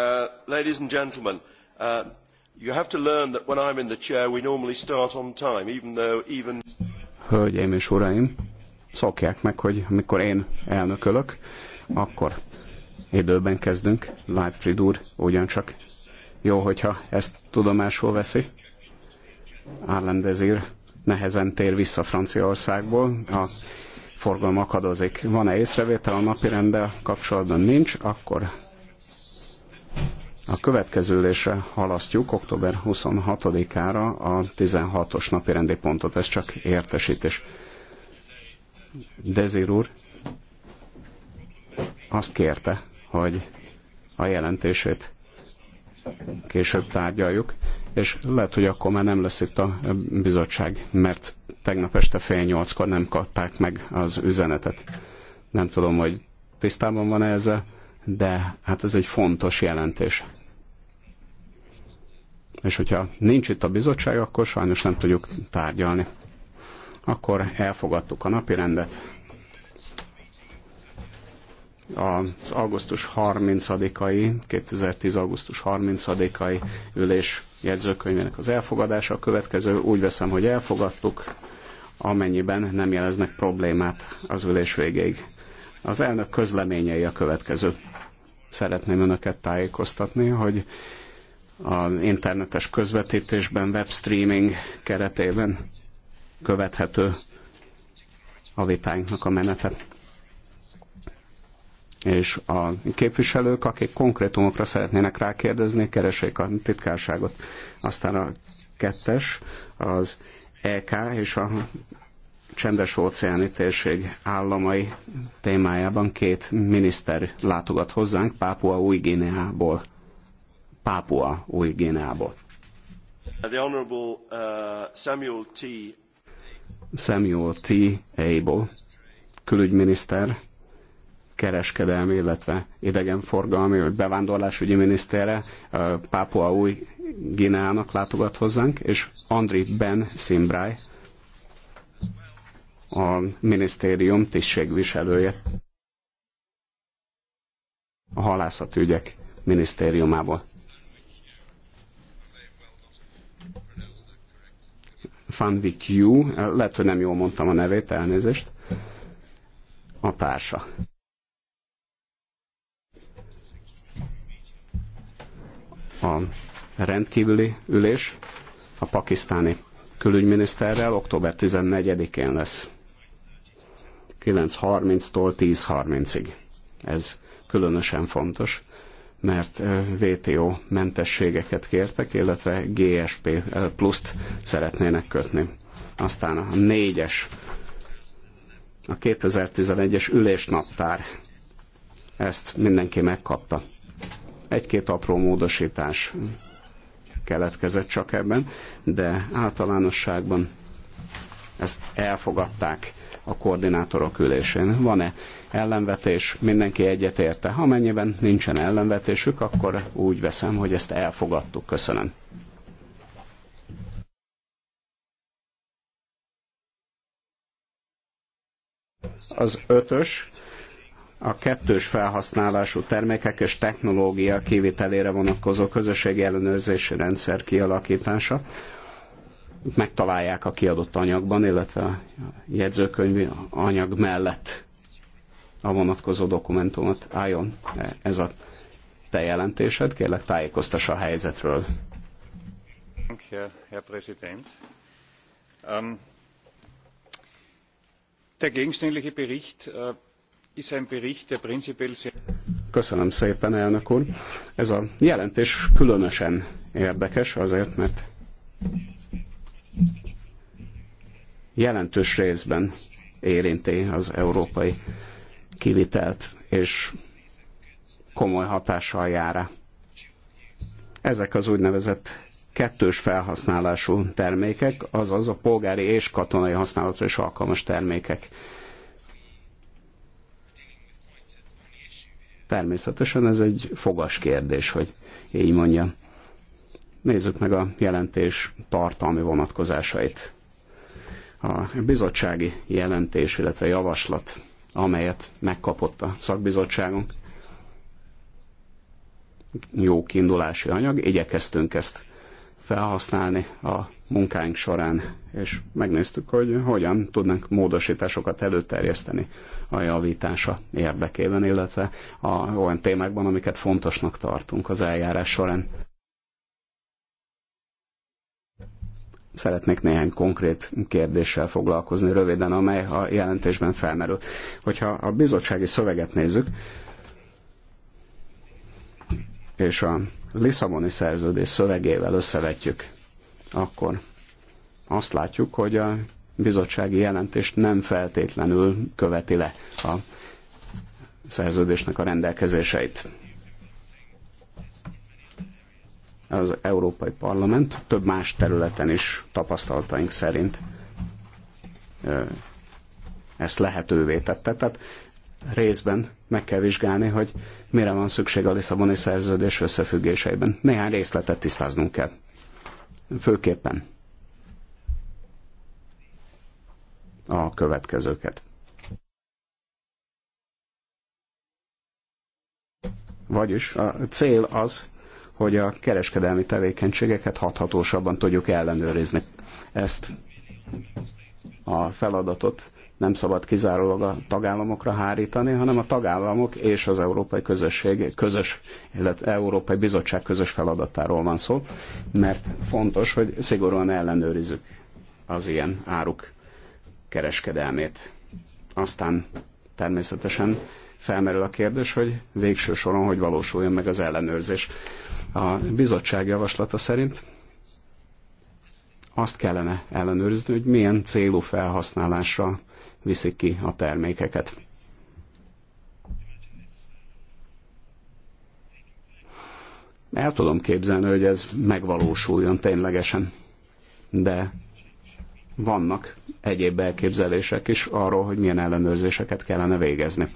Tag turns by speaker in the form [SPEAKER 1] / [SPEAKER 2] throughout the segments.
[SPEAKER 1] Uh, ladies and gentlemen, uh, you have to learn that when I'm in the chair, we normally start on time, even though even...
[SPEAKER 2] Hölgyeim és uraim, szokják meg, hogy amikor én elnökölök, akkor időben kezdünk. Leibfried úr ugyancsak jó, hogyha ezt tudomásul veszi. Árlendezír nehezen tér vissza Franciaországból, a forgalom akadozik. Van-e észrevétel a napi rendel kapcsolatban? Nincs, akkor a következő ülésre halasztjuk október 26-ára a 16-os napi rendi pontot. Ez csak értesítés. Dezir úr azt kérte, hogy a jelentését később tárgyaljuk, és lehet, hogy akkor már nem lesz itt a bizottság, mert tegnap este fél nyolckor nem kapták meg az üzenetet. Nem tudom, hogy tisztában van -e ezzel, de hát ez egy fontos jelentés. És hogyha nincs itt a bizottság, akkor sajnos nem tudjuk tárgyalni. Akkor elfogadtuk a napirendet. Az augusztus 30-ai, 2010. augusztus 30-ai ülés jegyzőkönyvének az elfogadása. A következő úgy veszem, hogy elfogadtuk, amennyiben nem jeleznek problémát az ülés végéig. Az elnök közleményei a következő. Szeretném önöket tájékoztatni, hogy az internetes közvetítésben, webstreaming keretében követhető a vitáinknak a menete. És a képviselők, akik konkrétumokra szeretnének rákérdezni, keresék a titkárságot. Aztán a kettes, az EK és a csendes óceáni térség államai témájában két miniszter látogat hozzánk Pápua új Guineából. Pápua új Géneából.
[SPEAKER 1] Uh, Samuel T.
[SPEAKER 2] Samuel T. Abel, külügyminiszter, kereskedelmi, illetve idegenforgalmi, vagy bevándorlásügyi minisztere uh, Pápua új Gineának látogat hozzánk, és Andri Ben Simbrai, a minisztérium tisztségviselője a halászatügyek minisztériumából. Fanvik Yu, lehet, hogy nem jól mondtam a nevét, elnézést, a társa. A rendkívüli ülés a pakisztáni külügyminiszterrel október 14-én lesz. 9.30-tól 10.30-ig. Ez különösen fontos, mert VTO mentességeket kértek, illetve GSP pluszt szeretnének kötni. Aztán a négyes, a 2011-es ülésnaptár. Ezt mindenki megkapta. Egy-két apró módosítás keletkezett csak ebben, de általánosságban ezt elfogadták a koordinátorok ülésén. Van-e ellenvetés, mindenki egyetérte. Ha mennyiben nincsen ellenvetésük, akkor úgy veszem, hogy ezt elfogadtuk. Köszönöm. Az ötös a kettős felhasználású termékek és technológia kivitelére vonatkozó közösségi ellenőrzési rendszer kialakítása. Megtalálják a kiadott anyagban, illetve a jegyzőkönyv anyag mellett a vonatkozó dokumentumot. Álljon ez a te jelentésed, kérlek tájékoztas a helyzetről.
[SPEAKER 3] Ähm, der gegenständliche Bericht äh, ist ein Bericht, der prinzipiell sehr
[SPEAKER 2] Köszönöm szépen, elnök úr. Ez a jelentés különösen érdekes azért, mert jelentős részben érinti az európai kivitelt, és komoly hatással jár -e. Ezek az úgynevezett kettős felhasználású termékek, azaz a polgári és katonai használatra is alkalmas termékek. Természetesen ez egy fogas kérdés, hogy így mondjam. Nézzük meg a jelentés tartalmi vonatkozásait. A bizottsági jelentés, illetve javaslat amelyet megkapott a szakbizottságunk. Jó kiindulási anyag, igyekeztünk ezt felhasználni a munkáink során, és megnéztük, hogy hogyan tudnánk módosításokat előterjeszteni a javítása érdekében, illetve a olyan témákban, amiket fontosnak tartunk az eljárás során. szeretnék néhány konkrét kérdéssel foglalkozni röviden, amely a jelentésben felmerül. Hogyha a bizottsági szöveget nézzük, és a Lisszaboni szerződés szövegével összevetjük, akkor azt látjuk, hogy a bizottsági jelentést nem feltétlenül követi le a szerződésnek a rendelkezéseit. az Európai Parlament több más területen is tapasztalataink szerint ezt lehetővé tette. Tehát részben meg kell vizsgálni, hogy mire van szükség a Lisszaboni szerződés összefüggéseiben. Néhány részletet tisztáznunk kell. Főképpen a következőket. Vagyis a cél az, hogy a kereskedelmi tevékenységeket hathatósabban tudjuk ellenőrizni. Ezt a feladatot nem szabad kizárólag a tagállamokra hárítani, hanem a tagállamok és az Európai Közösség közös, illetve Európai Bizottság közös feladatáról van szó, mert fontos, hogy szigorúan ellenőrizzük az ilyen áruk kereskedelmét. Aztán természetesen felmerül a kérdés, hogy végső soron hogy valósuljon meg az ellenőrzés. A bizottság javaslata szerint azt kellene ellenőrizni, hogy milyen célú felhasználásra viszik ki a termékeket. El tudom képzelni, hogy ez megvalósuljon ténylegesen, de vannak egyéb elképzelések is arról, hogy milyen ellenőrzéseket kellene végezni.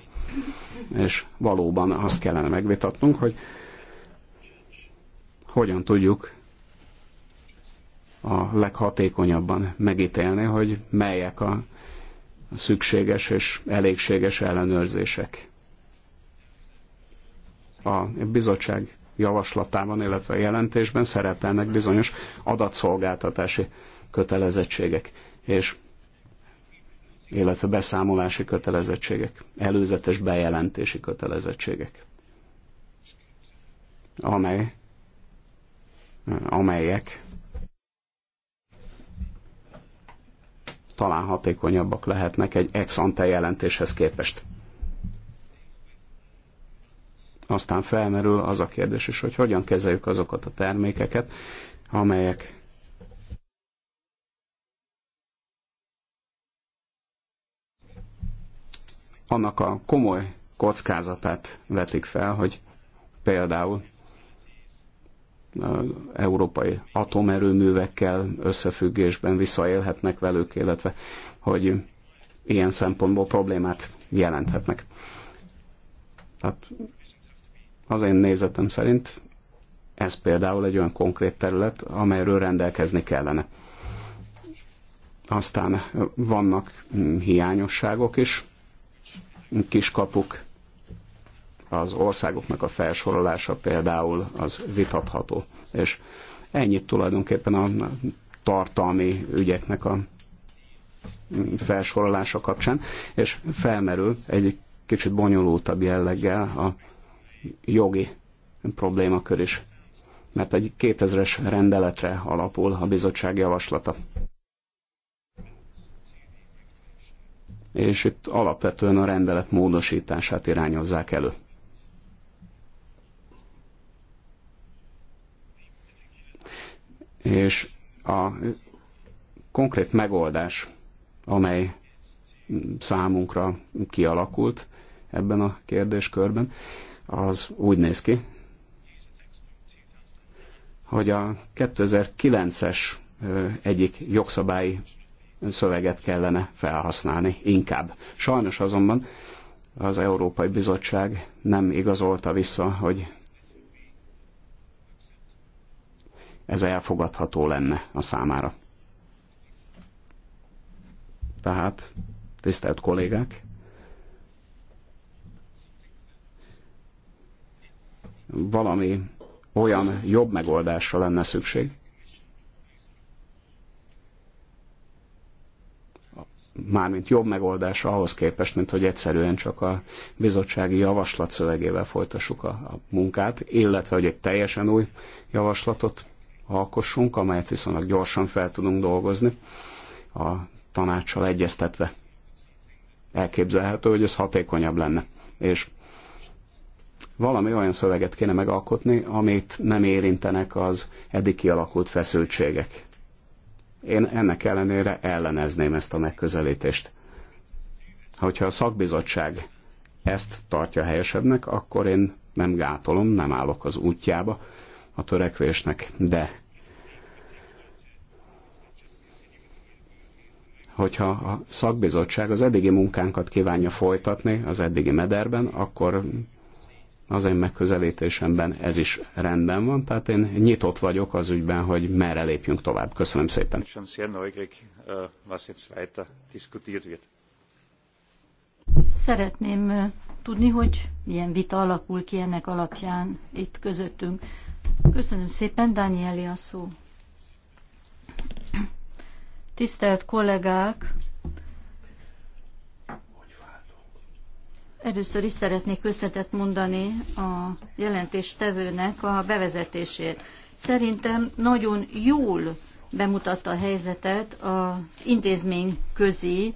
[SPEAKER 2] És valóban azt kellene megvitatnunk, hogy hogyan tudjuk a leghatékonyabban megítélni, hogy melyek a szükséges és elégséges ellenőrzések. A bizottság javaslatában, illetve a jelentésben szerepelnek bizonyos adatszolgáltatási kötelezettségek, és illetve beszámolási kötelezettségek, előzetes bejelentési kötelezettségek, amely amelyek talán hatékonyabbak lehetnek egy ex ante jelentéshez képest. Aztán felmerül az a kérdés is, hogy hogyan kezeljük azokat a termékeket, amelyek annak a komoly kockázatát vetik fel, hogy például európai atomerőművekkel összefüggésben visszaélhetnek velük, illetve hogy ilyen szempontból problémát jelenthetnek. Tehát az én nézetem szerint ez például egy olyan konkrét terület, amelyről rendelkezni kellene. Aztán vannak mm, hiányosságok is, kiskapuk az országoknak a felsorolása például az vitatható. És ennyit tulajdonképpen a tartalmi ügyeknek a felsorolása kapcsán, és felmerül egy kicsit bonyolultabb jelleggel a jogi problémakör is, mert egy 2000-es rendeletre alapul a bizottság javaslata. És itt alapvetően a rendelet módosítását irányozzák elő. és a konkrét megoldás, amely számunkra kialakult ebben a kérdéskörben, az úgy néz ki, hogy a 2009-es egyik jogszabályi szöveget kellene felhasználni inkább. Sajnos azonban az Európai Bizottság nem igazolta vissza, hogy ez elfogadható lenne a számára. Tehát, tisztelt kollégák, valami olyan jobb megoldásra lenne szükség, mármint jobb megoldás ahhoz képest, mint hogy egyszerűen csak a bizottsági javaslat szövegével folytassuk a, a munkát, illetve hogy egy teljesen új javaslatot alkossunk, amelyet viszonylag gyorsan fel tudunk dolgozni a tanácssal egyeztetve. Elképzelhető, hogy ez hatékonyabb lenne. És valami olyan szöveget kéne megalkotni, amit nem érintenek az eddig kialakult feszültségek. Én ennek ellenére ellenezném ezt a megközelítést. Hogyha a szakbizottság ezt tartja helyesebbnek, akkor én nem gátolom, nem állok az útjába, a törekvésnek, de hogyha a szakbizottság az eddigi munkánkat kívánja folytatni az eddigi mederben, akkor az én megközelítésemben ez is rendben van, tehát én nyitott vagyok az ügyben, hogy merre lépjünk tovább. Köszönöm szépen.
[SPEAKER 4] Szeretném tudni, hogy milyen vita alakul ki ennek alapján itt közöttünk. Köszönöm szépen, Danieli a szó. Tisztelt kollégák! Először is szeretnék köszönetet mondani a jelentéstevőnek a bevezetésért. Szerintem nagyon jól bemutatta a helyzetet, az intézmény közi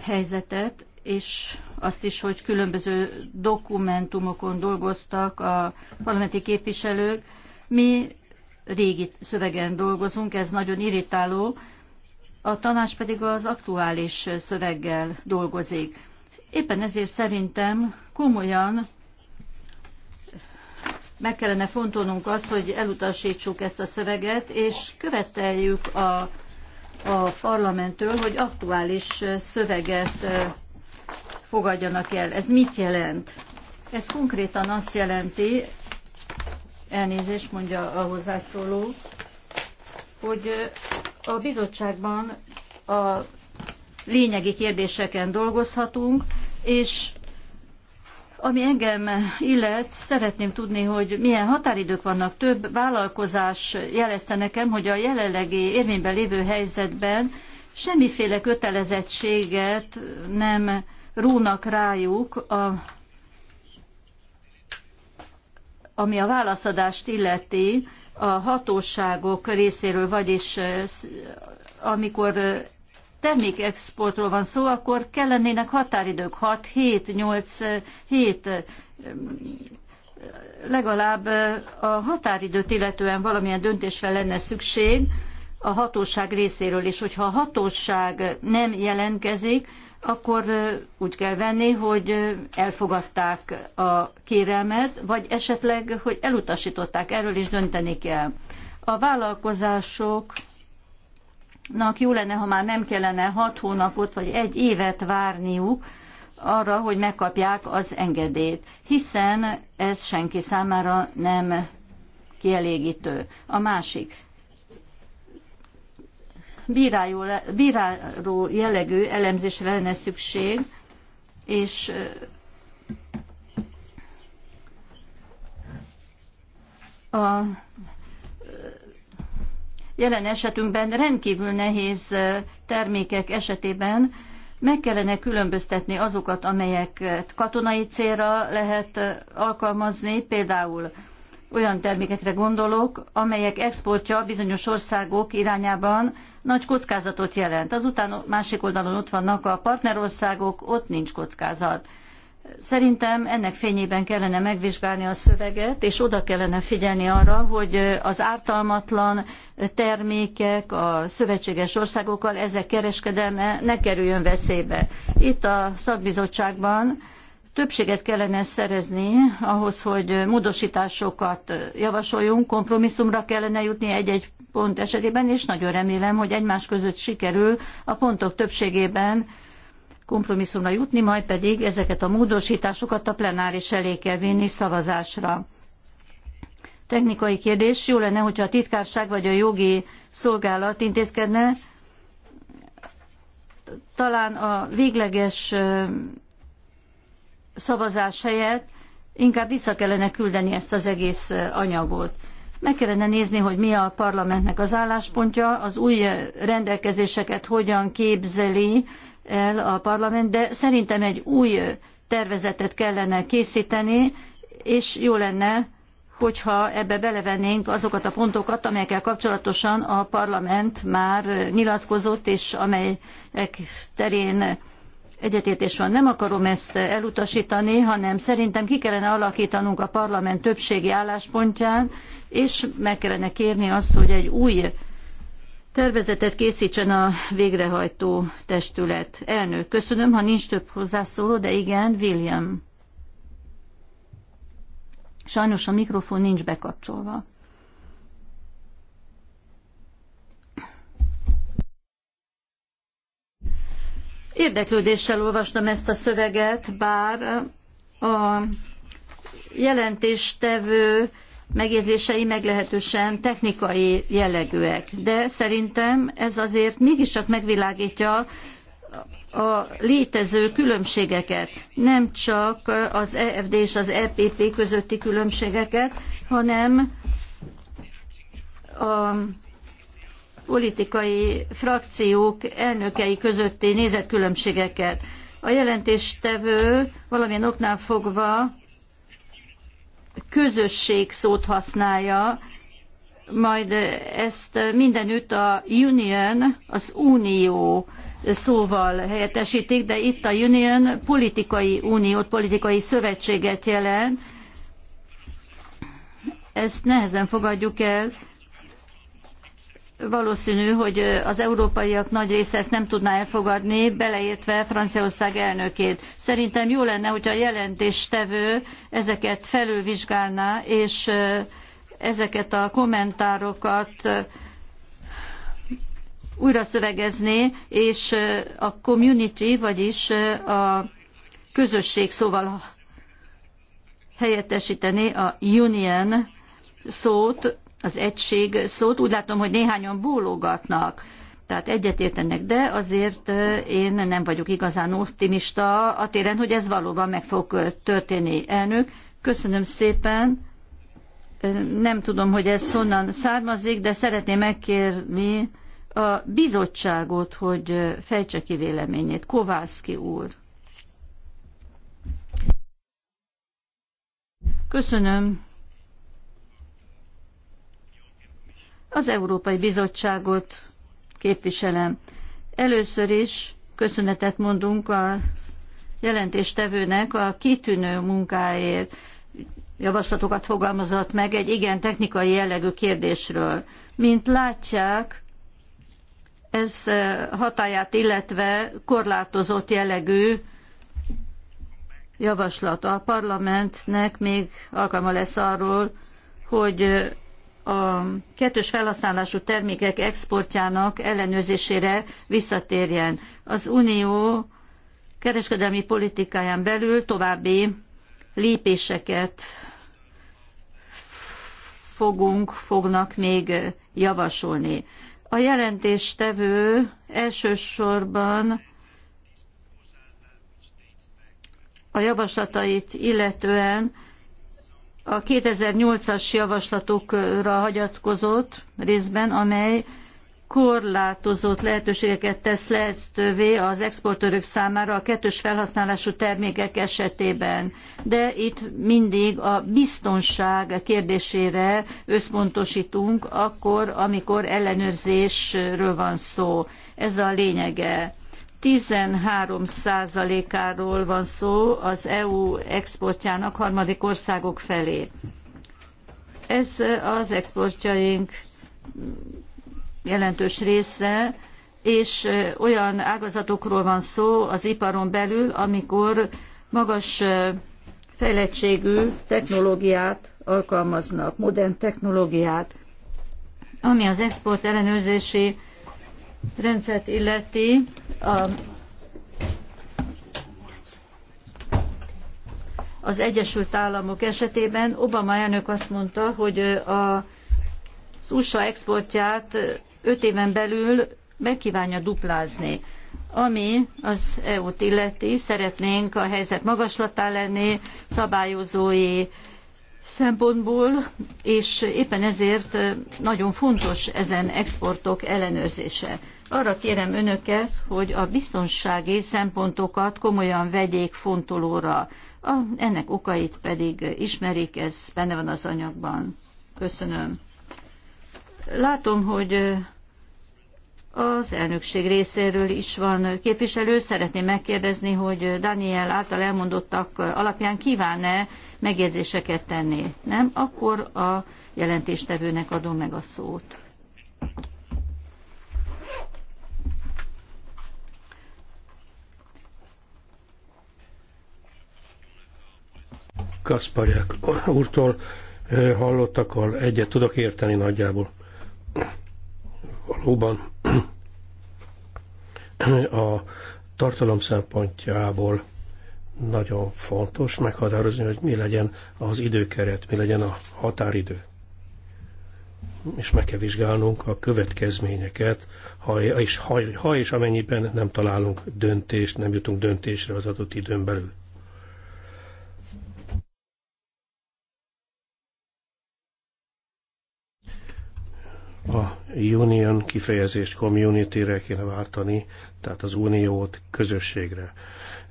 [SPEAKER 4] helyzetet, és azt is, hogy különböző dokumentumokon dolgoztak a parlamenti képviselők. Mi régi szövegen dolgozunk, ez nagyon irritáló, a tanács pedig az aktuális szöveggel dolgozik. Éppen ezért szerintem komolyan meg kellene fontolnunk azt, hogy elutasítsuk ezt a szöveget, és követeljük a, a parlamenttől, hogy aktuális szöveget fogadjanak el. Ez mit jelent? Ez konkrétan azt jelenti, elnézést mondja a hozzászóló, hogy a bizottságban a lényegi kérdéseken dolgozhatunk, és ami engem illet, szeretném tudni, hogy milyen határidők vannak. Több vállalkozás jelezte nekem, hogy a jelenlegi érvényben lévő helyzetben semmiféle kötelezettséget nem rónak rájuk, a, ami a válaszadást illeti a hatóságok részéről, vagyis amikor termékexportról van szó, akkor kellenének határidők 6, 7, 8, 7 legalább a határidőt illetően valamilyen döntésre lenne szükség a hatóság részéről, és hogyha a hatóság nem jelentkezik, akkor úgy kell venni, hogy elfogadták a kérelmet, vagy esetleg, hogy elutasították, erről is dönteni kell. A vállalkozásoknak jó lenne, ha már nem kellene hat hónapot vagy egy évet várniuk arra, hogy megkapják az engedélyt, hiszen ez senki számára nem kielégítő. A másik, bíráló, bíráló jellegű elemzésre lenne szükség, és a jelen esetünkben rendkívül nehéz termékek esetében meg kellene különböztetni azokat, amelyeket katonai célra lehet alkalmazni, például olyan termékekre gondolok, amelyek exportja bizonyos országok irányában nagy kockázatot jelent. Azután másik oldalon ott vannak a partnerországok, ott nincs kockázat. Szerintem ennek fényében kellene megvizsgálni a szöveget, és oda kellene figyelni arra, hogy az ártalmatlan termékek a szövetséges országokkal, ezek kereskedelme ne kerüljön veszélybe. Itt a szakbizottságban többséget kellene szerezni ahhoz, hogy módosításokat javasoljunk, kompromisszumra kellene jutni egy-egy pont esetében, és nagyon remélem, hogy egymás között sikerül a pontok többségében kompromisszumra jutni, majd pedig ezeket a módosításokat a plenáris elé kell vinni szavazásra. Technikai kérdés, jó lenne, hogyha a titkárság vagy a jogi szolgálat intézkedne, talán a végleges szavazás helyett inkább vissza kellene küldeni ezt az egész anyagot. Meg kellene nézni, hogy mi a parlamentnek az álláspontja, az új rendelkezéseket hogyan képzeli el a parlament, de szerintem egy új tervezetet kellene készíteni, és jó lenne, hogyha ebbe belevennénk azokat a pontokat, amelyekkel kapcsolatosan a parlament már nyilatkozott, és amelyek terén egyetértés van. Nem akarom ezt elutasítani, hanem szerintem ki kellene alakítanunk a parlament többségi álláspontján, és meg kellene kérni azt, hogy egy új tervezetet készítsen a végrehajtó testület. Elnök, köszönöm, ha nincs több hozzászóló, de igen, William. Sajnos a mikrofon nincs bekapcsolva. Érdeklődéssel olvastam ezt a szöveget, bár a jelentéstevő megjegyzései meglehetősen technikai jellegűek, de szerintem ez azért mégiscsak megvilágítja a létező különbségeket, nem csak az EFD és az EPP közötti különbségeket, hanem a politikai frakciók elnökei közötti nézetkülönbségeket. A jelentéstevő valamilyen oknál fogva közösség szót használja, majd ezt mindenütt a union, az unió szóval helyettesítik, de itt a union politikai uniót, politikai szövetséget jelent. Ezt nehezen fogadjuk el, valószínű, hogy az európaiak nagy része ezt nem tudná elfogadni, beleértve Franciaország elnökét. Szerintem jó lenne, hogy a jelentéstevő ezeket felülvizsgálná, és ezeket a kommentárokat újra szövegezné, és a community, vagyis a közösség szóval helyettesítené a union szót, az egység szót. Úgy látom, hogy néhányan bólogatnak, tehát egyetértenek, de azért én nem vagyok igazán optimista a téren, hogy ez valóban meg fog történni. Elnök, köszönöm szépen. Nem tudom, hogy ez honnan származik, de szeretném megkérni a bizottságot, hogy fejtse ki véleményét. Kovászki úr. Köszönöm. Az Európai Bizottságot képviselem. Először is köszönetet mondunk a jelentéstevőnek a kitűnő munkáért. Javaslatokat fogalmazott meg egy igen technikai jellegű kérdésről. Mint látják, ez hatáját illetve korlátozott jellegű javaslat. A parlamentnek még alkalma lesz arról, hogy a kettős felhasználású termékek exportjának ellenőrzésére visszatérjen. Az Unió kereskedelmi politikáján belül további lépéseket fogunk, fognak még javasolni. A jelentéstevő elsősorban a javaslatait illetően a 2008-as javaslatokra hagyatkozott részben, amely korlátozott lehetőségeket tesz lehetővé az exportőrök számára a kettős felhasználású termékek esetében. De itt mindig a biztonság kérdésére összpontosítunk, akkor, amikor ellenőrzésről van szó. Ez a lényege. 13%-áról van szó az EU exportjának harmadik országok felé. Ez az exportjaink jelentős része, és olyan ágazatokról van szó az iparon belül, amikor magas fejlettségű technológiát alkalmaznak, modern technológiát, ami az export ellenőrzési rendszert illeti, a, az Egyesült Államok esetében Obama elnök azt mondta, hogy a, az USA exportját öt éven belül megkívánja duplázni. Ami az EU-t illeti, szeretnénk a helyzet magaslatá lenni szabályozói szempontból, és éppen ezért nagyon fontos ezen exportok ellenőrzése. Arra kérem önöket, hogy a biztonsági szempontokat komolyan vegyék fontolóra. A, ennek okait pedig ismerik, ez benne van az anyagban. Köszönöm. Látom, hogy az elnökség részéről is van képviselő. Szeretném megkérdezni, hogy Daniel által elmondottak alapján kíván-e megjegyzéseket tenni. Nem? Akkor a jelentéstevőnek adom meg a szót.
[SPEAKER 1] Kasparják úrtól hallottakkal egyet tudok érteni nagyjából. Valóban a tartalom szempontjából nagyon fontos meghatározni, hogy mi legyen az időkeret, mi legyen a határidő. És meg kell vizsgálnunk a következményeket, ha és, ha, ha és amennyiben nem találunk döntést, nem jutunk döntésre az adott időn belül. a union kifejezést community-re kéne váltani, tehát az uniót közösségre.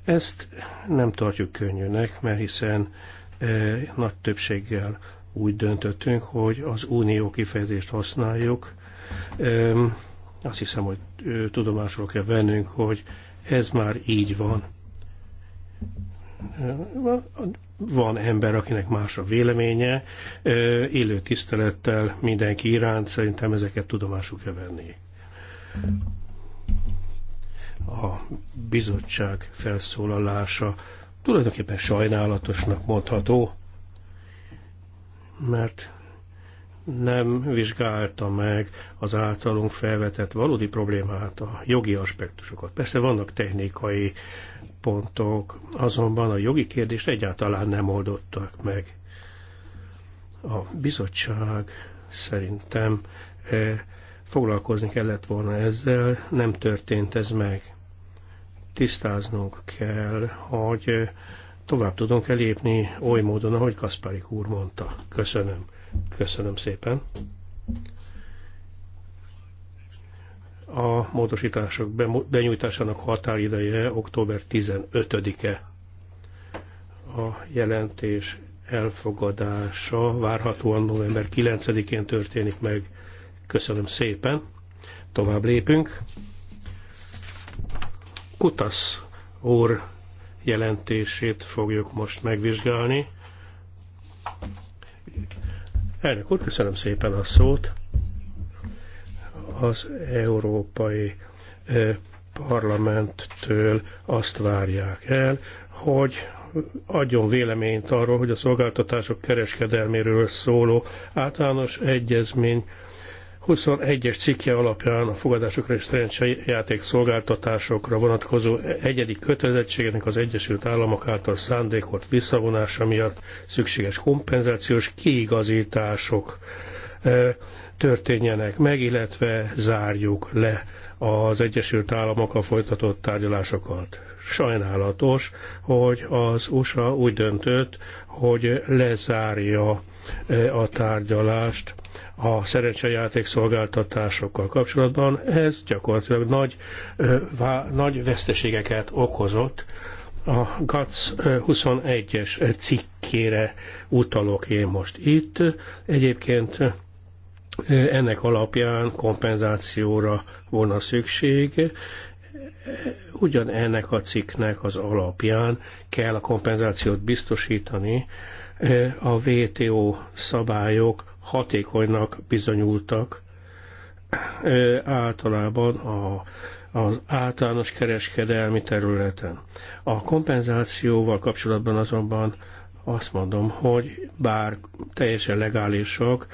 [SPEAKER 1] Ezt nem tartjuk könnyűnek, mert hiszen e, nagy többséggel úgy döntöttünk, hogy az unió kifejezést használjuk. E, azt hiszem, hogy e, tudomásról kell vennünk, hogy ez már így van van ember, akinek más a véleménye, élő tisztelettel mindenki iránt, szerintem ezeket tudomásul kell venni. A bizottság felszólalása tulajdonképpen sajnálatosnak mondható, mert nem vizsgálta meg az általunk felvetett valódi problémát, a jogi aspektusokat. Persze vannak technikai pontok, azonban a jogi kérdést egyáltalán nem oldottak meg. A bizottság szerintem eh, foglalkozni kellett volna ezzel, nem történt ez meg. Tisztáznunk kell, hogy eh, tovább tudunk elépni oly módon, ahogy Kasparik úr mondta. Köszönöm. Köszönöm szépen. A módosítások benyújtásának határideje október 15-e. A jelentés elfogadása várhatóan november 9-én történik meg. Köszönöm szépen. Tovább lépünk. Kutasz úr jelentését fogjuk most megvizsgálni. Elnök úr, köszönöm szépen a szót. Az Európai Parlamenttől azt várják el, hogy adjon véleményt arról, hogy a szolgáltatások kereskedelméről szóló általános egyezmény 21-es cikke alapján a fogadásokra és játék szolgáltatásokra vonatkozó egyedi kötelezettségének az Egyesült Államok által szándékolt visszavonása miatt szükséges kompenzációs kiigazítások e, történjenek meg, illetve zárjuk le az Egyesült Államokkal folytatott tárgyalásokat. Sajnálatos, hogy az USA úgy döntött, hogy lezárja e, a tárgyalást a szerencsejáték szolgáltatásokkal kapcsolatban, ez gyakorlatilag nagy, nagy veszteségeket okozott. A GATS 21-es cikkére utalok én most itt. Egyébként ennek alapján kompenzációra volna szükség, ugyan ennek a cikknek az alapján kell a kompenzációt biztosítani a WTO szabályok hatékonynak bizonyultak. Általában a, az általános kereskedelmi területen. A kompenzációval kapcsolatban azonban azt mondom, hogy bár teljesen legálisak,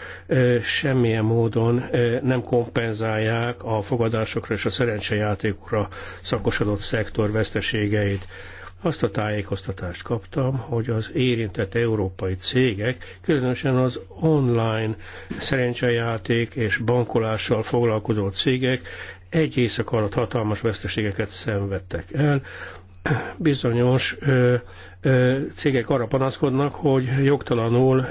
[SPEAKER 1] semmilyen módon nem kompenzálják a fogadásokra és a szerencsejátékokra szakosodott szektor veszteségeit. Azt a tájékoztatást kaptam, hogy az érintett európai cégek, különösen az online szerencsejáték és bankolással foglalkozó cégek egy éjszak alatt hatalmas veszteségeket szenvedtek el. Bizonyos cégek arra panaszkodnak, hogy jogtalanul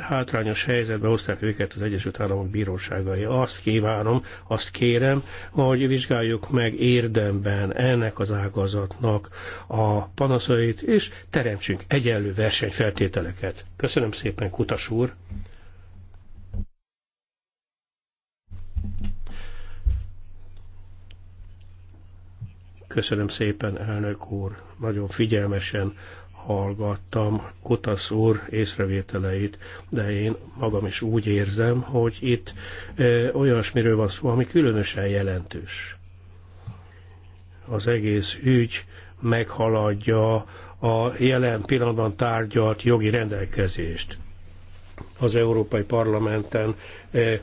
[SPEAKER 1] hátrányos helyzetbe hozták őket az Egyesült Államok bíróságai. Azt kívánom, azt kérem, hogy vizsgáljuk meg érdemben ennek az ágazatnak a panaszait, és teremtsünk egyenlő versenyfeltételeket. Köszönöm szépen, Kutas úr! Köszönöm szépen, elnök úr, nagyon figyelmesen meghallgattam Kutasz úr észrevételeit, de én magam is úgy érzem, hogy itt ö, olyasmiről van szó, ami különösen jelentős. Az egész ügy meghaladja a jelen pillanatban tárgyalt jogi rendelkezést. Az Európai Parlamenten ö,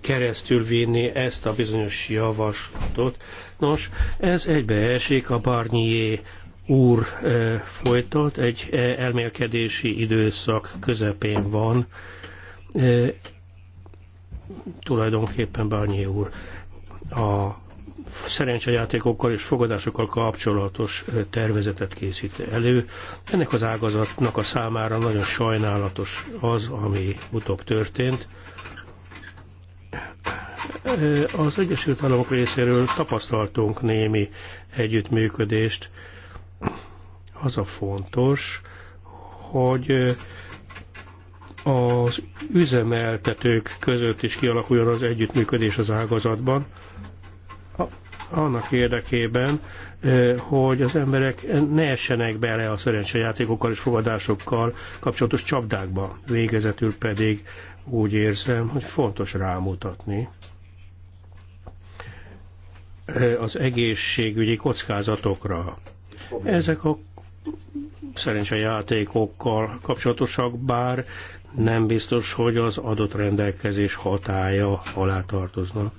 [SPEAKER 1] keresztül vinni ezt a bizonyos javaslatot. Nos, ez egybeesik a Barnier úr eh, folytat, egy eh, elmélkedési időszak közepén van. Eh, tulajdonképpen Bányi úr a szerencsejátékokkal és fogadásokkal kapcsolatos tervezetet készít elő. Ennek az ágazatnak a számára nagyon sajnálatos az, ami utóbb történt. Az Egyesült Államok részéről tapasztaltunk némi együttműködést az a fontos, hogy az üzemeltetők között is kialakuljon az együttműködés az ágazatban, annak érdekében, hogy az emberek ne essenek bele a szerencsejátékokkal és fogadásokkal kapcsolatos csapdákba. Végezetül pedig úgy érzem, hogy fontos rámutatni az egészségügyi kockázatokra. Ezek a szerencsejátékokkal kapcsolatosak, bár nem biztos, hogy az adott rendelkezés hatája alá tartoznak.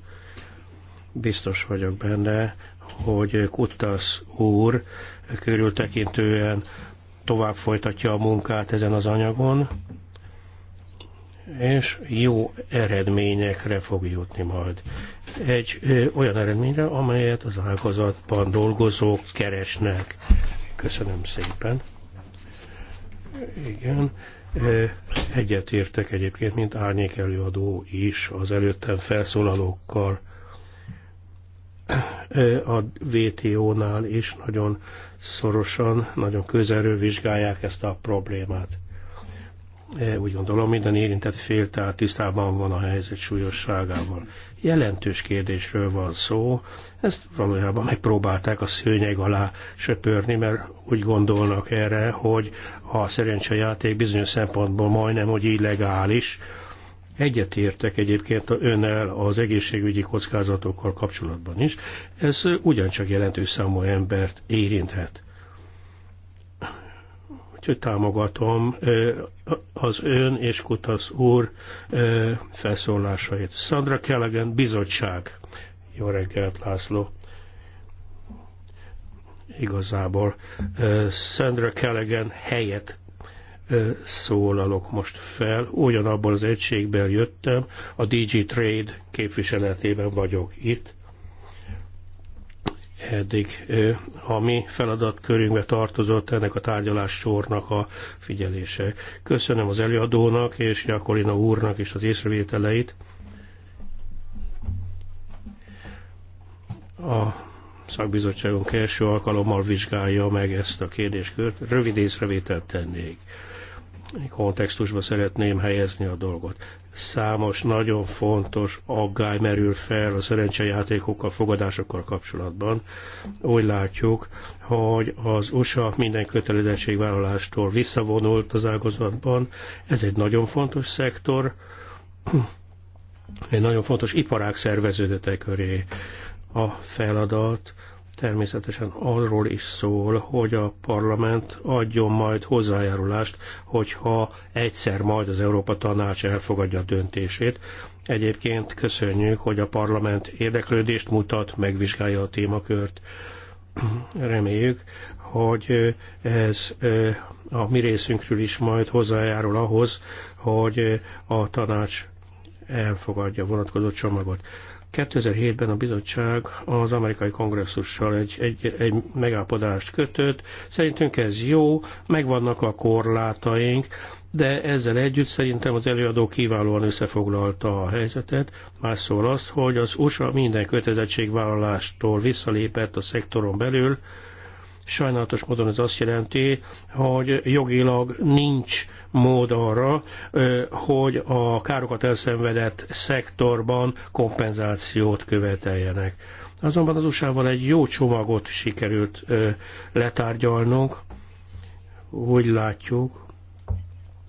[SPEAKER 1] Biztos vagyok benne, hogy Kuttasz úr körültekintően tovább folytatja a munkát ezen az anyagon, és jó eredményekre fog jutni majd. Egy ö, olyan eredményre, amelyet az ágazatban dolgozók keresnek. Köszönöm szépen. Igen. E, egyet értek egyébként, mint árnyék előadó is az előttem felszólalókkal e, a VTO-nál is nagyon szorosan, nagyon közelről vizsgálják ezt a problémát. E, úgy gondolom, minden érintett fél, tehát tisztában van a helyzet súlyosságával jelentős kérdésről van szó. Ezt valójában megpróbálták a szőnyeg alá söpörni, mert úgy gondolnak erre, hogy a szerencsejáték bizonyos szempontból majdnem, hogy illegális. Egyetértek egyébként önnel az egészségügyi kockázatokkal kapcsolatban is. Ez ugyancsak jelentős számú embert érinthet támogatom az ön és Kutasz úr felszólásait. Szandra Kelegen, bizottság. Jó reggelt, László. Igazából Szandra Kelegen helyett szólalok most fel. Ugyanabból az egységben jöttem, a DG Trade képviseletében vagyok itt eddig a mi feladatkörünkbe tartozott ennek a tárgyalás sornak a figyelése. Köszönöm az előadónak és Jakolina úrnak is az észrevételeit. A szakbizottságunk első alkalommal vizsgálja meg ezt a kérdéskört. Rövid észrevételt tennék. Kontextusba szeretném helyezni a dolgot számos nagyon fontos aggály merül fel a szerencsejátékokkal, fogadásokkal kapcsolatban. Úgy látjuk, hogy az USA minden kötelezettségvállalástól visszavonult az ágazatban. Ez egy nagyon fontos szektor, egy nagyon fontos iparág szerveződete köré a feladat, természetesen arról is szól, hogy a parlament adjon majd hozzájárulást, hogyha egyszer majd az Európa Tanács elfogadja a döntését. Egyébként köszönjük, hogy a parlament érdeklődést mutat, megvizsgálja a témakört. Reméljük, hogy ez a mi részünkről is majd hozzájárul ahhoz, hogy a tanács elfogadja a vonatkozó csomagot. 2007-ben a bizottság az amerikai kongresszussal egy, egy, egy megállapodást kötött. Szerintünk ez jó, megvannak a korlátaink, de ezzel együtt szerintem az előadó kiválóan összefoglalta a helyzetet. Más szól azt, hogy az USA minden kötelezettségvállalástól visszalépett a szektoron belül. Sajnálatos módon ez azt jelenti, hogy jogilag nincs mód arra, hogy a károkat elszenvedett szektorban kompenzációt követeljenek. Azonban az USA-val egy jó csomagot sikerült letárgyalnunk. Úgy látjuk,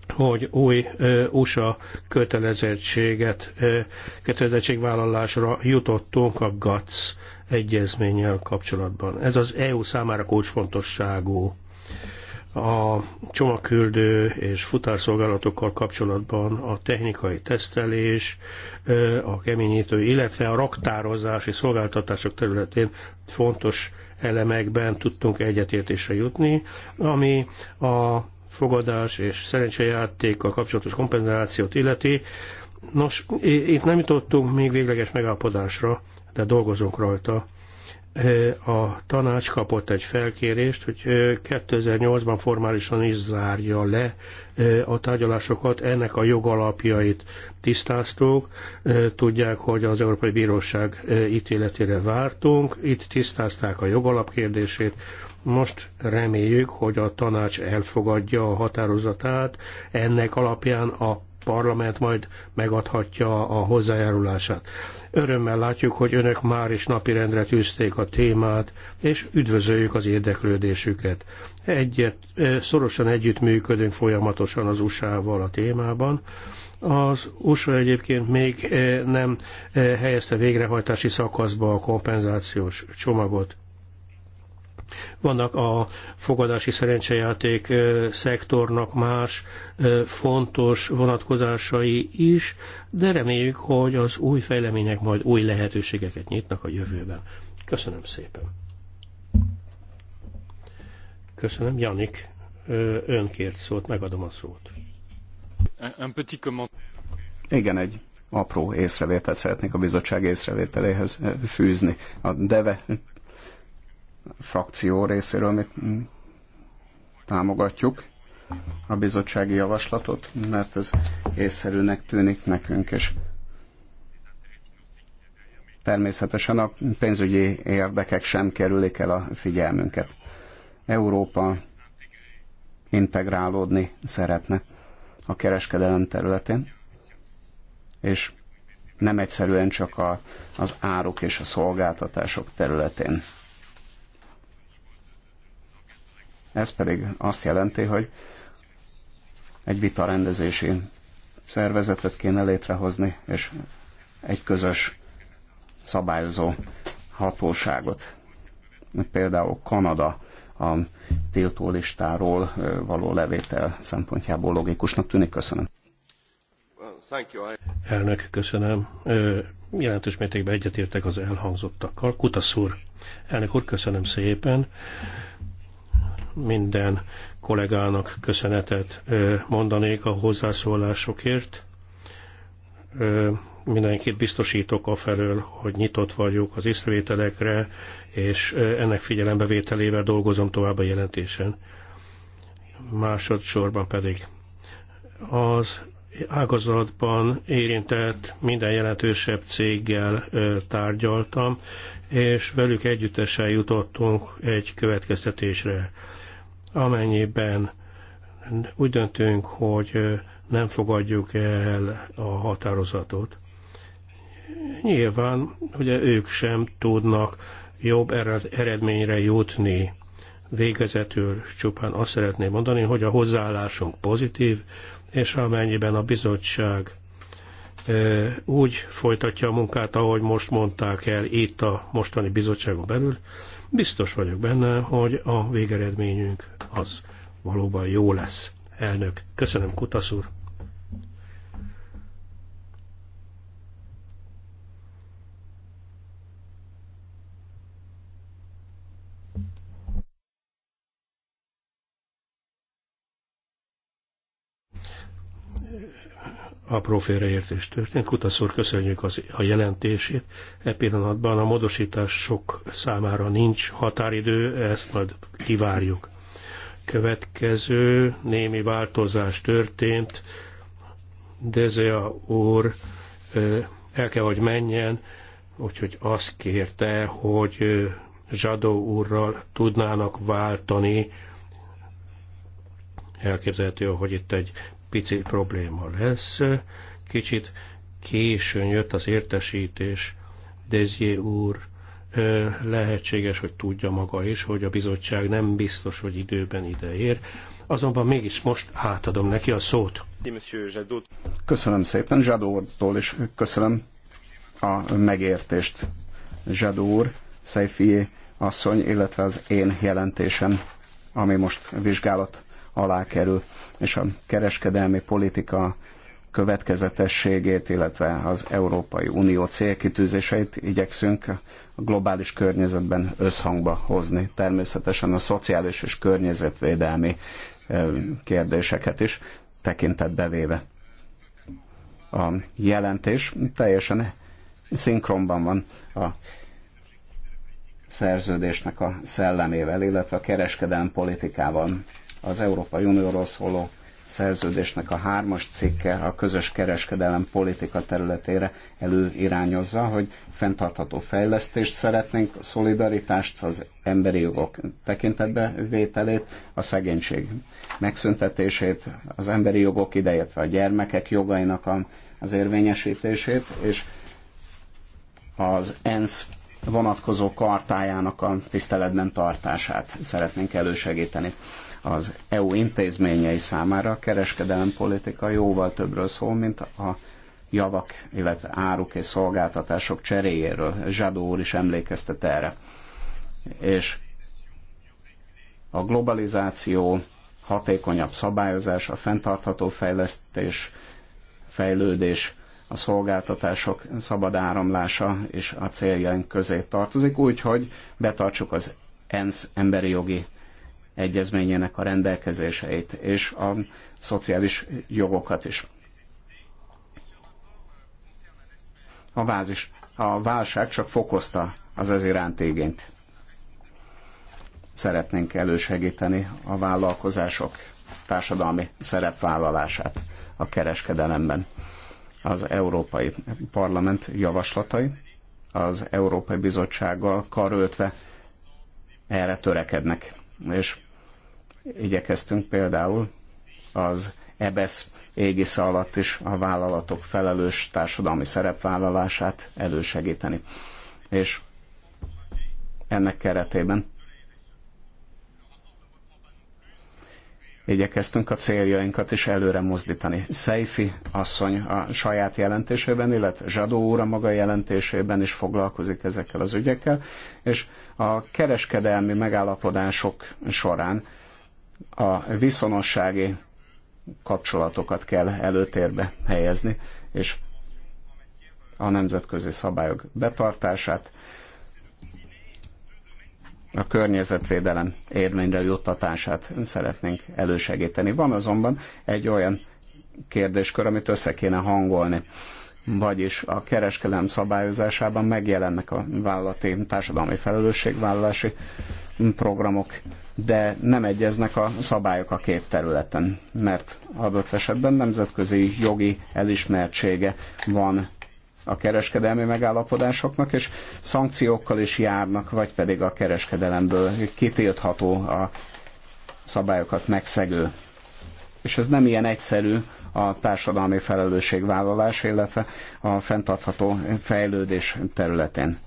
[SPEAKER 1] hogy új ö, USA kötelezettséget, ö, kötelezettségvállalásra jutottunk a GATS egyezménnyel kapcsolatban. Ez az EU számára kulcsfontosságú a csomagküldő és futárszolgálatokkal kapcsolatban a technikai tesztelés, a keményítő, illetve a raktározási szolgáltatások területén fontos elemekben tudtunk egyetértésre jutni, ami a fogadás és szerencsejátékkal kapcsolatos kompenzációt illeti. Nos, itt nem jutottunk még végleges megállapodásra, de dolgozunk rajta a tanács kapott egy felkérést, hogy 2008-ban formálisan is zárja le a tárgyalásokat, ennek a jogalapjait tisztáztuk, tudják, hogy az Európai Bíróság ítéletére vártunk, itt tisztázták a jogalap kérdését, most reméljük, hogy a tanács elfogadja a határozatát, ennek alapján a parlament majd megadhatja a hozzájárulását. Örömmel látjuk, hogy önök már is napirendre tűzték a témát, és üdvözöljük az érdeklődésüket. Egyet, szorosan együttműködünk folyamatosan az USA-val a témában. Az USA egyébként még nem helyezte végrehajtási szakaszba a kompenzációs csomagot. Vannak a fogadási szerencsejáték szektornak más fontos vonatkozásai is, de reméljük, hogy az új fejlemények majd új lehetőségeket nyitnak a jövőben. Köszönöm szépen. Köszönöm. Janik, ön kért szót, megadom a szót.
[SPEAKER 2] Igen, egy apró észrevételt szeretnék a bizottság észrevételéhez fűzni. A DEVE frakció részéről mi támogatjuk a bizottsági javaslatot, mert ez észszerűnek tűnik nekünk, és természetesen a pénzügyi érdekek sem kerülik el a figyelmünket. Európa integrálódni szeretne a kereskedelem területén, és nem egyszerűen csak a, az áruk és a szolgáltatások területén Ez pedig azt jelenti, hogy egy vita rendezési szervezetet kéne létrehozni, és egy közös szabályozó hatóságot. Például Kanada a tiltó listáról való levétel szempontjából logikusnak tűnik. Köszönöm.
[SPEAKER 1] Elnök, köszönöm. Jelentős mértékben egyetértek az elhangzottakkal. Kutasz úr, elnök úr, köszönöm szépen minden kollégának köszönetet mondanék a hozzászólásokért. Mindenkit biztosítok afelől, hogy nyitott vagyok az észrevételekre, és ennek figyelembevételével dolgozom tovább a jelentésen. Másodszorban pedig az ágazatban érintett minden jelentősebb céggel tárgyaltam, és velük együttesen jutottunk egy következtetésre. Amennyiben úgy döntünk, hogy nem fogadjuk el a határozatot, nyilván ugye ők sem tudnak jobb eredményre jutni. Végezetül csupán azt szeretném mondani, hogy a hozzáállásunk pozitív, és amennyiben a bizottság úgy folytatja a munkát, ahogy most mondták el itt a mostani bizottságon belül, Biztos vagyok benne, hogy a végeredményünk az valóban jó lesz. Elnök, köszönöm Kutasz úr. apró félreértés történt. Kutaszor köszönjük az, a jelentését. E pillanatban a módosítás sok számára nincs határidő, ezt majd kivárjuk. Következő némi változás történt. Dezea úr el kell, hogy menjen, úgyhogy azt kérte, hogy Zsadó úrral tudnának váltani elképzelhető, hogy itt egy pici probléma lesz. Kicsit későn jött az értesítés, Dezjé úr lehetséges, hogy tudja maga is, hogy a bizottság nem biztos, hogy időben ide ér. Azonban mégis most átadom neki a
[SPEAKER 2] szót. Köszönöm szépen Zsadó és köszönöm a megértést. Zsadó úr, Szejfi asszony, illetve az én jelentésem, ami most vizsgálat alá kerül, és a kereskedelmi politika következetességét, illetve az Európai Unió célkitűzéseit igyekszünk a globális környezetben összhangba hozni. Természetesen a szociális és környezetvédelmi kérdéseket is tekintetbe véve. A jelentés teljesen szinkronban van a szerződésnek a szellemével, illetve a kereskedelmi politikával az Európai Unióról szóló szerződésnek a hármas cikke a közös kereskedelem politika területére előirányozza, hogy fenntartható fejlesztést szeretnénk, szolidaritást, az emberi jogok tekintetbe vételét, a szegénység megszüntetését, az emberi jogok vagy a gyermekek jogainak az érvényesítését, és az ENSZ vonatkozó kartájának a tiszteletben tartását szeretnénk elősegíteni az EU intézményei számára a kereskedelem politika jóval többről szól, mint a javak, illetve áruk és szolgáltatások cseréjéről. Zsadó úr is emlékeztet erre. És a globalizáció, hatékonyabb szabályozás, a fenntartható fejlesztés, fejlődés, a szolgáltatások szabad áramlása és a céljaink közé tartozik, úgyhogy betartsuk az ENSZ emberi jogi egyezményének a rendelkezéseit és a szociális jogokat is. A, vázis, a válság csak fokozta az ez iránt igényt. Szeretnénk elősegíteni a vállalkozások társadalmi szerepvállalását a kereskedelemben. Az Európai Parlament javaslatai az Európai Bizottsággal karöltve erre törekednek, és Igyekeztünk például az EBESZ égisze alatt is a vállalatok felelős társadalmi szerepvállalását elősegíteni. És ennek keretében igyekeztünk a céljainkat is előre mozdítani. Szeifi asszony a saját jelentésében, illetve Zsadó úr a maga jelentésében is foglalkozik ezekkel az ügyekkel, és a kereskedelmi megállapodások során a viszonossági kapcsolatokat kell előtérbe helyezni, és a nemzetközi szabályok betartását, a környezetvédelem érvényre juttatását szeretnénk elősegíteni. Van azonban egy olyan kérdéskör, amit össze kéne hangolni. Vagyis a kereskedelem szabályozásában megjelennek a vállalati társadalmi felelősségvállalási programok, de nem egyeznek a szabályok a két területen, mert adott esetben nemzetközi jogi elismertsége van a kereskedelmi megállapodásoknak, és szankciókkal is járnak, vagy pedig a kereskedelemből kitiltható a szabályokat megszegő. És ez nem ilyen egyszerű a társadalmi felelősségvállalás, illetve a fenntartható fejlődés területén,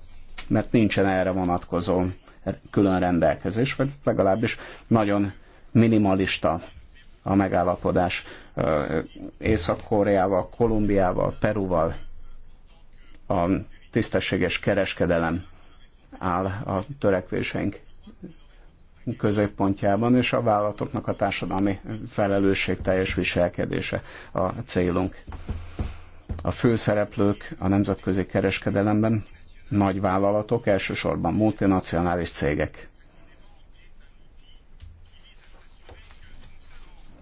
[SPEAKER 2] mert nincsen erre vonatkozó külön rendelkezés, vagy legalábbis nagyon minimalista a megállapodás Észak-Koreával, Kolumbiával, Peruval. A tisztességes kereskedelem áll a törekvéseink középpontjában, és a vállalatoknak a társadalmi felelősség teljes viselkedése a célunk. A főszereplők a nemzetközi kereskedelemben nagy vállalatok, elsősorban multinacionális cégek,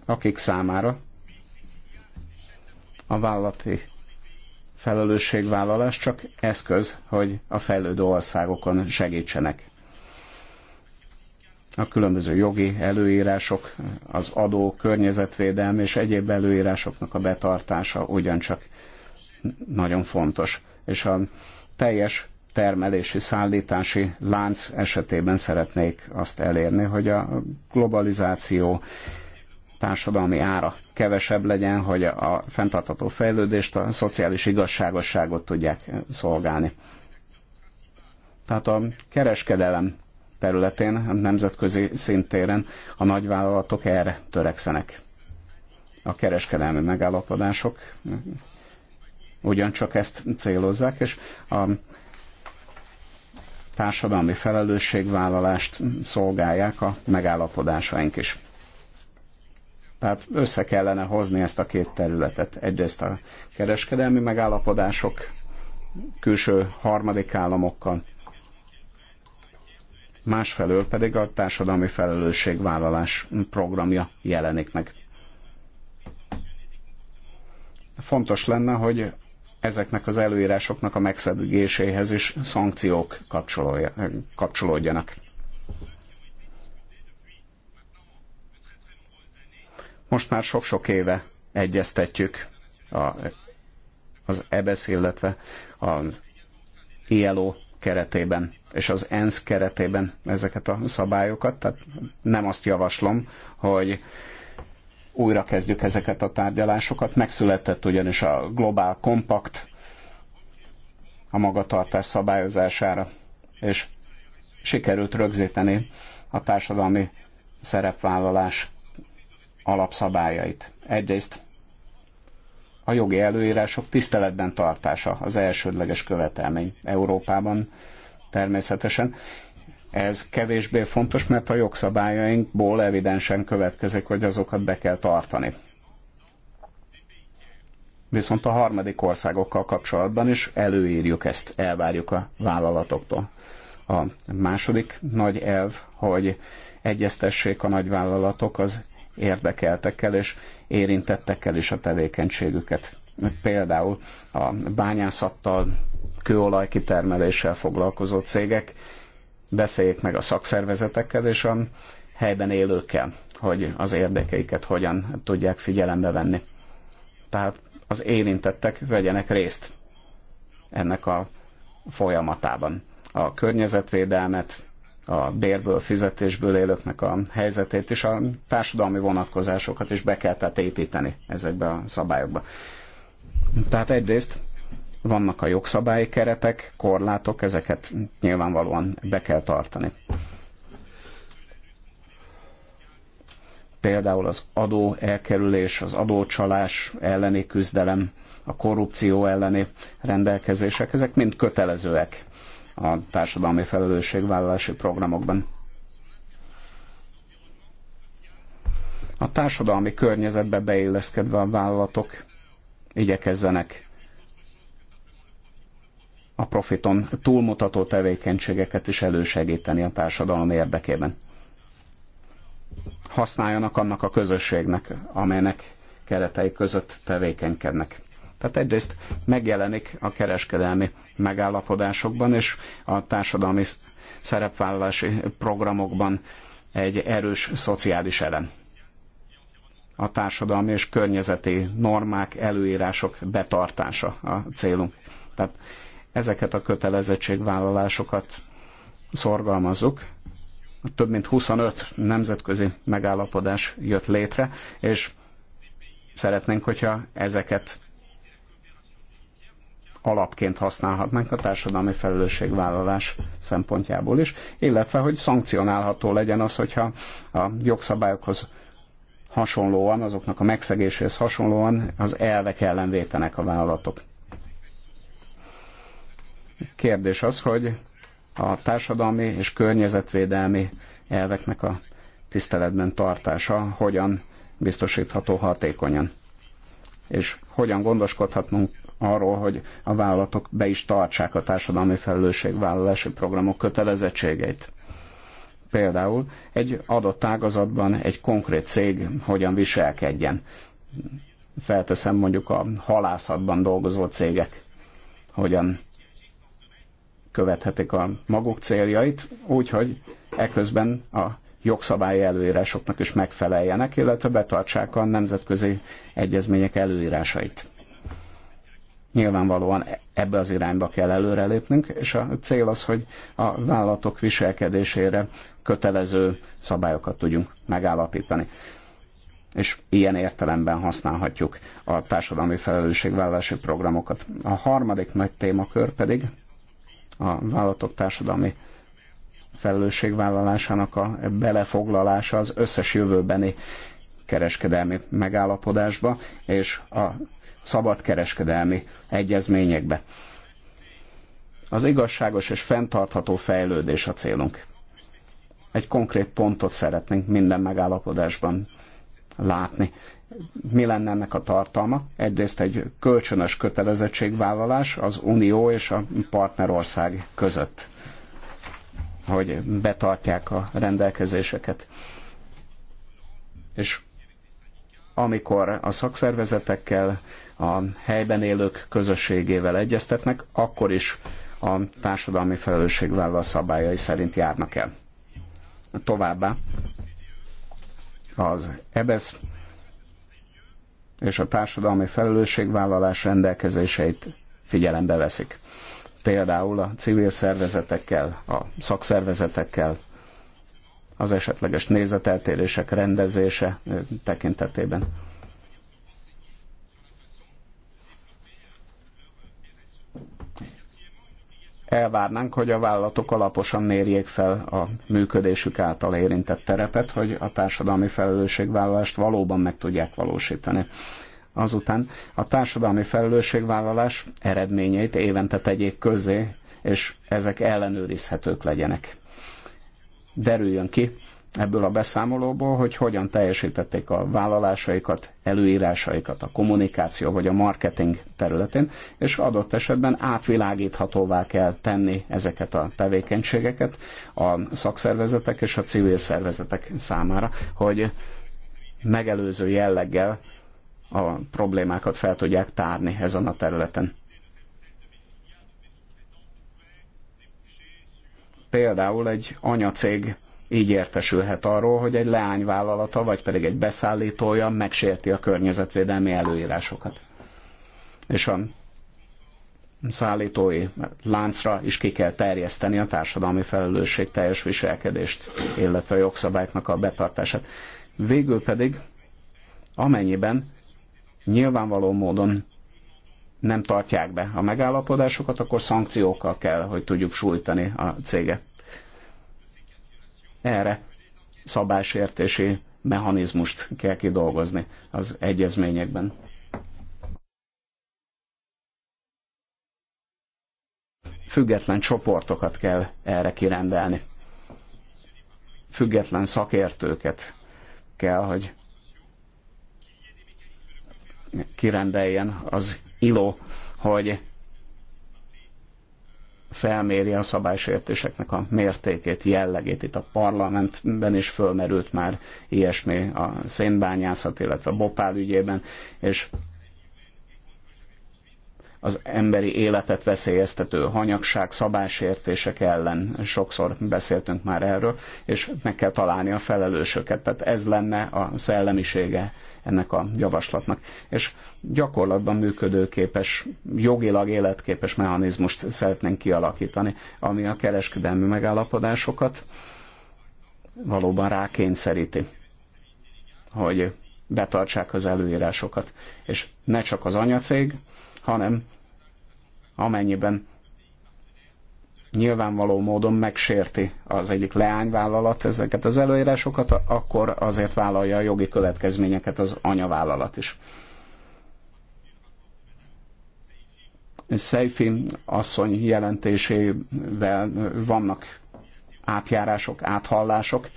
[SPEAKER 2] akik számára a vállalati felelősségvállalás csak eszköz, hogy a fejlődő országokon segítsenek. A különböző jogi előírások, az adó, környezetvédelmi és egyéb előírásoknak a betartása ugyancsak nagyon fontos. És a teljes termelési, szállítási lánc esetében szeretnék azt elérni, hogy a globalizáció társadalmi ára kevesebb legyen, hogy a fenntartható fejlődést, a szociális igazságosságot tudják szolgálni. Tehát a kereskedelem területén, a nemzetközi szintéren a nagyvállalatok erre törekszenek. A kereskedelmi megállapodások ugyancsak ezt célozzák, és a társadalmi felelősségvállalást szolgálják a megállapodásaink is. Tehát össze kellene hozni ezt a két területet. Egyrészt a kereskedelmi megállapodások külső harmadik államokkal, másfelől pedig a társadalmi felelősségvállalás programja jelenik meg. Fontos lenne, hogy ezeknek az előírásoknak a megszegéséhez is szankciók kapcsolódjanak. Most már sok-sok éve egyeztetjük a, az EBSZ, e illetve az ILO keretében és az ENSZ keretében ezeket a szabályokat. Tehát nem azt javaslom, hogy újra kezdjük ezeket a tárgyalásokat. Megszületett ugyanis a globál kompakt a magatartás szabályozására, és sikerült rögzíteni a társadalmi szerepvállalás alapszabályait. Egyrészt a jogi előírások tiszteletben tartása az elsődleges követelmény Európában természetesen, ez kevésbé fontos, mert a jogszabályainkból evidensen következik, hogy azokat be kell tartani. Viszont a harmadik országokkal kapcsolatban is előírjuk ezt, elvárjuk a vállalatoktól. A második nagy elv, hogy egyeztessék a nagyvállalatok az érdekeltekkel és érintettekkel is a tevékenységüket. Például a bányászattal, kőolajkitermeléssel foglalkozó cégek beszéljék meg a szakszervezetekkel és a helyben élőkkel, hogy az érdekeiket hogyan tudják figyelembe venni. Tehát az érintettek vegyenek részt ennek a folyamatában. A környezetvédelmet, a bérből, fizetésből élőknek a helyzetét és a társadalmi vonatkozásokat is be kell tehát építeni ezekbe a szabályokba. Tehát egyrészt vannak a jogszabályi keretek, korlátok, ezeket nyilvánvalóan be kell tartani. Például az adó elkerülés, az adócsalás elleni küzdelem, a korrupció elleni rendelkezések, ezek mind kötelezőek a társadalmi felelősségvállalási programokban. A társadalmi környezetbe beilleszkedve a vállalatok igyekezzenek a profiton túlmutató tevékenységeket is elősegíteni a társadalom érdekében. Használjanak annak a közösségnek, amelynek keretei között tevékenykednek. Tehát egyrészt megjelenik a kereskedelmi megállapodásokban és a társadalmi szerepvállalási programokban egy erős szociális elem. A társadalmi és környezeti normák, előírások betartása a célunk. Tehát ezeket a kötelezettségvállalásokat szorgalmazzuk. Több mint 25 nemzetközi megállapodás jött létre, és szeretnénk, hogyha ezeket alapként használhatnánk a társadalmi felelősségvállalás szempontjából is, illetve hogy szankcionálható legyen az, hogyha a jogszabályokhoz hasonlóan, azoknak a megszegéséhez hasonlóan az elvek ellen vétenek a vállalatok. Kérdés az, hogy a társadalmi és környezetvédelmi elveknek a tiszteletben tartása hogyan biztosítható hatékonyan. És hogyan gondoskodhatnunk arról, hogy a vállalatok be is tartsák a társadalmi felelősségvállalási programok kötelezettségeit. Például egy adott ágazatban egy konkrét cég hogyan viselkedjen. Felteszem mondjuk a halászatban dolgozó cégek hogyan követhetik a maguk céljait, úgyhogy eközben a jogszabályi előírásoknak is megfeleljenek, illetve betartsák a nemzetközi egyezmények előírásait. Nyilvánvalóan ebbe az irányba kell előrelépnünk, és a cél az, hogy a vállalatok viselkedésére kötelező szabályokat tudjunk megállapítani. És ilyen értelemben használhatjuk a társadalmi felelősségvállalási programokat. A harmadik nagy témakör pedig a vállalatok társadalmi felelősségvállalásának a belefoglalása az összes jövőbeni kereskedelmi megállapodásba és a szabad kereskedelmi egyezményekbe. Az igazságos és fenntartható fejlődés a célunk. Egy konkrét pontot szeretnénk minden megállapodásban látni mi lenne ennek a tartalma? Egyrészt egy kölcsönös kötelezettségvállalás az Unió és a partnerország között, hogy betartják a rendelkezéseket. És amikor a szakszervezetekkel, a helyben élők közösségével egyeztetnek, akkor is a társadalmi felelősségvállal szabályai szerint járnak el. Továbbá az EBSZ és a társadalmi felelősségvállalás rendelkezéseit figyelembe veszik. Például a civil szervezetekkel, a szakszervezetekkel, az esetleges nézeteltérések rendezése tekintetében elvárnánk, hogy a vállalatok alaposan mérjék fel a működésük által érintett terepet, hogy a társadalmi felelősségvállalást valóban meg tudják valósítani. Azután a társadalmi felelősségvállalás eredményeit évente tegyék közzé, és ezek ellenőrizhetők legyenek. Derüljön ki, ebből a beszámolóból, hogy hogyan teljesítették a vállalásaikat, előírásaikat a kommunikáció vagy a marketing területén, és adott esetben átvilágíthatóvá kell tenni ezeket a tevékenységeket a szakszervezetek és a civil szervezetek számára, hogy megelőző jelleggel a problémákat fel tudják tárni ezen a területen. Például egy anyacég így értesülhet arról, hogy egy leányvállalata, vagy pedig egy beszállítója megsérti a környezetvédelmi előírásokat. És a szállítói láncra is ki kell terjeszteni a társadalmi felelősség teljes viselkedést, illetve a jogszabályoknak a betartását. Végül pedig, amennyiben nyilvánvaló módon nem tartják be a megállapodásokat, akkor szankciókkal kell, hogy tudjuk sújtani a céget. Erre szabásértési mechanizmust kell kidolgozni az egyezményekben. Független csoportokat kell erre kirendelni. Független szakértőket kell, hogy kirendeljen az ILO, hogy felméri a szabálysértéseknek a mértékét, jellegét. Itt a parlamentben is fölmerült már ilyesmi a szénbányászat, illetve a bopál ügyében, és az emberi életet veszélyeztető hanyagság, szabásértések ellen sokszor beszéltünk már erről, és meg kell találni a felelősöket. Tehát ez lenne a szellemisége ennek a javaslatnak. És gyakorlatban működőképes, jogilag életképes mechanizmust szeretnénk kialakítani, ami a kereskedelmi megállapodásokat valóban rákényszeríti, hogy betartsák az előírásokat. És ne csak az anyacég, hanem amennyiben nyilvánvaló módon megsérti az egyik leányvállalat ezeket az előírásokat, akkor azért vállalja a jogi következményeket az anyavállalat is. Szejfi asszony jelentésével vannak átjárások, áthallások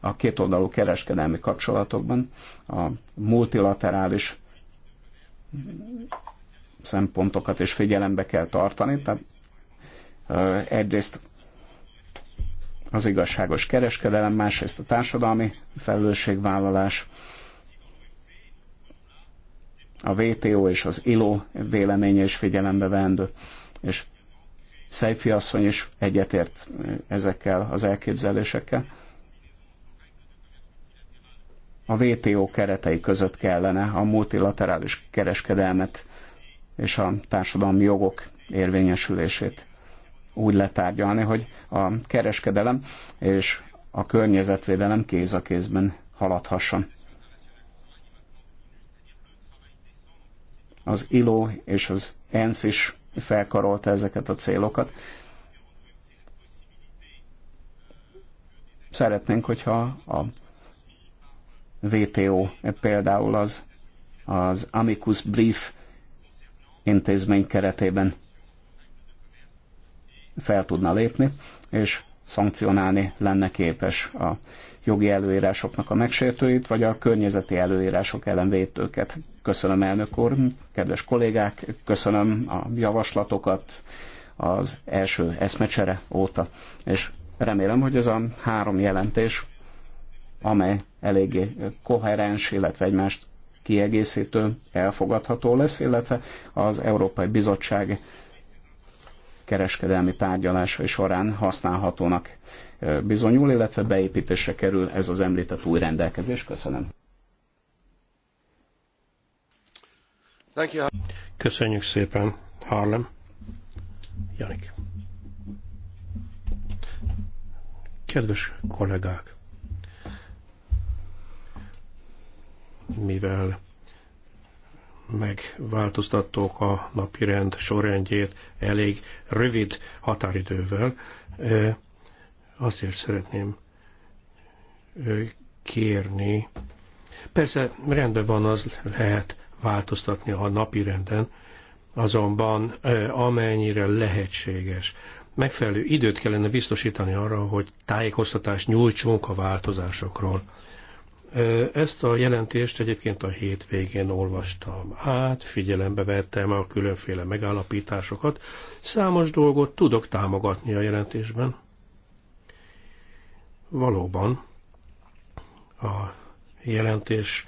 [SPEAKER 2] a kétoldalú kereskedelmi kapcsolatokban, a multilaterális szempontokat is figyelembe kell tartani. Tehát egyrészt az igazságos kereskedelem, másrészt a társadalmi felelősségvállalás, a WTO és az ILO véleménye is figyelembe vendő, és Szejfi asszony is egyetért ezekkel az elképzelésekkel. A WTO keretei között kellene a multilaterális kereskedelmet és a társadalmi jogok érvényesülését úgy letárgyalni, hogy a kereskedelem és a környezetvédelem kéz a kézben haladhasson. Az ILO és az ENSZ is felkarolta ezeket a célokat. Szeretnénk, hogyha a VTO például az, az Amicus Brief intézmény keretében fel tudna lépni, és szankcionálni lenne képes a jogi előírásoknak a megsértőit, vagy a környezeti előírások ellen védőket. Köszönöm, elnök úr, kedves kollégák, köszönöm a javaslatokat az első eszmecsere óta, és remélem, hogy ez a három jelentés, amely eléggé koherens, illetve egymást kiegészítő, elfogadható lesz, illetve az Európai Bizottság kereskedelmi tárgyalásai során használhatónak bizonyul, illetve beépítésre kerül ez az említett új rendelkezés. Köszönöm. Köszönjük szépen, Harlem.
[SPEAKER 1] Janik. Kedves kollégák! mivel megváltoztattok a napirend sorrendjét elég rövid határidővel, azért szeretném kérni. Persze rendben van, az lehet változtatni a napi renden, azonban amennyire lehetséges. Megfelelő időt kellene biztosítani arra, hogy tájékoztatást nyújtsunk a változásokról. Ezt a jelentést egyébként a hétvégén olvastam át, figyelembe vettem a különféle megállapításokat. Számos dolgot tudok támogatni a jelentésben. Valóban a jelentés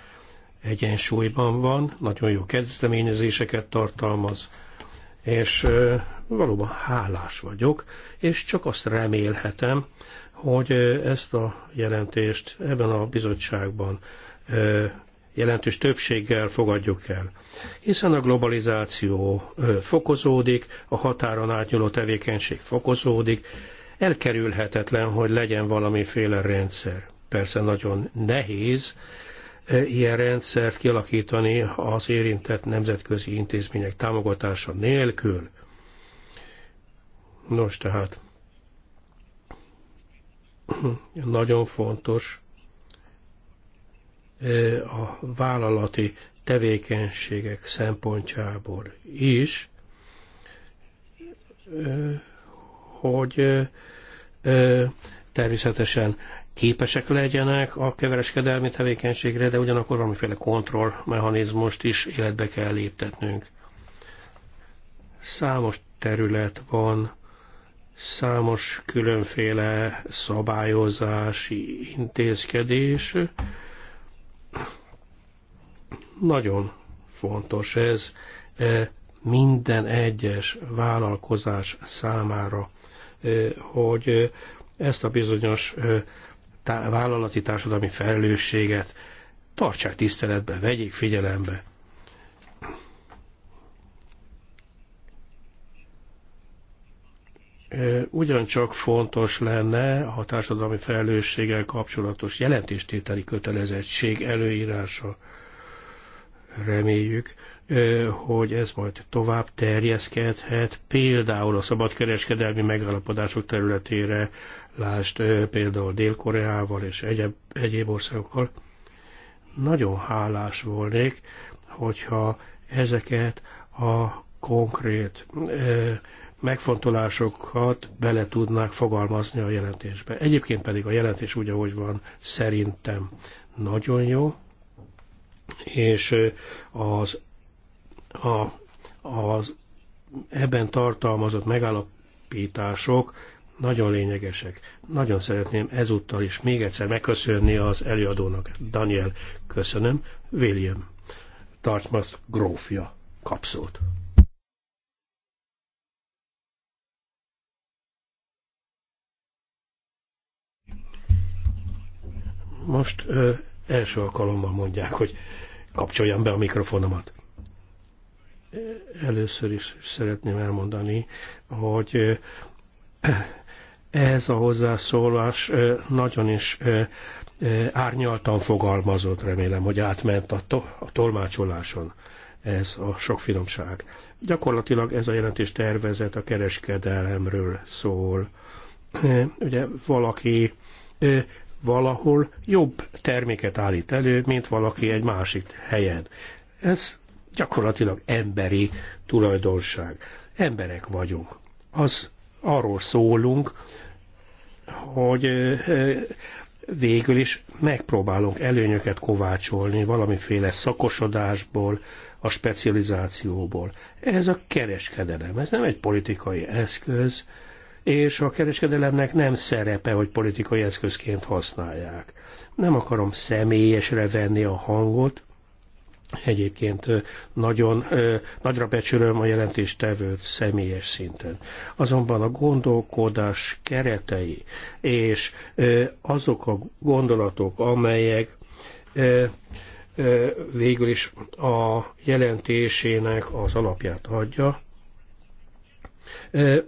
[SPEAKER 1] egyensúlyban van, nagyon jó kezdeményezéseket tartalmaz, és valóban hálás vagyok, és csak azt remélhetem, hogy ezt a jelentést ebben a bizottságban jelentős többséggel fogadjuk el. Hiszen a globalizáció fokozódik, a határon átnyúló tevékenység fokozódik, elkerülhetetlen, hogy legyen valamiféle rendszer. Persze nagyon nehéz ilyen rendszert kialakítani az érintett nemzetközi intézmények támogatása nélkül. Nos, tehát nagyon fontos a vállalati tevékenységek szempontjából is, hogy természetesen képesek legyenek a kevereskedelmi tevékenységre, de ugyanakkor valamiféle kontrollmechanizmust is életbe kell léptetnünk. Számos terület van, Számos különféle szabályozási intézkedés. Nagyon fontos ez e, minden egyes vállalkozás számára, e, hogy ezt a bizonyos e, vállalati társadalmi felelősséget tartsák tiszteletbe, vegyék figyelembe. Ugyancsak fontos lenne a társadalmi felelősséggel kapcsolatos jelentéstételi kötelezettség előírása. Reméljük, hogy ez majd tovább terjeszkedhet, például a szabadkereskedelmi megállapodások területére, lásd például Dél-Koreával és egyéb, egyéb országokkal. Nagyon hálás volnék, hogyha ezeket a konkrét megfontolásokat bele tudnák fogalmazni a jelentésbe. Egyébként pedig a jelentés úgy, ahogy van, szerintem nagyon jó, és az, a, az ebben tartalmazott megállapítások nagyon lényegesek. Nagyon szeretném ezúttal is még egyszer megköszönni az előadónak. Daniel, köszönöm. William, tartsd grófja kapszót. Most ö, első alkalommal mondják, hogy kapcsoljam be a mikrofonomat. Először is szeretném elmondani, hogy ez a hozzászólás nagyon is árnyaltan fogalmazott, remélem, hogy átment a, to- a tolmácsoláson ez a sok finomság. Gyakorlatilag ez a jelentés tervezet a kereskedelemről szól. Ugye valaki valahol jobb terméket állít elő, mint valaki egy másik helyen. Ez gyakorlatilag emberi tulajdonság. Emberek vagyunk. Az arról szólunk, hogy végül is megpróbálunk előnyöket kovácsolni valamiféle szakosodásból, a specializációból. Ez a kereskedelem, ez nem egy politikai eszköz, és a kereskedelemnek nem szerepe, hogy politikai eszközként használják. Nem akarom személyesre venni a hangot, Egyébként nagyon nagyra becsülöm a jelentéstevőt személyes szinten. Azonban a gondolkodás keretei és azok a gondolatok, amelyek végül is a jelentésének az alapját adja,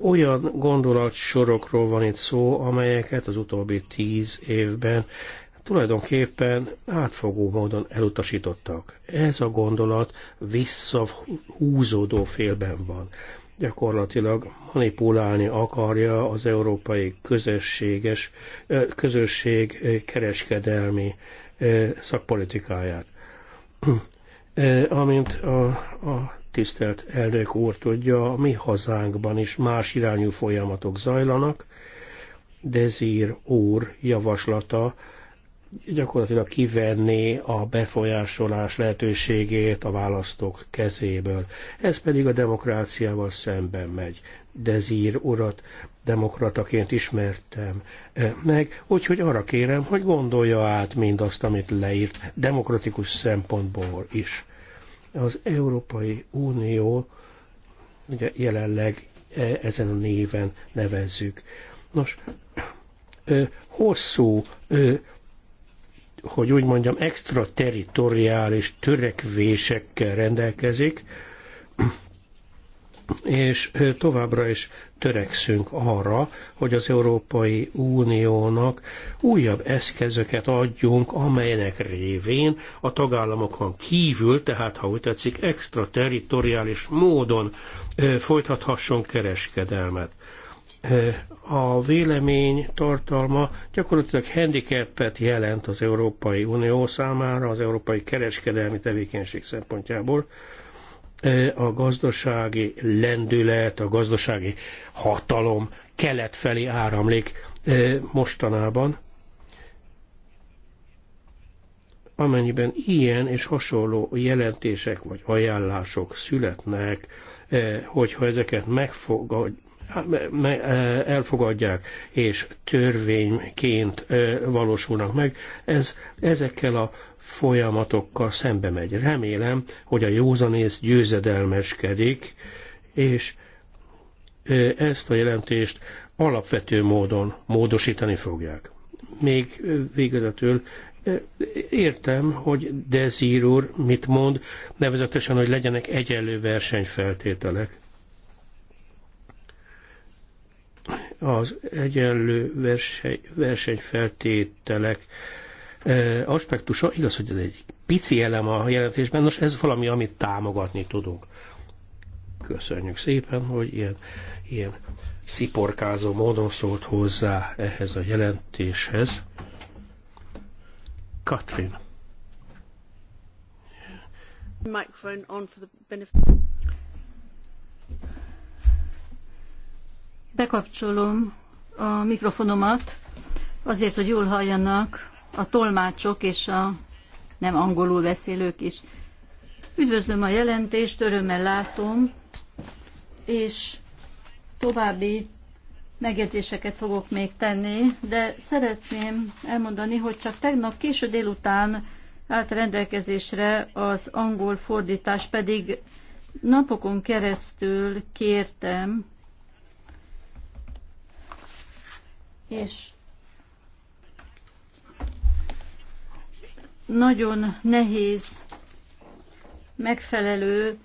[SPEAKER 1] olyan gondolatsorokról van itt szó, amelyeket az utóbbi tíz évben tulajdonképpen átfogó módon elutasítottak. Ez a gondolat visszahúzódó félben van. Gyakorlatilag manipulálni akarja az európai közösséges, közösség kereskedelmi szakpolitikáját. Amint a, a tisztelt elnök úr tudja, a mi hazánkban is más irányú folyamatok zajlanak. Dezír úr javaslata gyakorlatilag kivenni a befolyásolás lehetőségét a választók kezéből. Ez pedig a demokráciával szemben megy. Dezír urat demokrataként ismertem eh, meg, úgyhogy arra kérem, hogy gondolja át mindazt, amit leírt, demokratikus szempontból is. Az Európai Unió ugye jelenleg e, ezen a néven nevezzük. Nos, hosszú, hogy úgy mondjam, extraterritoriális törekvésekkel rendelkezik, és továbbra is törekszünk arra, hogy az Európai Uniónak újabb eszközöket adjunk, amelynek révén a tagállamokon kívül, tehát ha úgy tetszik, extraterritoriális módon folytathasson kereskedelmet. A vélemény tartalma gyakorlatilag handicapet jelent az Európai Unió számára, az európai kereskedelmi tevékenység szempontjából E, a gazdasági lendület, a gazdasági hatalom kelet felé áramlik e, mostanában. Amennyiben ilyen és hasonló jelentések vagy ajánlások születnek, e, hogyha ezeket Hát, e, elfogadják és törvényként e, valósulnak meg, ez ezekkel a folyamatokkal szembe megy. Remélem, hogy a józanész győzedelmeskedik, és e, ezt a jelentést alapvető módon módosítani fogják. Még végezetül értem, hogy Dezír úr mit mond, nevezetesen, hogy legyenek egyenlő versenyfeltételek. az egyenlő verseny, versenyfeltételek e, aspektusa, igaz, hogy ez egy pici elem a jelentésben, most ez valami, amit támogatni tudunk. Köszönjük szépen, hogy ilyen, ilyen sziporkázó módon szólt hozzá ehhez a jelentéshez. Katrin.
[SPEAKER 4] Bekapcsolom a mikrofonomat azért, hogy jól halljanak a tolmácsok és a nem angolul beszélők is. Üdvözlöm a jelentést, örömmel látom, és további megjegyzéseket fogok még tenni, de szeretném elmondani, hogy csak tegnap késő délután állt rendelkezésre az angol fordítás, pedig napokon keresztül kértem, és nagyon nehéz megfelelő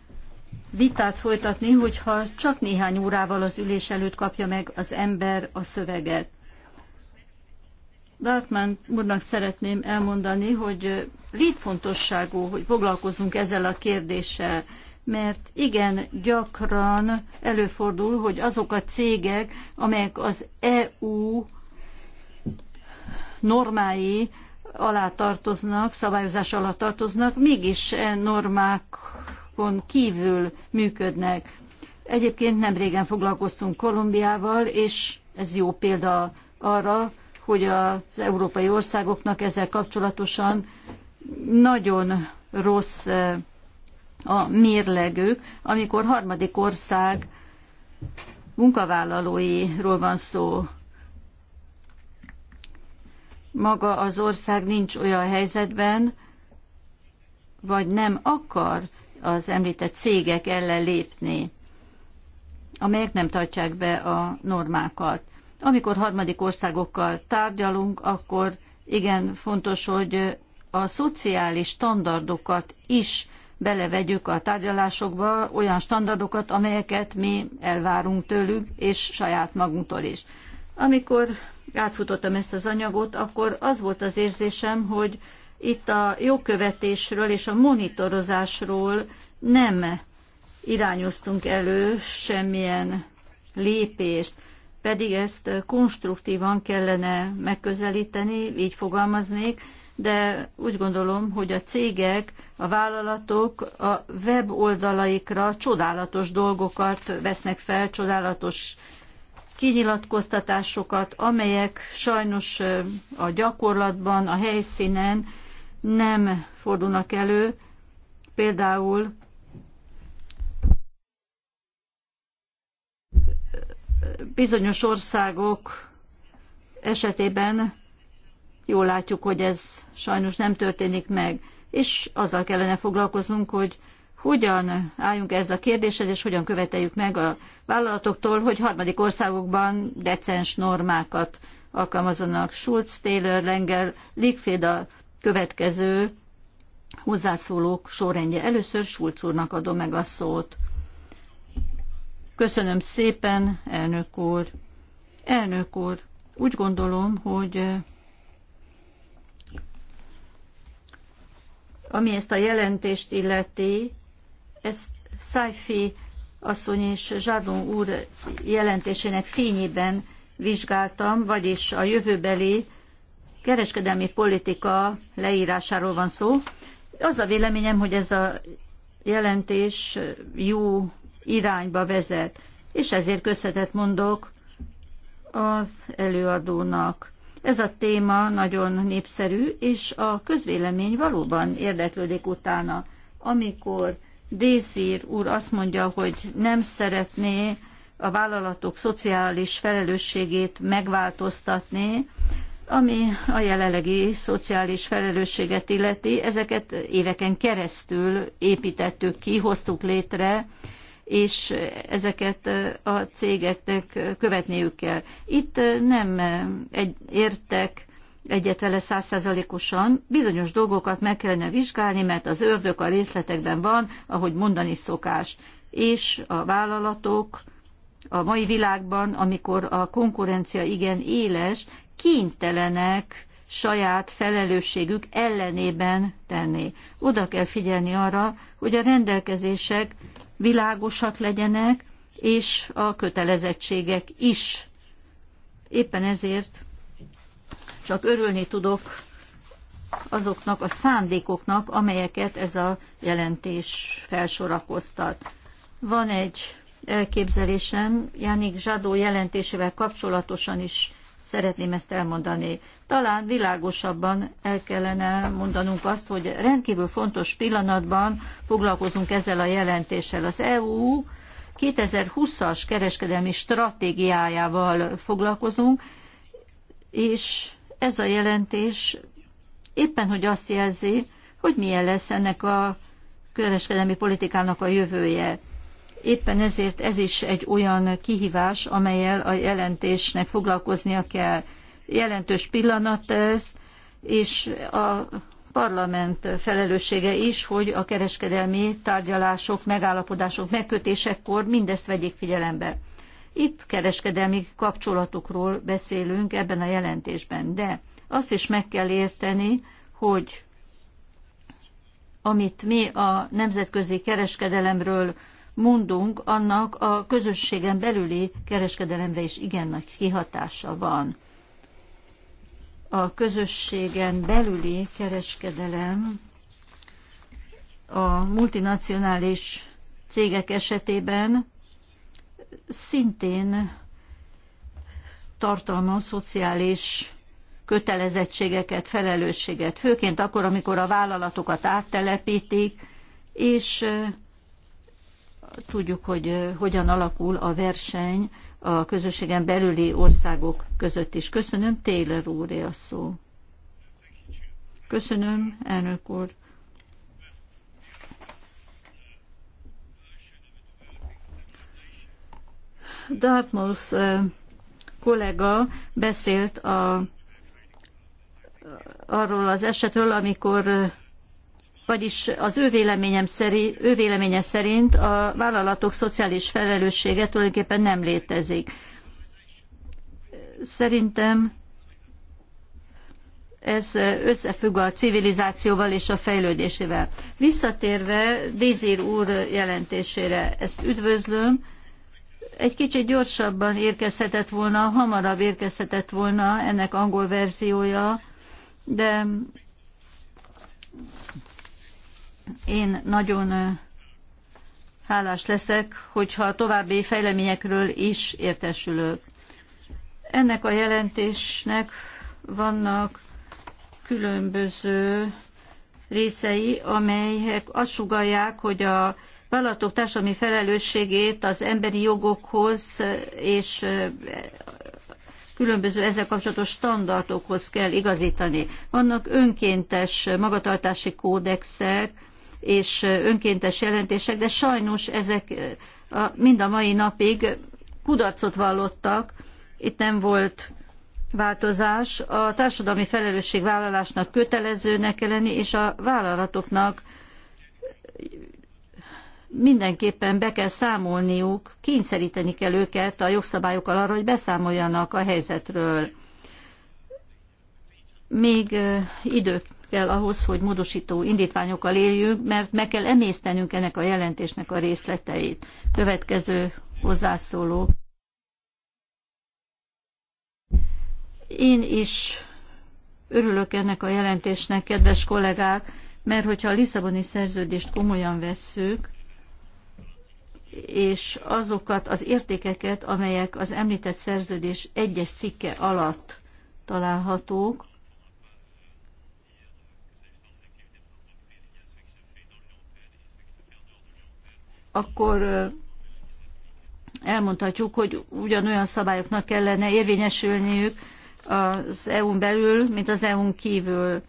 [SPEAKER 4] vitát folytatni, hogyha csak néhány órával az ülés előtt kapja meg az ember a szöveget. Dartman úrnak szeretném elmondani, hogy létfontosságú, hogy foglalkozunk ezzel a kérdéssel, mert igen gyakran előfordul, hogy azok a cégek, amelyek az EU normái alá tartoznak, szabályozás alá tartoznak, mégis e normákon kívül működnek. Egyébként nem régen foglalkoztunk Kolumbiával, és ez jó példa arra, hogy az európai országoknak ezzel kapcsolatosan nagyon rossz a mérlegők, amikor harmadik ország munkavállalóiról van szó. Maga az ország nincs olyan helyzetben, vagy nem akar az említett cégek ellen lépni, amelyek nem tartják be a normákat. Amikor harmadik országokkal tárgyalunk, akkor igen fontos, hogy a szociális standardokat is belevegyük a tárgyalásokba olyan standardokat, amelyeket mi elvárunk tőlük, és saját magunktól is. Amikor átfutottam ezt az anyagot, akkor az volt az érzésem, hogy itt a jogkövetésről és a monitorozásról nem irányoztunk elő semmilyen lépést, pedig ezt konstruktívan kellene megközelíteni, így fogalmaznék, de úgy gondolom, hogy a cégek, a vállalatok a oldalaikra csodálatos dolgokat vesznek fel, csodálatos kinyilatkoztatásokat, amelyek sajnos a gyakorlatban, a helyszínen nem fordulnak elő. Például bizonyos országok esetében Jól látjuk, hogy ez sajnos nem történik meg, és azzal kellene foglalkoznunk, hogy hogyan álljunk ez a kérdéshez, és hogyan követeljük meg a vállalatoktól, hogy harmadik országokban decens normákat alkalmazanak. Schulz, Taylor, Lengel, Ligféd a következő hozzászólók sorrendje. Először Schulz úrnak adom meg a szót. Köszönöm szépen, elnök úr. Elnök úr, úgy gondolom, hogy Ami ezt a jelentést illeti, ezt Szájfi asszony és Zsadon úr jelentésének fényében vizsgáltam, vagyis a jövőbeli kereskedelmi politika leírásáról van szó. Az a véleményem, hogy ez a jelentés jó irányba vezet, és ezért köszönetet mondok az előadónak. Ez a téma nagyon népszerű, és a közvélemény valóban érdeklődik utána. Amikor Dészír úr azt mondja, hogy nem szeretné a vállalatok szociális felelősségét megváltoztatni, ami a jelenlegi szociális felelősséget illeti, ezeket éveken keresztül építettük ki, hoztuk létre, és ezeket a cégeknek követniük kell. Itt nem egy, értek egyet vele százszázalékosan, bizonyos dolgokat meg kellene vizsgálni, mert az ördög a részletekben van, ahogy mondani szokás. És a vállalatok a mai világban, amikor a konkurencia igen éles, kénytelenek saját felelősségük ellenében tenni. Oda kell figyelni arra, hogy a rendelkezések világosak legyenek, és a kötelezettségek is. Éppen ezért csak örülni tudok azoknak a szándékoknak, amelyeket ez a jelentés felsorakoztat. Van egy elképzelésem, Jánik Zsadó jelentésével kapcsolatosan is szeretném ezt elmondani. Talán világosabban el kellene mondanunk azt, hogy rendkívül fontos pillanatban foglalkozunk ezzel a jelentéssel. Az EU 2020-as kereskedelmi stratégiájával foglalkozunk, és ez a jelentés éppen, hogy azt jelzi, hogy milyen lesz ennek a kereskedelmi politikának a jövője. Éppen ezért ez is egy olyan kihívás, amelyel a jelentésnek foglalkoznia kell. Jelentős pillanat ez, és a parlament felelőssége is, hogy a kereskedelmi tárgyalások, megállapodások megkötésekkor mindezt vegyék figyelembe. Itt kereskedelmi kapcsolatokról beszélünk ebben a jelentésben, de azt is meg kell érteni, hogy amit mi a nemzetközi kereskedelemről mondunk, annak a közösségen belüli kereskedelemre is igen nagy kihatása van. A közösségen belüli kereskedelem a multinacionális cégek esetében szintén tartalmaz szociális kötelezettségeket, felelősséget, főként akkor, amikor a vállalatokat áttelepítik, és tudjuk, hogy hogyan alakul a verseny a közösségen belüli országok között is. Köszönöm, Taylor úré a szó. Köszönöm, elnök úr. Dartmouth kollega beszélt a, arról az esetről, amikor vagyis az ő, véleményem szerint, ő véleménye szerint a vállalatok szociális felelőssége tulajdonképpen nem létezik. Szerintem ez összefügg a civilizációval és a fejlődésével. Visszatérve Dézír úr jelentésére, ezt üdvözlöm, egy kicsit gyorsabban érkezhetett volna, hamarabb érkezhetett volna ennek angol verziója, de én nagyon hálás leszek, hogyha további fejleményekről is értesülök. Ennek a jelentésnek vannak különböző részei, amelyek azt sugalják, hogy a vállalatok társadalmi felelősségét az emberi jogokhoz és különböző ezzel kapcsolatos standardokhoz kell igazítani. Vannak önkéntes magatartási kódexek, és önkéntes jelentések, de sajnos ezek a, mind a mai napig kudarcot vallottak, itt nem volt változás. A társadalmi felelősségvállalásnak kötelezőnek kell lenni, és a vállalatoknak mindenképpen be kell számolniuk, kényszeríteni kell őket a jogszabályokkal arra, hogy beszámoljanak a helyzetről. Még idők kell ahhoz, hogy módosító indítványokkal éljünk, mert meg kell emésztenünk ennek a jelentésnek a részleteit. Következő hozzászóló. Én is örülök ennek a jelentésnek, kedves kollégák, mert hogyha a Lisszaboni szerződést komolyan vesszük, és azokat az értékeket, amelyek az említett szerződés egyes cikke alatt találhatók, akkor elmondhatjuk, hogy ugyanolyan szabályoknak kellene érvényesülniük az EU-n belül, mint az EU-n kívül.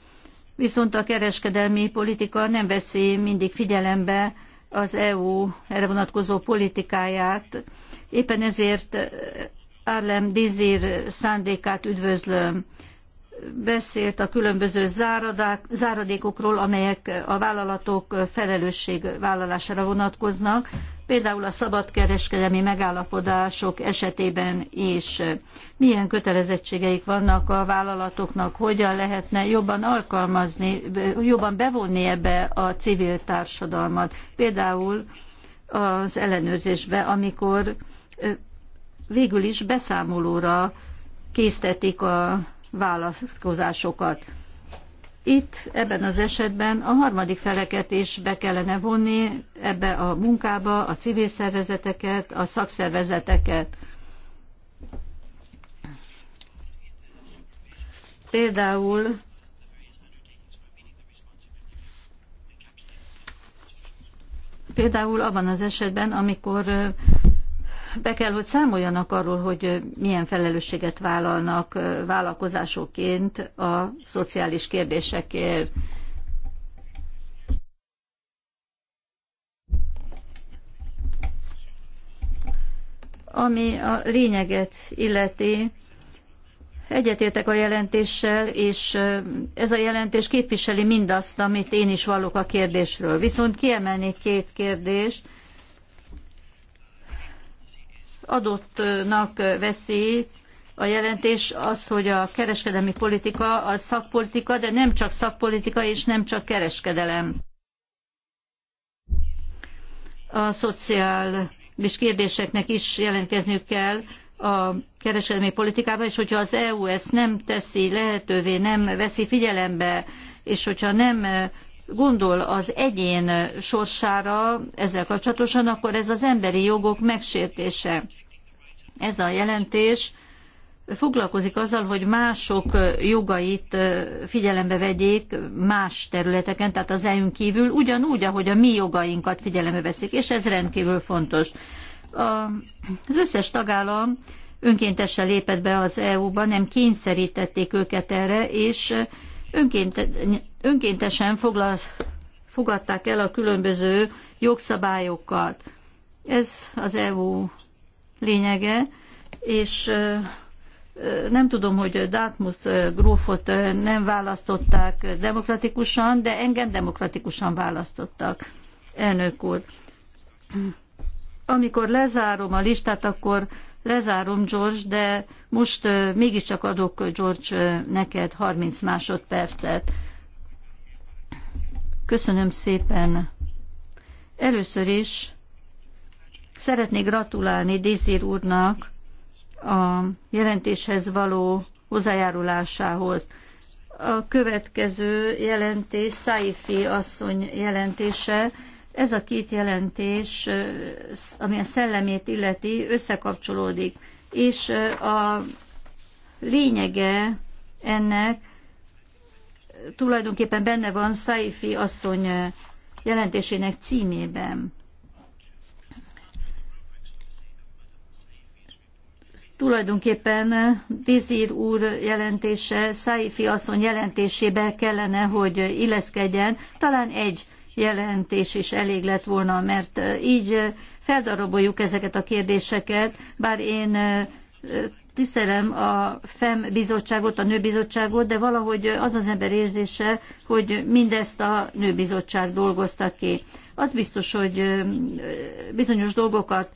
[SPEAKER 4] Viszont a kereskedelmi politika nem veszi mindig figyelembe az EU erre vonatkozó politikáját. Éppen ezért Arlem Dizir szándékát üdvözlöm beszélt a különböző záradák, záradékokról, amelyek a vállalatok felelősségvállalására vonatkoznak, például a szabadkereskedelmi megállapodások esetében is. Milyen kötelezettségeik vannak a vállalatoknak, hogyan lehetne jobban alkalmazni, jobban bevonni ebbe a civil társadalmat, például az ellenőrzésbe, amikor végül is beszámolóra késztetik a vállalkozásokat. Itt ebben az esetben a harmadik feleket is be kellene vonni ebbe a munkába, a civil szervezeteket, a szakszervezeteket. Például például abban az esetben, amikor be kell, hogy számoljanak arról, hogy milyen felelősséget vállalnak vállalkozásokként a szociális kérdésekért. Ami a lényeget illeti, Egyetértek a jelentéssel, és ez a jelentés képviseli mindazt, amit én is vallok a kérdésről. Viszont kiemelnék két kérdést, adottnak veszi a jelentés az, hogy a kereskedelmi politika az szakpolitika, de nem csak szakpolitika és nem csak kereskedelem. A szociális kérdéseknek is jelentkezniük kell a kereskedelmi politikában, és hogyha az EU ezt nem teszi lehetővé, nem veszi figyelembe, és hogyha nem gondol az egyén sorsára ezzel kapcsolatosan, akkor ez az emberi jogok megsértése. Ez a jelentés foglalkozik azzal, hogy mások jogait figyelembe vegyék más területeken, tehát az eu kívül, ugyanúgy, ahogy a mi jogainkat figyelembe veszik, és ez rendkívül fontos. Az összes tagállam önkéntesen lépett be az EU-ba, nem kényszerítették őket erre, és Önkénte, önkéntesen foglal, fogadták el a különböző jogszabályokat. Ez az EU lényege, és nem tudom, hogy Dartmouth grófot nem választották demokratikusan, de engem demokratikusan választottak, elnök úr. Amikor lezárom a listát, akkor Lezárom, George, de most mégiscsak adok, George, neked 30 másodpercet. Köszönöm szépen. Először is szeretnék gratulálni Dézír úrnak a jelentéshez való hozzájárulásához. A következő jelentés Saifi asszony jelentése, ez a két jelentés, ami a szellemét illeti, összekapcsolódik, és a lényege ennek tulajdonképpen benne van Saifi asszony jelentésének címében. Tulajdonképpen Dézír úr jelentése Saifi asszony jelentésébe kellene, hogy illeszkedjen. Talán egy jelentés is elég lett volna, mert így feldaraboljuk ezeket a kérdéseket, bár én tisztelem a FEM bizottságot, a nőbizottságot, de valahogy az az ember érzése, hogy mindezt a nőbizottság dolgozta ki. Az biztos, hogy bizonyos dolgokat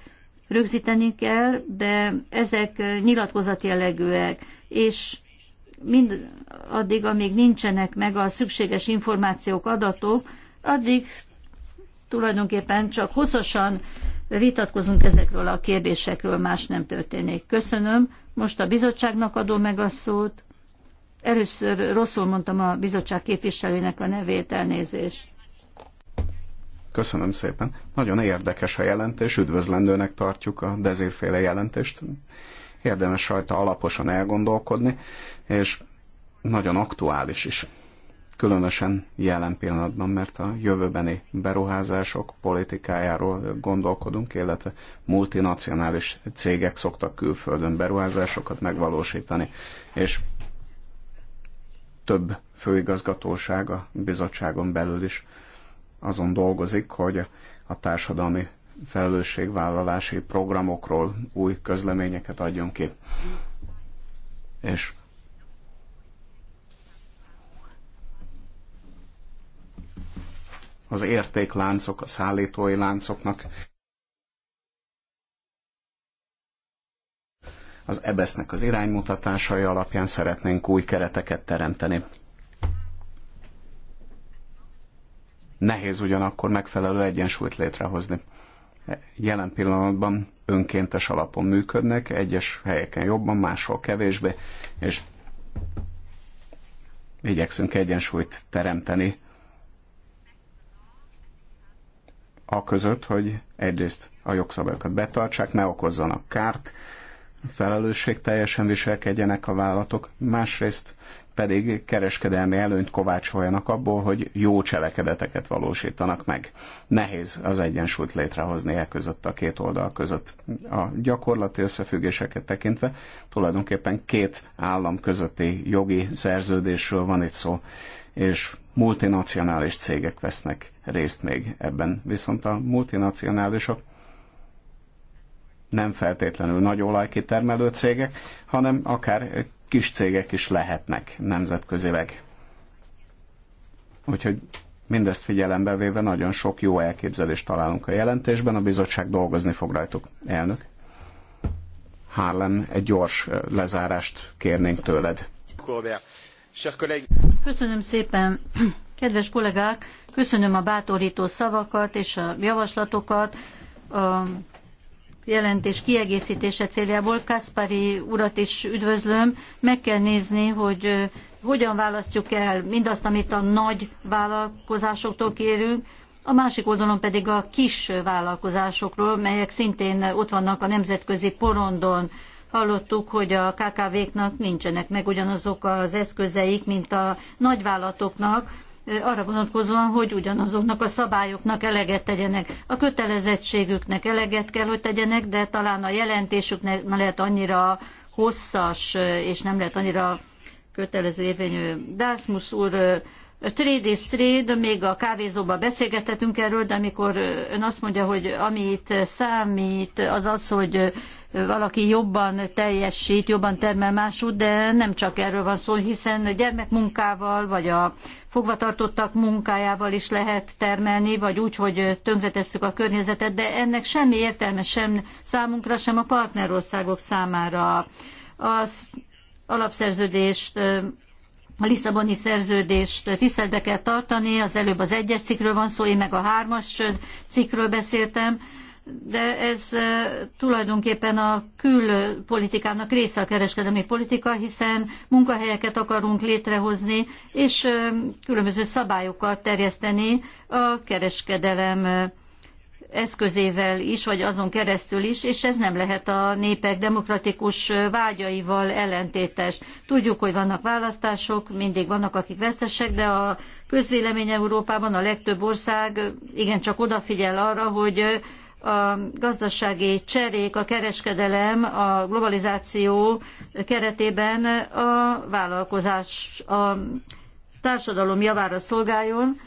[SPEAKER 4] rögzíteni kell, de ezek nyilatkozat jellegűek, és mind addig, amíg nincsenek meg a szükséges információk, adatok, addig tulajdonképpen csak hosszasan vitatkozunk ezekről a kérdésekről, más nem történik. Köszönöm. Most a bizottságnak adom meg a szót. Először rosszul mondtam a bizottság képviselőnek a nevét, elnézést.
[SPEAKER 2] Köszönöm szépen. Nagyon érdekes a jelentés, üdvözlendőnek tartjuk a dezérféle jelentést. Érdemes rajta alaposan elgondolkodni, és nagyon aktuális is különösen jelen pillanatban, mert a jövőbeni beruházások politikájáról gondolkodunk, illetve multinacionális cégek szoktak külföldön beruházásokat megvalósítani, és több főigazgatóság a bizottságon belül is azon dolgozik, hogy a társadalmi felelősségvállalási programokról új közleményeket adjon ki. És az értékláncok, a szállítói láncoknak. Az ebesznek az iránymutatásai alapján szeretnénk új kereteket teremteni. Nehéz ugyanakkor megfelelő egyensúlyt létrehozni. Jelen pillanatban önkéntes alapon működnek, egyes helyeken jobban, máshol kevésbé, és igyekszünk egyensúlyt teremteni a között, hogy egyrészt a jogszabályokat betartsák, ne okozzanak kárt, felelősség teljesen viselkedjenek a vállalatok, másrészt pedig kereskedelmi előnyt kovácsoljanak abból, hogy jó cselekedeteket valósítanak meg. Nehéz az egyensúlyt létrehozni e között, a két oldal között. A gyakorlati összefüggéseket tekintve tulajdonképpen két állam közötti jogi szerződésről van itt szó, és multinacionális cégek vesznek részt még ebben, viszont a multinacionálisok nem feltétlenül nagy olajkitermelő cégek, hanem akár kis cégek is lehetnek nemzetközileg. Úgyhogy mindezt figyelembe véve nagyon sok jó elképzelést találunk a jelentésben, a bizottság dolgozni fog rajtuk. Elnök, Harlem, egy gyors lezárást kérnénk tőled. Corbett.
[SPEAKER 4] Köszönöm szépen, kedves kollégák, köszönöm a bátorító szavakat és a javaslatokat. A jelentés kiegészítése céljából caspary urat is üdvözlöm. Meg kell nézni, hogy hogyan választjuk el mindazt, amit a nagy vállalkozásoktól kérünk, a másik oldalon pedig a kis vállalkozásokról, melyek szintén ott vannak a nemzetközi porondon Hallottuk, hogy a KKV-knak nincsenek meg ugyanazok az eszközeik, mint a nagyvállalatoknak, arra vonatkozóan, hogy ugyanazoknak a szabályoknak eleget tegyenek. A kötelezettségüknek eleget kell, hogy tegyenek, de talán a jelentésük nem lehet annyira hosszas, és nem lehet annyira kötelező érvényű. Dászmus úr, trade is trade, még a kávézóban beszélgethetünk erről, de amikor ön azt mondja, hogy amit számít, az az, hogy valaki jobban teljesít, jobban termel másút, de nem csak erről van szó, hiszen gyermekmunkával, vagy a fogvatartottak munkájával is lehet termelni, vagy úgy, hogy tönkretesszük a környezetet, de ennek semmi értelme sem számunkra, sem a partnerországok számára. Az alapszerződést a Lisszaboni szerződést tiszteletbe kell tartani, az előbb az egyes cikkről van szó, én meg a hármas cikkről beszéltem, de ez tulajdonképpen a külpolitikának része a kereskedelmi politika, hiszen munkahelyeket akarunk létrehozni, és különböző szabályokat terjeszteni a kereskedelem eszközével is, vagy azon keresztül is, és ez nem lehet a népek demokratikus vágyaival ellentétes. Tudjuk, hogy vannak választások, mindig vannak, akik veszesek, de a közvélemény Európában a legtöbb ország igencsak odafigyel arra, hogy a gazdasági cserék, a kereskedelem, a globalizáció keretében a vállalkozás a társadalom javára szolgáljon,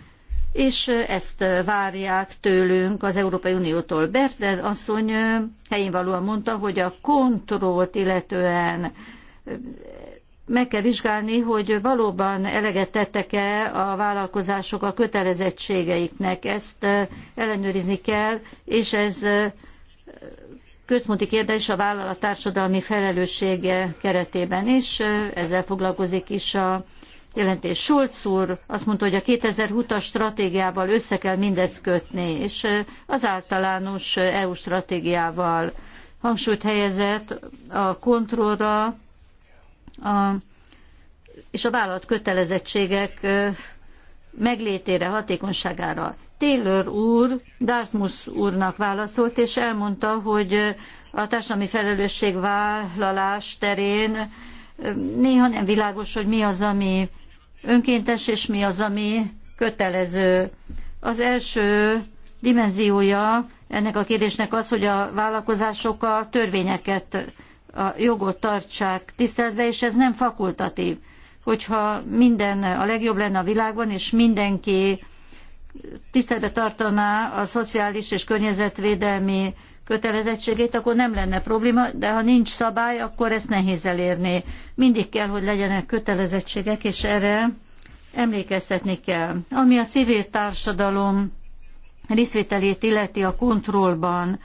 [SPEAKER 4] és ezt várják tőlünk az Európai Uniótól. Berden asszony helyén valóan mondta, hogy a kontrollt illetően meg kell vizsgálni, hogy valóban eleget tettek-e a vállalkozások a kötelezettségeiknek. Ezt ellenőrizni kell, és ez központi kérdés a vállalat társadalmi felelőssége keretében is. Ezzel foglalkozik is a jelentés. Schulz úr azt mondta, hogy a 2020-as stratégiával össze kell mindezt kötni, és az általános EU stratégiával hangsúlyt helyezett a kontrollra, a, és a vállalat kötelezettségek meglétére, hatékonyságára. Taylor úr Dartmouth úrnak válaszolt, és elmondta, hogy a társadalmi felelősségvállalás terén néha nem világos, hogy mi az, ami önkéntes, és mi az, ami kötelező. Az első dimenziója ennek a kérdésnek az, hogy a vállalkozások a törvényeket a jogot tartsák tiszteletbe, és ez nem fakultatív. Hogyha minden a legjobb lenne a világban és mindenki tiszteletbe tartaná a szociális és környezetvédelmi kötelezettségét, akkor nem lenne probléma, de ha nincs szabály, akkor ezt nehéz elérni. Mindig kell, hogy legyenek kötelezettségek, és erre emlékeztetni kell. Ami a civil társadalom részvételét illeti a kontrollban,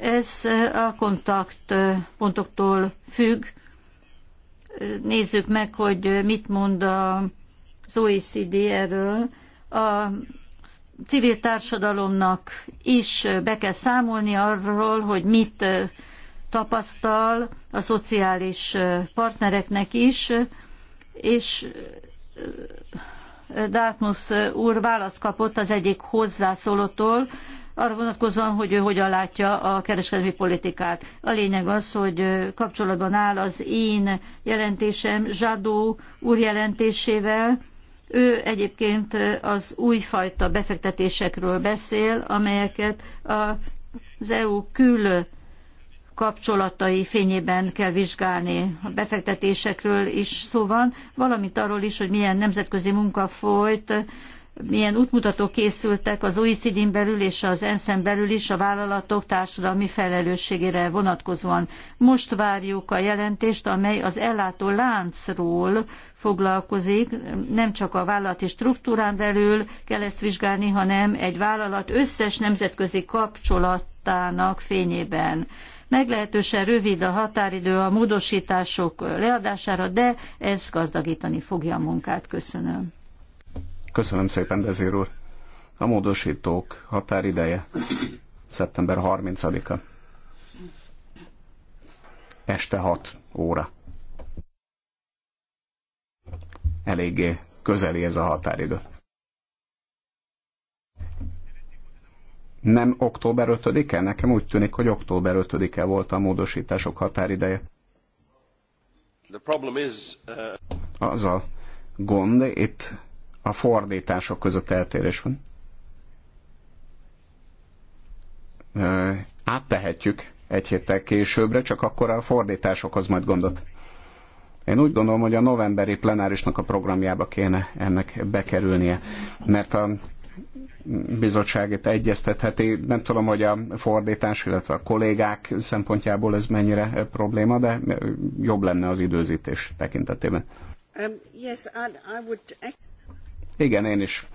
[SPEAKER 4] ez a kontaktpontoktól függ. Nézzük meg, hogy mit mond az OECD erről. A civil társadalomnak is be kell számolni arról, hogy mit tapasztal, a szociális partnereknek is, és Dartmouth úr választ kapott az egyik hozzászólótól, arra vonatkozóan, hogy ő hogyan látja a kereskedelmi politikát. A lényeg az, hogy kapcsolatban áll az én jelentésem Zsadó úr jelentésével. Ő egyébként az újfajta befektetésekről beszél, amelyeket az EU kül kapcsolatai fényében kell vizsgálni. A befektetésekről is szó van, valamint arról is, hogy milyen nemzetközi munka folyt milyen útmutatók készültek az OECD-n belül és az ENSZ-en belül is a vállalatok társadalmi felelősségére vonatkozóan. Most várjuk a jelentést, amely az ellátó láncról foglalkozik, nem csak a vállalati struktúrán belül kell ezt vizsgálni, hanem egy vállalat összes nemzetközi kapcsolatának fényében. Meglehetősen rövid a határidő a módosítások leadására, de ez gazdagítani fogja a munkát. Köszönöm.
[SPEAKER 2] Köszönöm szépen, Dezír úr. A módosítók határideje szeptember 30-a. Este 6 óra. Eléggé közeli ez a határidő. Nem október 5-e? Nekem úgy tűnik, hogy október 5-e volt a módosítások határideje. Uh, Az a gond itt a fordítások között eltérés van. Áttehetjük egy héttel későbbre, csak akkor a fordításokhoz majd gondot. Én úgy gondolom, hogy a novemberi plenárisnak a programjába kéne ennek bekerülnie, mert a bizottság itt egyeztetheti. Nem tudom, hogy a fordítás, illetve a kollégák szempontjából ez mennyire probléma, de jobb lenne az időzítés tekintetében.
[SPEAKER 1] Um, yes, I, I would...
[SPEAKER 2] Igen, én is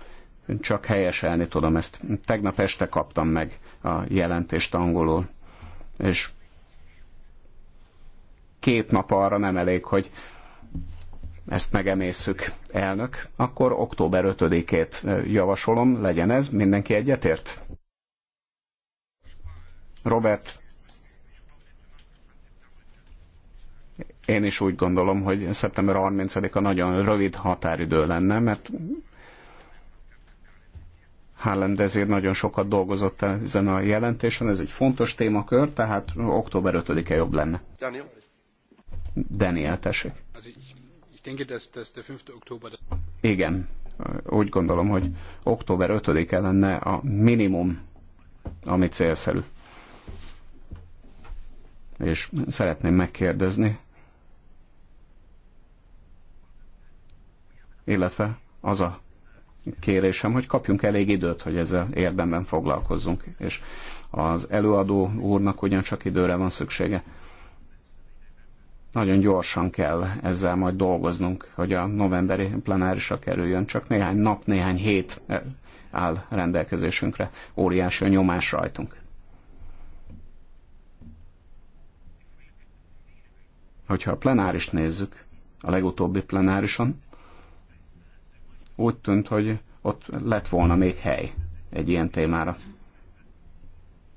[SPEAKER 2] csak helyeselni tudom ezt. Tegnap este kaptam meg a jelentést angolul, és két nap arra nem elég, hogy ezt megemészük, elnök, akkor október 5-ét javasolom, legyen ez, mindenki egyetért? Robert, én is úgy gondolom, hogy szeptember 30-a nagyon rövid határidő lenne, mert Haaland ezért nagyon sokat dolgozott ezen a jelentésen, ez egy fontos témakör, tehát október 5-e jobb lenne. Daniel? Daniel, tessék. Igen, úgy gondolom, hogy október 5-e lenne a minimum, ami célszerű. És szeretném megkérdezni, illetve az a kérésem, hogy kapjunk elég időt, hogy ezzel érdemben foglalkozzunk, és az előadó úrnak ugyancsak időre van szüksége. Nagyon gyorsan kell ezzel majd dolgoznunk, hogy a novemberi plenárisra kerüljön, csak néhány nap, néhány hét eh, áll rendelkezésünkre, óriási a nyomás rajtunk. Hogyha a plenárist nézzük, a legutóbbi plenárison, úgy tűnt, hogy ott lett volna még hely egy ilyen témára.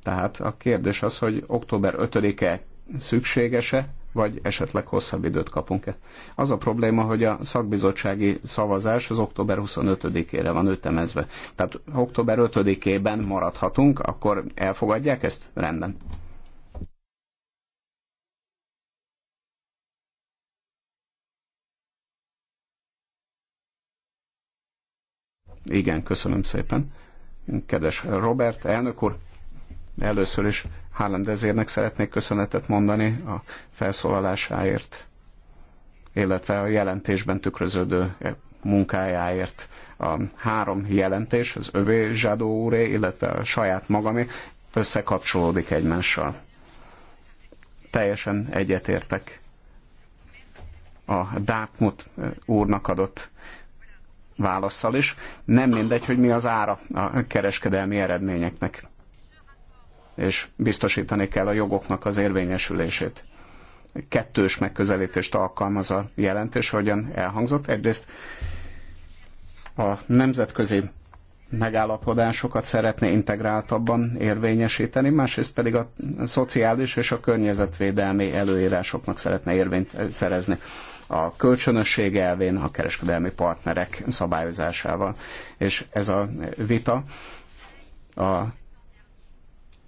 [SPEAKER 2] Tehát a kérdés az, hogy október 5-e szükséges-e, vagy esetleg hosszabb időt kapunk-e. Az a probléma, hogy a szakbizottsági szavazás az október 25-ére van ütemezve. Tehát október 5-ében maradhatunk, akkor elfogadják ezt? Rendben. Igen, köszönöm szépen. Kedves Robert, elnök úr, először is Hálendezérnek szeretnék köszönetet mondani a felszólalásáért, illetve a jelentésben tükröződő munkájáért. A három jelentés, az övé Zsadó úré, illetve a saját magami összekapcsolódik egymással. Teljesen egyetértek a Dartmouth eh, úrnak adott válaszsal is. Nem mindegy, hogy mi az ára a kereskedelmi eredményeknek. És biztosítani kell a jogoknak az érvényesülését. Kettős megközelítést alkalmaz a jelentés, hogyan elhangzott. Egyrészt a nemzetközi megállapodásokat szeretné integráltabban érvényesíteni, másrészt pedig a szociális és a környezetvédelmi előírásoknak szeretne érvényt szerezni a kölcsönösség elvén, a kereskedelmi partnerek szabályozásával. És ez a vita a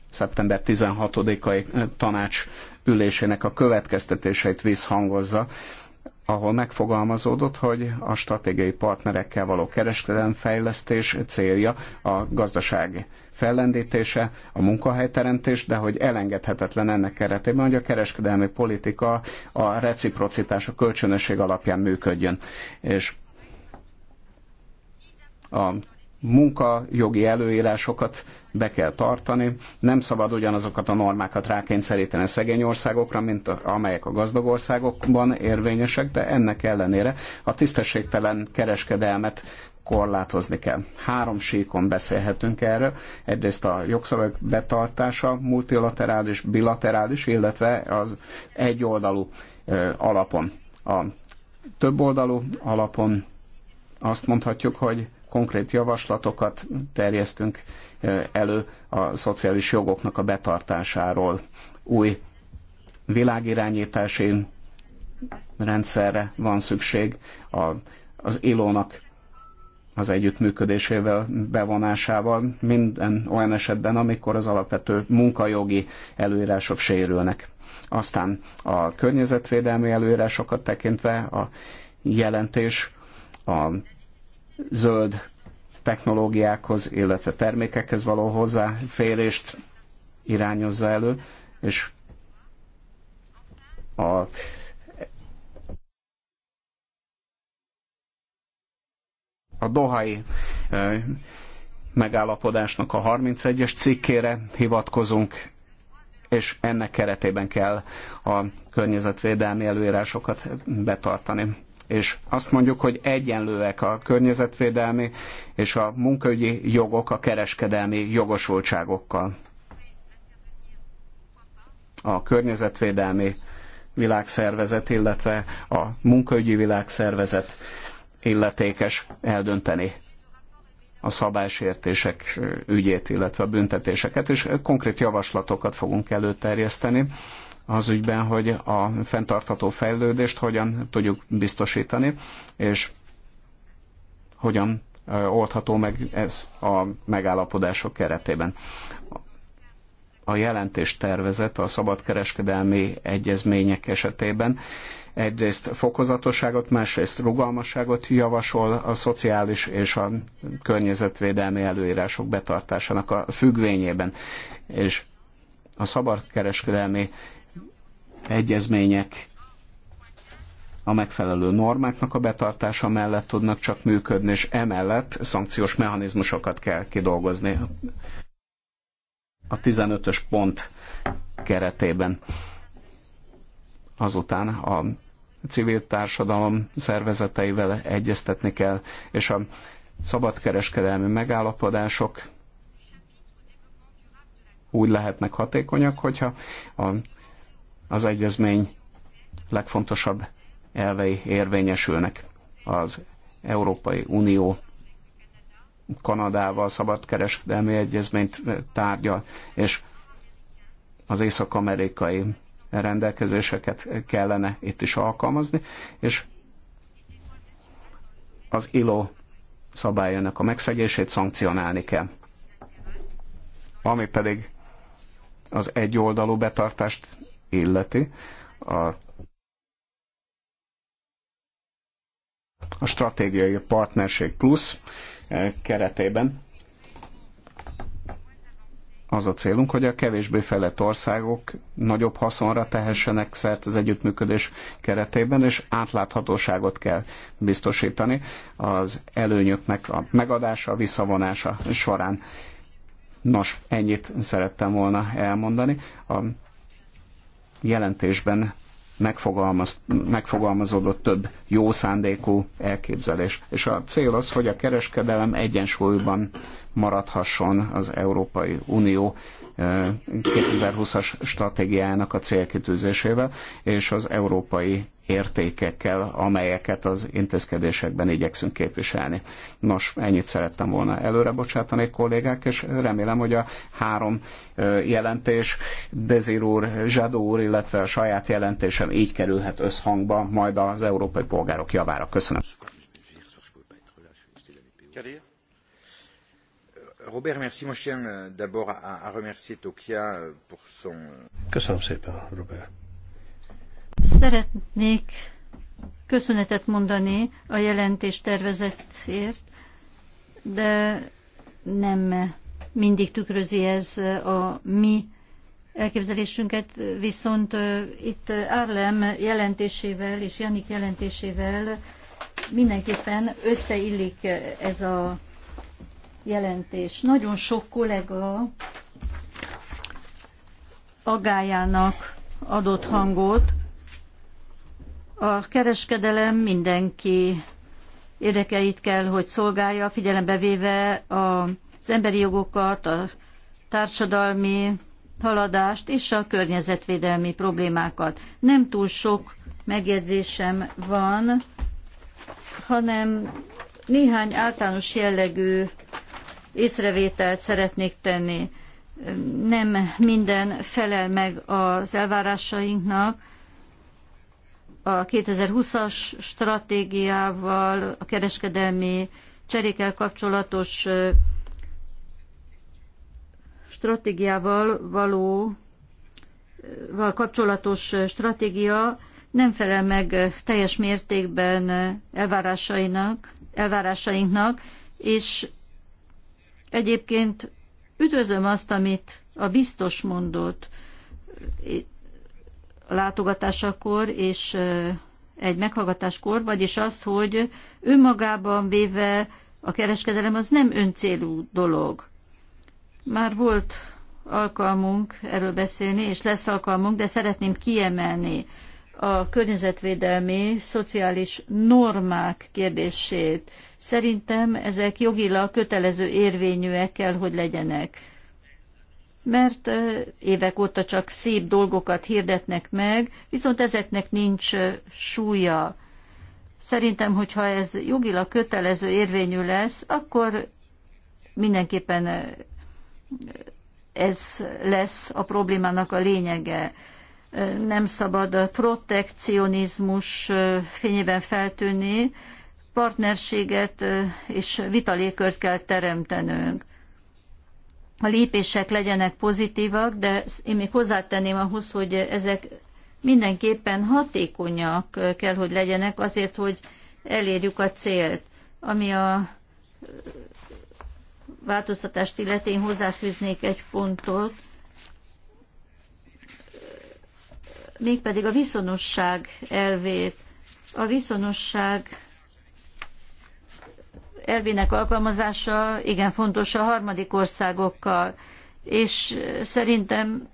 [SPEAKER 2] szeptember 16-ai tanács ülésének a következtetéseit visszhangozza, ahol megfogalmazódott, hogy a stratégiai partnerekkel való kereskedelemfejlesztés célja a gazdaság fellendítése, a munkahelyteremtés, de hogy elengedhetetlen ennek keretében, hogy a kereskedelmi politika a reciprocitás, a kölcsönösség alapján működjön. És a munkajogi előírásokat be kell tartani. Nem szabad ugyanazokat a normákat rákényszeríteni a szegény országokra, mint amelyek a gazdag országokban érvényesek, de ennek ellenére a tisztességtelen kereskedelmet korlátozni kell. Három síkon beszélhetünk erről. Egyrészt a jogszabályok betartása, multilaterális, bilaterális, illetve az egyoldalú alapon. A többoldalú alapon azt mondhatjuk, hogy konkrét javaslatokat terjesztünk elő a szociális jogoknak a betartásáról. Új világirányítási rendszerre van szükség a, az ilónak az együttműködésével, bevonásával, minden olyan esetben, amikor az alapvető munkajogi előírások sérülnek. Aztán a környezetvédelmi előírásokat tekintve a jelentés a zöld technológiákhoz, illetve termékekhez való hozzáférést irányozza elő, és a a dohai megállapodásnak a 31-es cikkére hivatkozunk, és ennek keretében kell a környezetvédelmi előírásokat betartani és azt mondjuk, hogy egyenlőek a környezetvédelmi és a munkaügyi jogok a kereskedelmi jogosultságokkal. A környezetvédelmi világszervezet, illetve a munkaügyi világszervezet illetékes eldönteni a szabálysértések ügyét, illetve a büntetéseket, és konkrét javaslatokat fogunk előterjeszteni az ügyben, hogy a fenntartható fejlődést hogyan tudjuk biztosítani, és hogyan oldható meg ez a megállapodások keretében. A jelentés tervezet a szabadkereskedelmi egyezmények esetében egyrészt fokozatosságot, másrészt rugalmasságot javasol a szociális és a környezetvédelmi előírások betartásának a függvényében. És a szabadkereskedelmi egyezmények a megfelelő normáknak a betartása mellett tudnak csak működni, és emellett szankciós mechanizmusokat kell kidolgozni a 15-ös pont keretében. Azután a civil társadalom szervezeteivel egyeztetni kell, és a szabadkereskedelmi megállapodások úgy lehetnek hatékonyak, hogyha a az egyezmény legfontosabb elvei érvényesülnek az Európai Unió Kanadával szabadkereskedelmi egyezményt tárgyal, és az észak-amerikai rendelkezéseket kellene itt is alkalmazni, és az ILO szabályának a megszegését szankcionálni kell. Ami pedig az egyoldalú betartást illeti, a, a stratégiai partnerség plusz eh, keretében az a célunk, hogy a kevésbé fejlett országok nagyobb haszonra tehessenek szert az együttműködés keretében, és átláthatóságot kell biztosítani az előnyöknek a megadása, a visszavonása során. Nos, ennyit szerettem volna elmondani. A jelentésben megfogalmaz, megfogalmazódott több jó szándékú elképzelés. És a cél az, hogy a kereskedelem egyensúlyban maradhasson az Európai Unió 2020-as eh, stratégiájának a célkitűzésével, és az európai értékekkel, amelyeket az intézkedésekben igyekszünk képviselni. Nos, ennyit szerettem volna előre bocsátani, kollégák, és remélem, hogy a három jelentés, Dezir úr, Zsadó úr, illetve a saját jelentésem így kerülhet összhangba, majd az európai polgárok javára. Köszönöm. Robert, merci. Moi, je tiens d'abord à remercier Tokia pour son. Köszönöm szépen, Robert.
[SPEAKER 4] Szeretnék köszönetet mondani a jelentés tervezetért, de nem mindig tükrözi ez a mi elképzelésünket, viszont itt Árlem jelentésével és Janik jelentésével mindenképpen összeillik ez a jelentés. Nagyon sok kollega agájának adott hangot, a kereskedelem mindenki érdekeit kell, hogy szolgálja, figyelembe véve az emberi jogokat, a társadalmi haladást és a környezetvédelmi problémákat. Nem túl sok megjegyzésem van, hanem néhány általános jellegű észrevételt szeretnék tenni. Nem minden felel meg az elvárásainknak, a 2020-as stratégiával, a kereskedelmi cserékkel kapcsolatos stratégiával való val kapcsolatos stratégia nem felel meg teljes mértékben elvárásainak, elvárásainknak, és egyébként üdvözlöm azt, amit a biztos mondott, látogatásakor és egy meghallgatáskor, vagyis azt, hogy önmagában véve a kereskedelem az nem öncélú dolog. Már volt alkalmunk erről beszélni, és lesz alkalmunk, de szeretném kiemelni a környezetvédelmi, szociális normák kérdését. Szerintem ezek jogilag kötelező érvényűek kell, hogy legyenek mert évek óta csak szép dolgokat hirdetnek meg, viszont ezeknek nincs súlya. Szerintem, hogyha ez jogilag kötelező érvényű lesz, akkor mindenképpen ez lesz a problémának a lényege. Nem szabad a protekcionizmus fényében feltűnni, partnerséget és vitalékört kell teremtenünk a lépések legyenek pozitívak, de én még hozzátenném ahhoz, hogy ezek mindenképpen hatékonyak kell, hogy legyenek azért, hogy elérjük a célt. Ami a változtatást illeti, én hozzáfűznék egy pontot, mégpedig a viszonosság elvét. A viszonosság elvének alkalmazása igen fontos a harmadik országokkal, és szerintem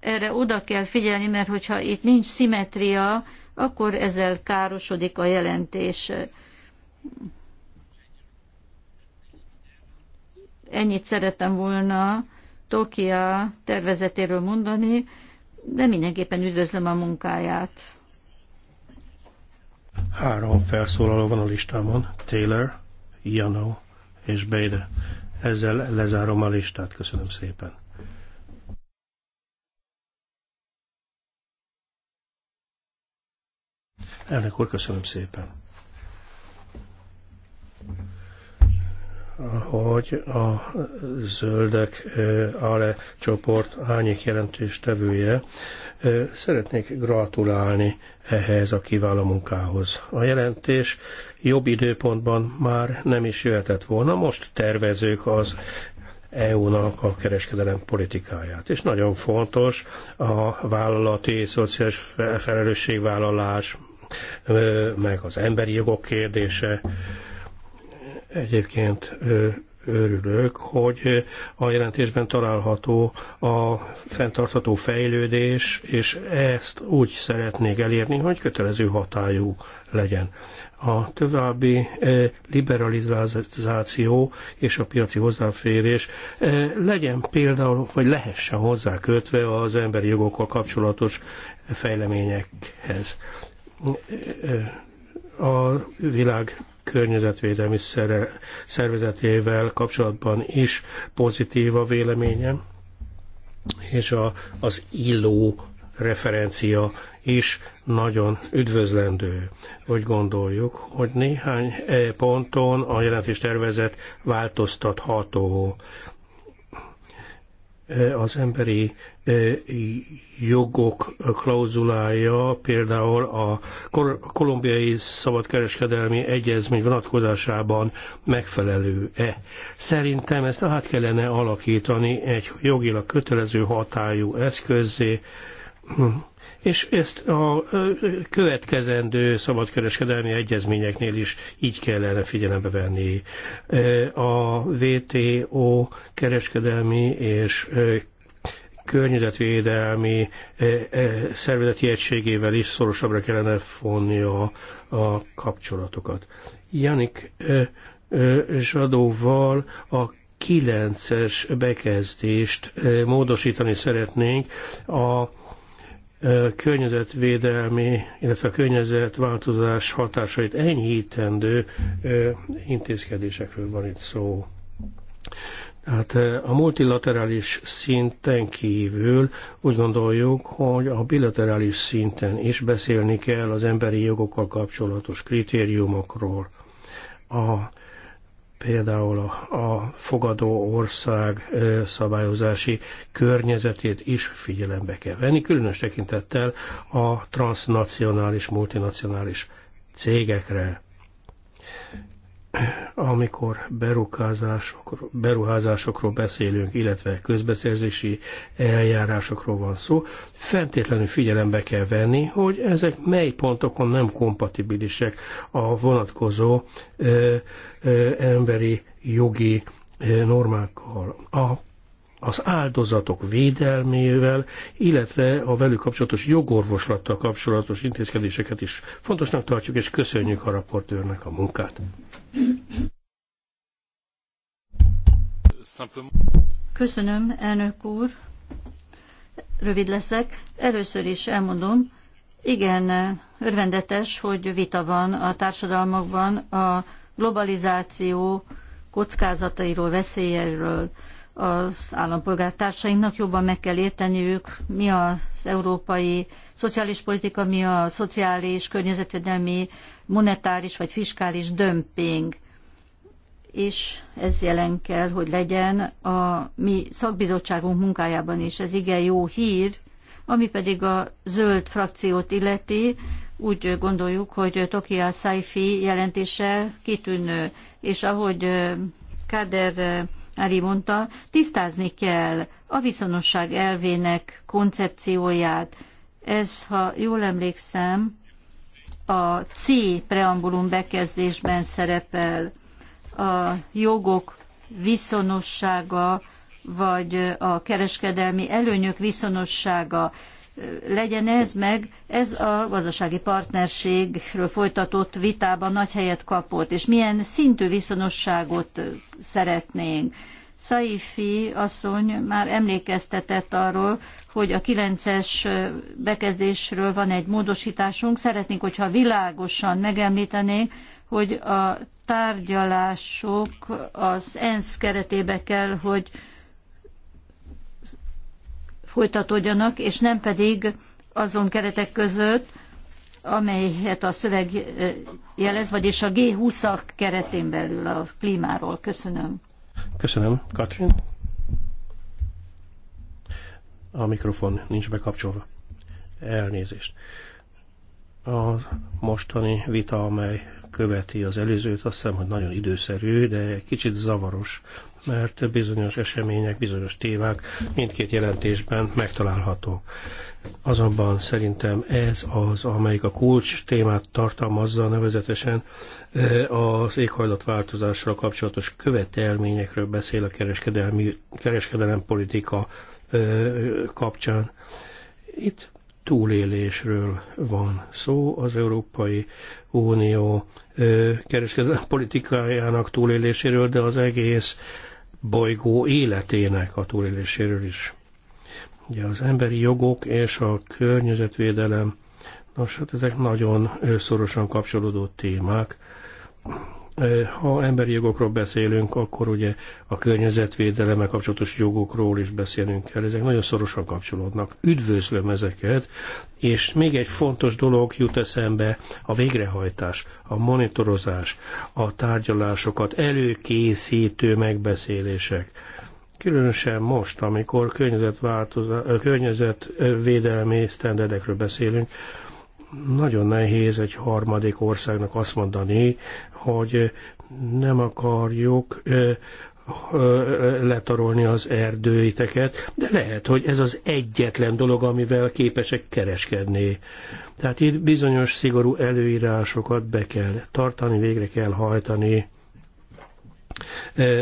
[SPEAKER 4] erre oda kell figyelni, mert hogyha itt nincs szimetria, akkor ezzel károsodik a jelentés. Ennyit szerettem volna Tokia tervezetéről mondani, de mindenképpen üdvözlöm a munkáját.
[SPEAKER 1] Három felszólaló van a listámon. Taylor, Janó és Beide. Ezzel lezárom a listát. Köszönöm szépen. Elnök úr, köszönöm szépen. hogy a zöldek e, ALE csoport hányik jelentős tevője. E, szeretnék gratulálni ehhez a kiváló munkához. A jelentés jobb időpontban már nem is jöhetett volna, most tervezők az EU-nak a kereskedelem politikáját. És nagyon fontos a vállalati, szociális felelősségvállalás, meg az emberi jogok kérdése, Egyébként örülök, hogy a jelentésben található a fenntartható fejlődés, és ezt úgy szeretnék elérni, hogy kötelező hatályú legyen. A további liberalizáció és a piaci hozzáférés legyen például, vagy lehessen hozzá kötve az emberi jogokkal kapcsolatos fejleményekhez. A világ környezetvédelmi szervezetével kapcsolatban is pozitív a véleményem, és a, az illó referencia is nagyon üdvözlendő. Úgy gondoljuk, hogy néhány eh, ponton a jelentés tervezet változtatható. Eh, az emberi jogok klauzulája, például a kolumbiai szabadkereskedelmi egyezmény vonatkozásában megfelelő-e. Szerintem ezt át kellene alakítani egy jogilag kötelező hatályú eszközzé, és ezt a következendő szabadkereskedelmi egyezményeknél is így kellene figyelembe venni. A WTO kereskedelmi és környezetvédelmi e, e, szervezeti egységével is szorosabbra kellene fonni a kapcsolatokat. Janik e, Zsadóval a kilences bekezdést módosítani szeretnénk a környezetvédelmi, illetve a környezetváltozás hatásait enyhítendő intézkedésekről van itt szó. Hát eh, a multilaterális szinten kívül úgy gondoljuk, hogy a bilaterális szinten is beszélni kell az emberi jogokkal kapcsolatos kritériumokról. A, például a, a fogadó ország eh, szabályozási környezetét is figyelembe kell venni, különös tekintettel a transnacionális, multinacionális cégekre amikor beruházásokról, beruházásokról beszélünk, illetve közbeszerzési eljárásokról van szó, feltétlenül figyelembe kell venni, hogy ezek mely pontokon nem kompatibilisek a vonatkozó ö, ö, emberi jogi ö, normákkal. A az áldozatok védelmével, illetve a velük kapcsolatos jogorvoslattal kapcsolatos intézkedéseket is fontosnak tartjuk, és köszönjük a raportőrnek a munkát.
[SPEAKER 4] Köszönöm, elnök úr. Rövid leszek. Először is elmondom, igen, örvendetes, hogy vita van a társadalmakban a globalizáció kockázatairól, veszélyeiről az állampolgártársainknak jobban meg kell érteniük, mi az európai szociális politika, mi a szociális, környezetvédelmi, monetáris vagy fiskális dömping. És ez jelen kell, hogy legyen a mi szakbizottságunk munkájában is. Ez igen jó hír, ami pedig a zöld frakciót illeti, úgy gondoljuk, hogy Tokia Saifi jelentése kitűnő, és ahogy Kader Ári mondta, tisztázni kell a viszonosság elvének koncepcióját. Ez, ha jól emlékszem, a C preambulum bekezdésben szerepel a jogok viszonossága, vagy a kereskedelmi előnyök viszonossága legyen ez meg, ez a gazdasági partnerségről folytatott vitában nagy helyet kapott, és milyen szintű viszonosságot szeretnénk. Saifi asszony már emlékeztetett arról, hogy a 9-es bekezdésről van egy módosításunk. Szeretnénk, hogyha világosan megemlítenénk, hogy a tárgyalások az ENSZ keretébe kell, hogy folytatódjanak, és nem pedig azon keretek között, amelyet a szöveg eh, jelez, vagyis a G20-ak keretén belül a klímáról. Köszönöm.
[SPEAKER 1] Köszönöm. Katrin? A mikrofon nincs bekapcsolva. Elnézést. A mostani vita, amely követi az előzőt, azt hiszem, hogy nagyon időszerű, de kicsit zavaros, mert bizonyos események, bizonyos témák mindkét jelentésben megtalálható. Azonban szerintem ez az, amelyik a kulcs témát tartalmazza, nevezetesen e, az éghajlatváltozásra kapcsolatos követelményekről beszél a kereskedelmi, kereskedelem politika e, kapcsán. Itt túlélésről van szó, az európai Unió kereskedelmi politikájának túléléséről, de az egész bolygó életének a túléléséről is. Ugye az emberi jogok és a környezetvédelem, nos hát ezek nagyon szorosan kapcsolódó témák. Ha emberi jogokról beszélünk, akkor ugye a környezetvédelem kapcsolatos jogokról is beszélünk kell. Ezek nagyon szorosan kapcsolódnak. Üdvözlöm ezeket, és még egy fontos dolog jut eszembe, a végrehajtás, a monitorozás, a tárgyalásokat, előkészítő megbeszélések különösen most, amikor környezetvédelmi sztenderdekről beszélünk, nagyon nehéz egy harmadik országnak azt mondani, hogy nem akarjuk letarolni az erdőiteket, de lehet, hogy ez az egyetlen dolog, amivel képesek kereskedni. Tehát itt bizonyos szigorú előírásokat be kell tartani, végre kell hajtani.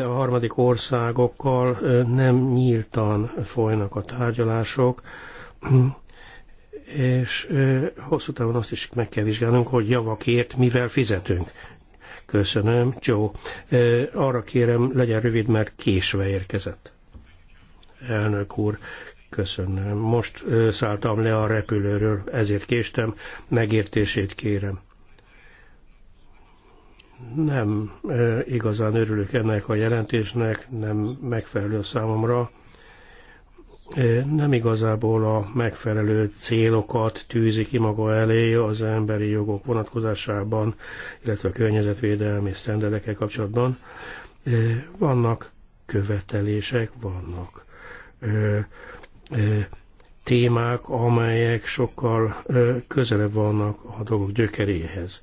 [SPEAKER 1] A harmadik országokkal nem nyíltan folynak a tárgyalások, és hosszú távon azt is meg kell vizsgálnunk, hogy javakért mivel fizetünk. Köszönöm, Joe. Arra kérem, legyen rövid, mert késve érkezett. Elnök úr, köszönöm. Most szálltam le a repülőről, ezért késtem, megértését kérem. Nem igazán örülök ennek a jelentésnek, nem megfelelő számomra nem igazából a megfelelő célokat tűzi ki maga elé az emberi jogok vonatkozásában, illetve a környezetvédelmi sztenderekkel kapcsolatban. Vannak követelések, vannak témák, amelyek sokkal közelebb vannak a dolgok gyökeréhez.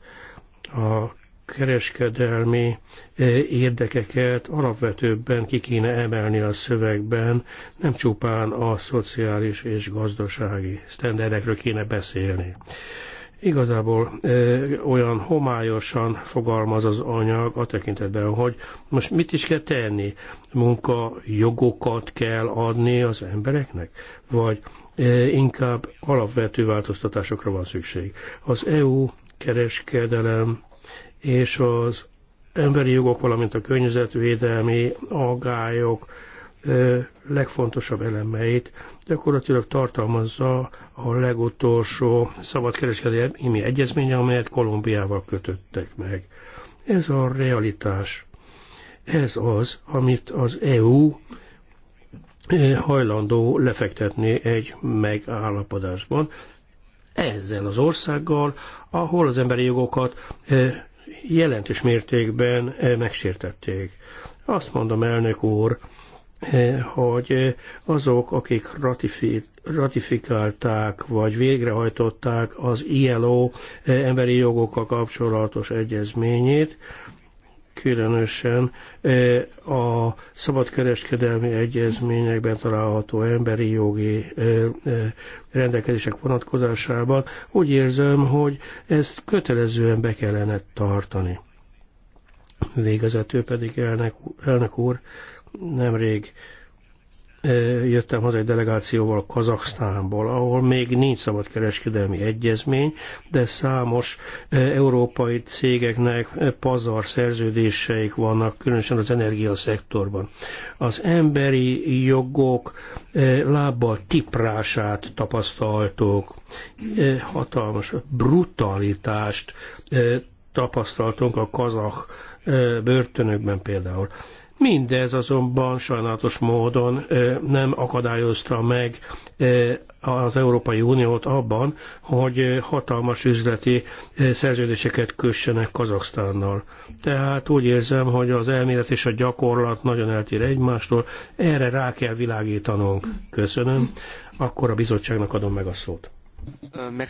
[SPEAKER 1] A kereskedelmi eh, érdekeket alapvetőbben ki kéne emelni a szövegben, nem csupán a szociális és gazdasági sztenderekről kéne beszélni. Igazából ö, eh, olyan homályosan fogalmaz az anyag a tekintetben, hogy most mit is kell tenni? Munka jogokat kell adni az embereknek? Vagy ö, eh, inkább alapvető változtatásokra van szükség? Az EU kereskedelem és az emberi jogok, valamint a környezetvédelmi aggályok legfontosabb elemeit gyakorlatilag tartalmazza a legutolsó szabadkereskedelmi egyezménye, amelyet Kolumbiával kötöttek meg. Ez a realitás. Ez az, amit az EU hajlandó lefektetni egy megállapodásban ezzel az országgal, ahol az emberi jogokat jelentős mértékben eh, megsértették. Azt mondom, elnök úr, eh, hogy eh, azok, akik ratifikálták vagy végrehajtották az ILO emberi jogokkal kapcsolatos egyezményét, különösen e, a szabadkereskedelmi egyezményekben található emberi jogi e, e, rendelkezések vonatkozásában úgy érzem, hogy ezt kötelezően be kellene tartani. Végezető pedig elnök, elnök úr nemrég jöttem haza egy delegációval Kazaksztánból, ahol még nincs szabadkereskedelmi egyezmény, de számos európai cégeknek pazar szerződéseik vannak, különösen az energiaszektorban. Az emberi jogok lábbal tiprását tapasztaltok, hatalmas brutalitást tapasztaltunk a kazak börtönökben például. Mindez azonban sajnálatos módon nem akadályozta meg az Európai Uniót abban, hogy hatalmas üzleti szerződéseket kössenek Kazaksztánnal. Tehát úgy érzem, hogy az elmélet és a gyakorlat nagyon eltér egymástól, erre rá kell világítanunk. Köszönöm. Akkor a bizottságnak adom meg a szót.
[SPEAKER 4] Euh,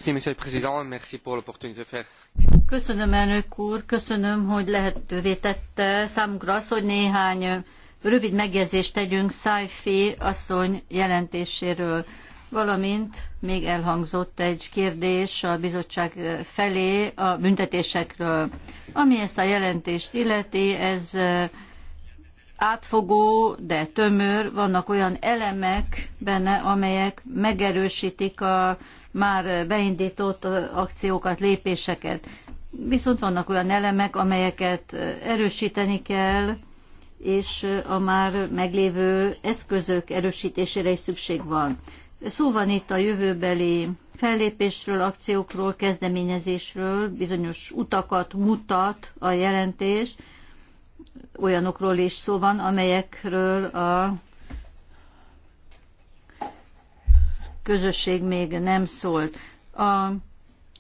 [SPEAKER 4] köszönöm, elnök úr, köszönöm, hogy lehetővé tette számunkra az, hogy néhány rövid megjegyzést tegyünk Szájfi asszony jelentéséről, valamint még elhangzott egy kérdés a bizottság felé a büntetésekről. Ami ezt a jelentést illeti, ez átfogó, de tömör, vannak olyan elemek benne, amelyek megerősítik a már beindított akciókat, lépéseket. Viszont vannak olyan elemek, amelyeket erősíteni kell, és a már meglévő eszközök erősítésére is szükség van. Szó van itt a jövőbeli fellépésről, akciókról, kezdeményezésről, bizonyos utakat mutat a jelentés, olyanokról is szó van, amelyekről a közösség még nem szólt. A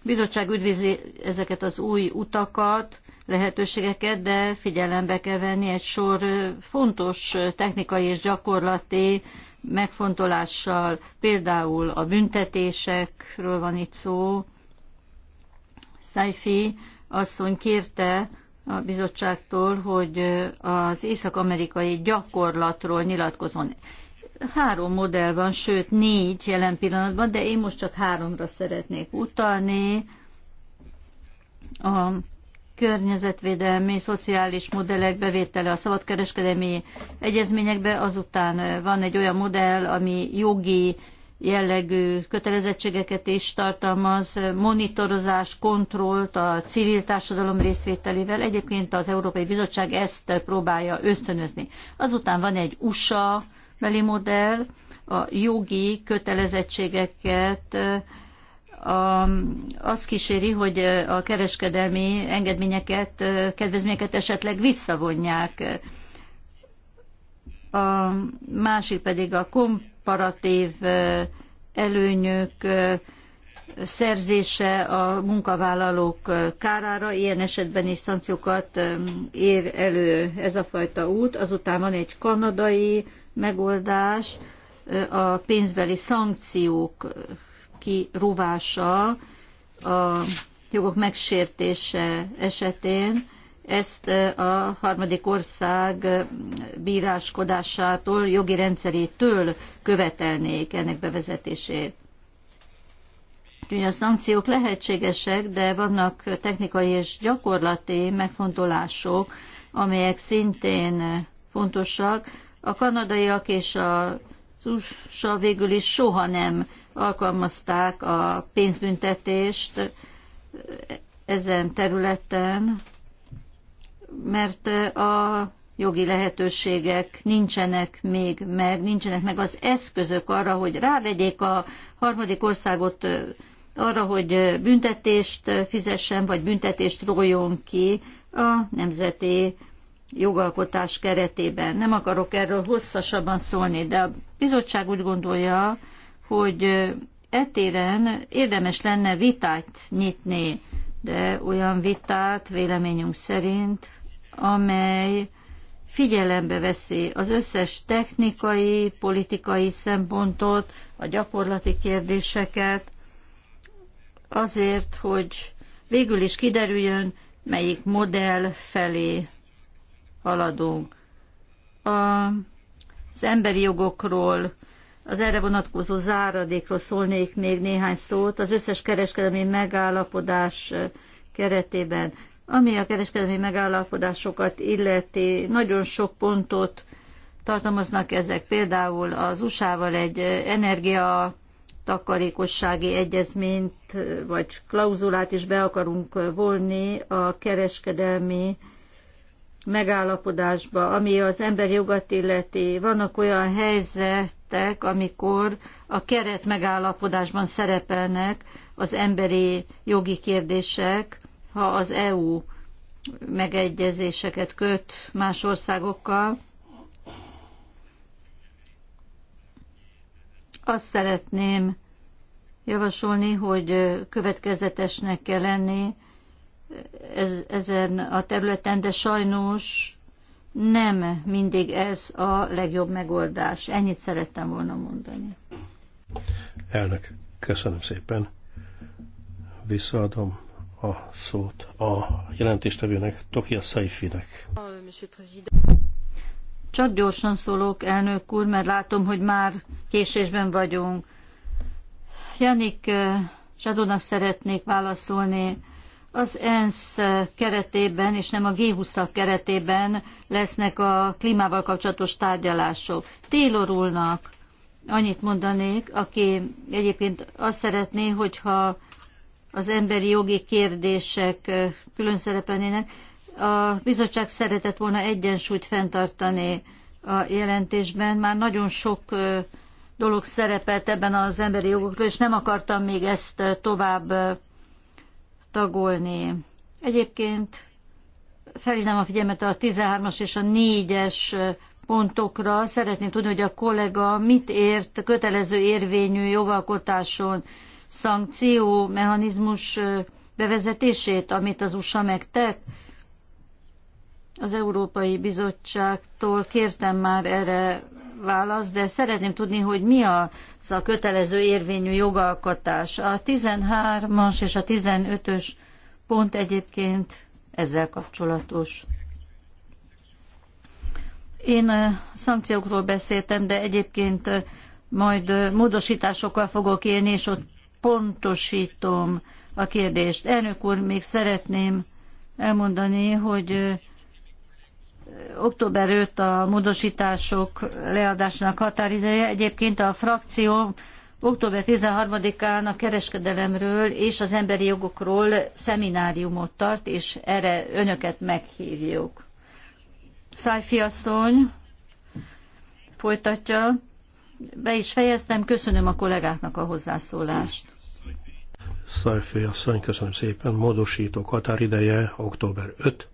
[SPEAKER 4] bizottság üdvizli ezeket az új utakat, lehetőségeket, de figyelembe kell venni egy sor fontos technikai és gyakorlati megfontolással, például a büntetésekről van itt szó. Szájfi asszony kérte, a bizottságtól, hogy az észak-amerikai gyakorlatról nyilatkozon. Három modell van, sőt négy jelen pillanatban, de én most csak háromra szeretnék utalni. A környezetvédelmi, szociális modellek bevétele a szabadkereskedelmi egyezményekbe, azután van egy olyan modell, ami jogi jellegű kötelezettségeket is tartalmaz, monitorozás, kontrollt a civil társadalom részvételével. Egyébként az Európai Bizottság ezt próbálja ösztönözni. Azután van egy USA beli modell, a jogi kötelezettségeket a, az kíséri, hogy a kereskedelmi engedményeket, kedvezményeket esetleg visszavonják. A másik pedig a komp komparatív előnyök szerzése a munkavállalók kárára, ilyen esetben is szankciókat ér elő ez a fajta út. Azután van egy kanadai megoldás, a pénzbeli szankciók kirúvása a jogok megsértése esetén, ezt a harmadik ország bíráskodásától, jogi rendszerétől követelnék ennek bevezetését. Úgyhogy a szankciók lehetségesek, de vannak technikai és gyakorlati megfontolások, amelyek szintén fontosak. A kanadaiak és a USA végül is soha nem alkalmazták a pénzbüntetést ezen területen, mert a jogi lehetőségek nincsenek még meg, nincsenek meg az eszközök arra, hogy rávegyék a harmadik országot arra, hogy büntetést fizessen, vagy büntetést rójon ki a nemzeti jogalkotás keretében. Nem akarok erről hosszasabban szólni, de a bizottság úgy gondolja, hogy etéren érdemes lenne vitát nyitni, de olyan vitát véleményünk szerint amely figyelembe veszi az összes technikai, politikai szempontot, a gyakorlati kérdéseket, azért, hogy végül is kiderüljön, melyik modell felé haladunk. A, az emberi jogokról, az erre vonatkozó záradékról szólnék még néhány szót. Az összes kereskedelmi megállapodás keretében ami a kereskedelmi megállapodásokat illeti, nagyon sok pontot tartalmaznak ezek. Például az USA-val egy energia takarékossági egyezményt vagy klauzulát is be akarunk vonni a kereskedelmi megállapodásba, ami az emberi jogat illeti. Vannak olyan helyzetek, amikor a keret megállapodásban szerepelnek az emberi jogi kérdések, ha az EU megegyezéseket köt más országokkal, azt szeretném javasolni, hogy következetesnek kell lenni ez, ezen a területen, de sajnos nem mindig ez a legjobb megoldás. Ennyit szerettem volna mondani.
[SPEAKER 1] Elnök, köszönöm szépen. Visszaadom a szót a jelentéstevőnek, Tokia Saifinek.
[SPEAKER 4] Csak gyorsan szólok, elnök úr, mert látom, hogy már késésben vagyunk. Janik eh, Zsadónak szeretnék válaszolni. Az ENSZ keretében, és nem a G20 keretében lesznek a klímával kapcsolatos tárgyalások. Télorulnak. annyit mondanék, aki egyébként azt szeretné, hogyha az emberi jogi kérdések külön szerepelnének. A bizottság szeretett volna egyensúlyt fenntartani a jelentésben. Már nagyon sok dolog szerepelt ebben az emberi jogokról, és nem akartam még ezt tovább tagolni. Egyébként felhívnám a figyelmet a 13-as és a 4-es pontokra. Szeretném tudni, hogy a kollega mit ért kötelező érvényű jogalkotáson szankció mechanizmus bevezetését, amit az USA megtett? Az Európai Bizottságtól kértem már erre választ, de szeretném tudni, hogy mi az a kötelező érvényű jogalkotás. A 13-as és a 15-ös pont egyébként ezzel kapcsolatos. Én szankciókról beszéltem, de egyébként majd módosításokkal fogok élni, és ott pontosítom a kérdést. Elnök úr, még szeretném elmondani, hogy október 5 a módosítások leadásának határideje. Egyébként a frakció október 13-án a kereskedelemről és az emberi jogokról szemináriumot tart, és erre önöket meghívjuk. Szájfi asszony folytatja. Be is fejeztem, köszönöm a kollégáknak a hozzászólást.
[SPEAKER 1] Szajfő asszony, köszönöm szépen. Módosítók határideje október 5,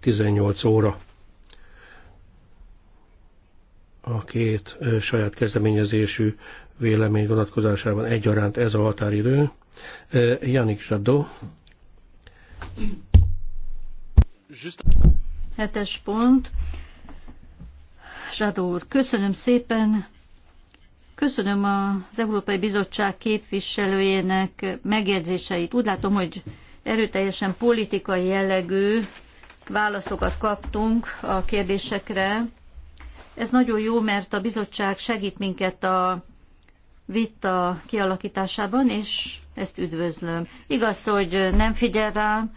[SPEAKER 1] 18 óra. A két ö, saját kezdeményezésű vélemény vonatkozásában egyaránt ez a határidő. Janik Zsadó.
[SPEAKER 4] Hetes pont. Zsadó úr, köszönöm szépen Köszönöm az Európai Bizottság képviselőjének megjegyzéseit. Úgy látom, hogy erőteljesen politikai jellegű válaszokat kaptunk a kérdésekre. Ez nagyon jó, mert a bizottság segít minket a vita kialakításában, és ezt üdvözlöm. Igaz, hogy nem figyel rám,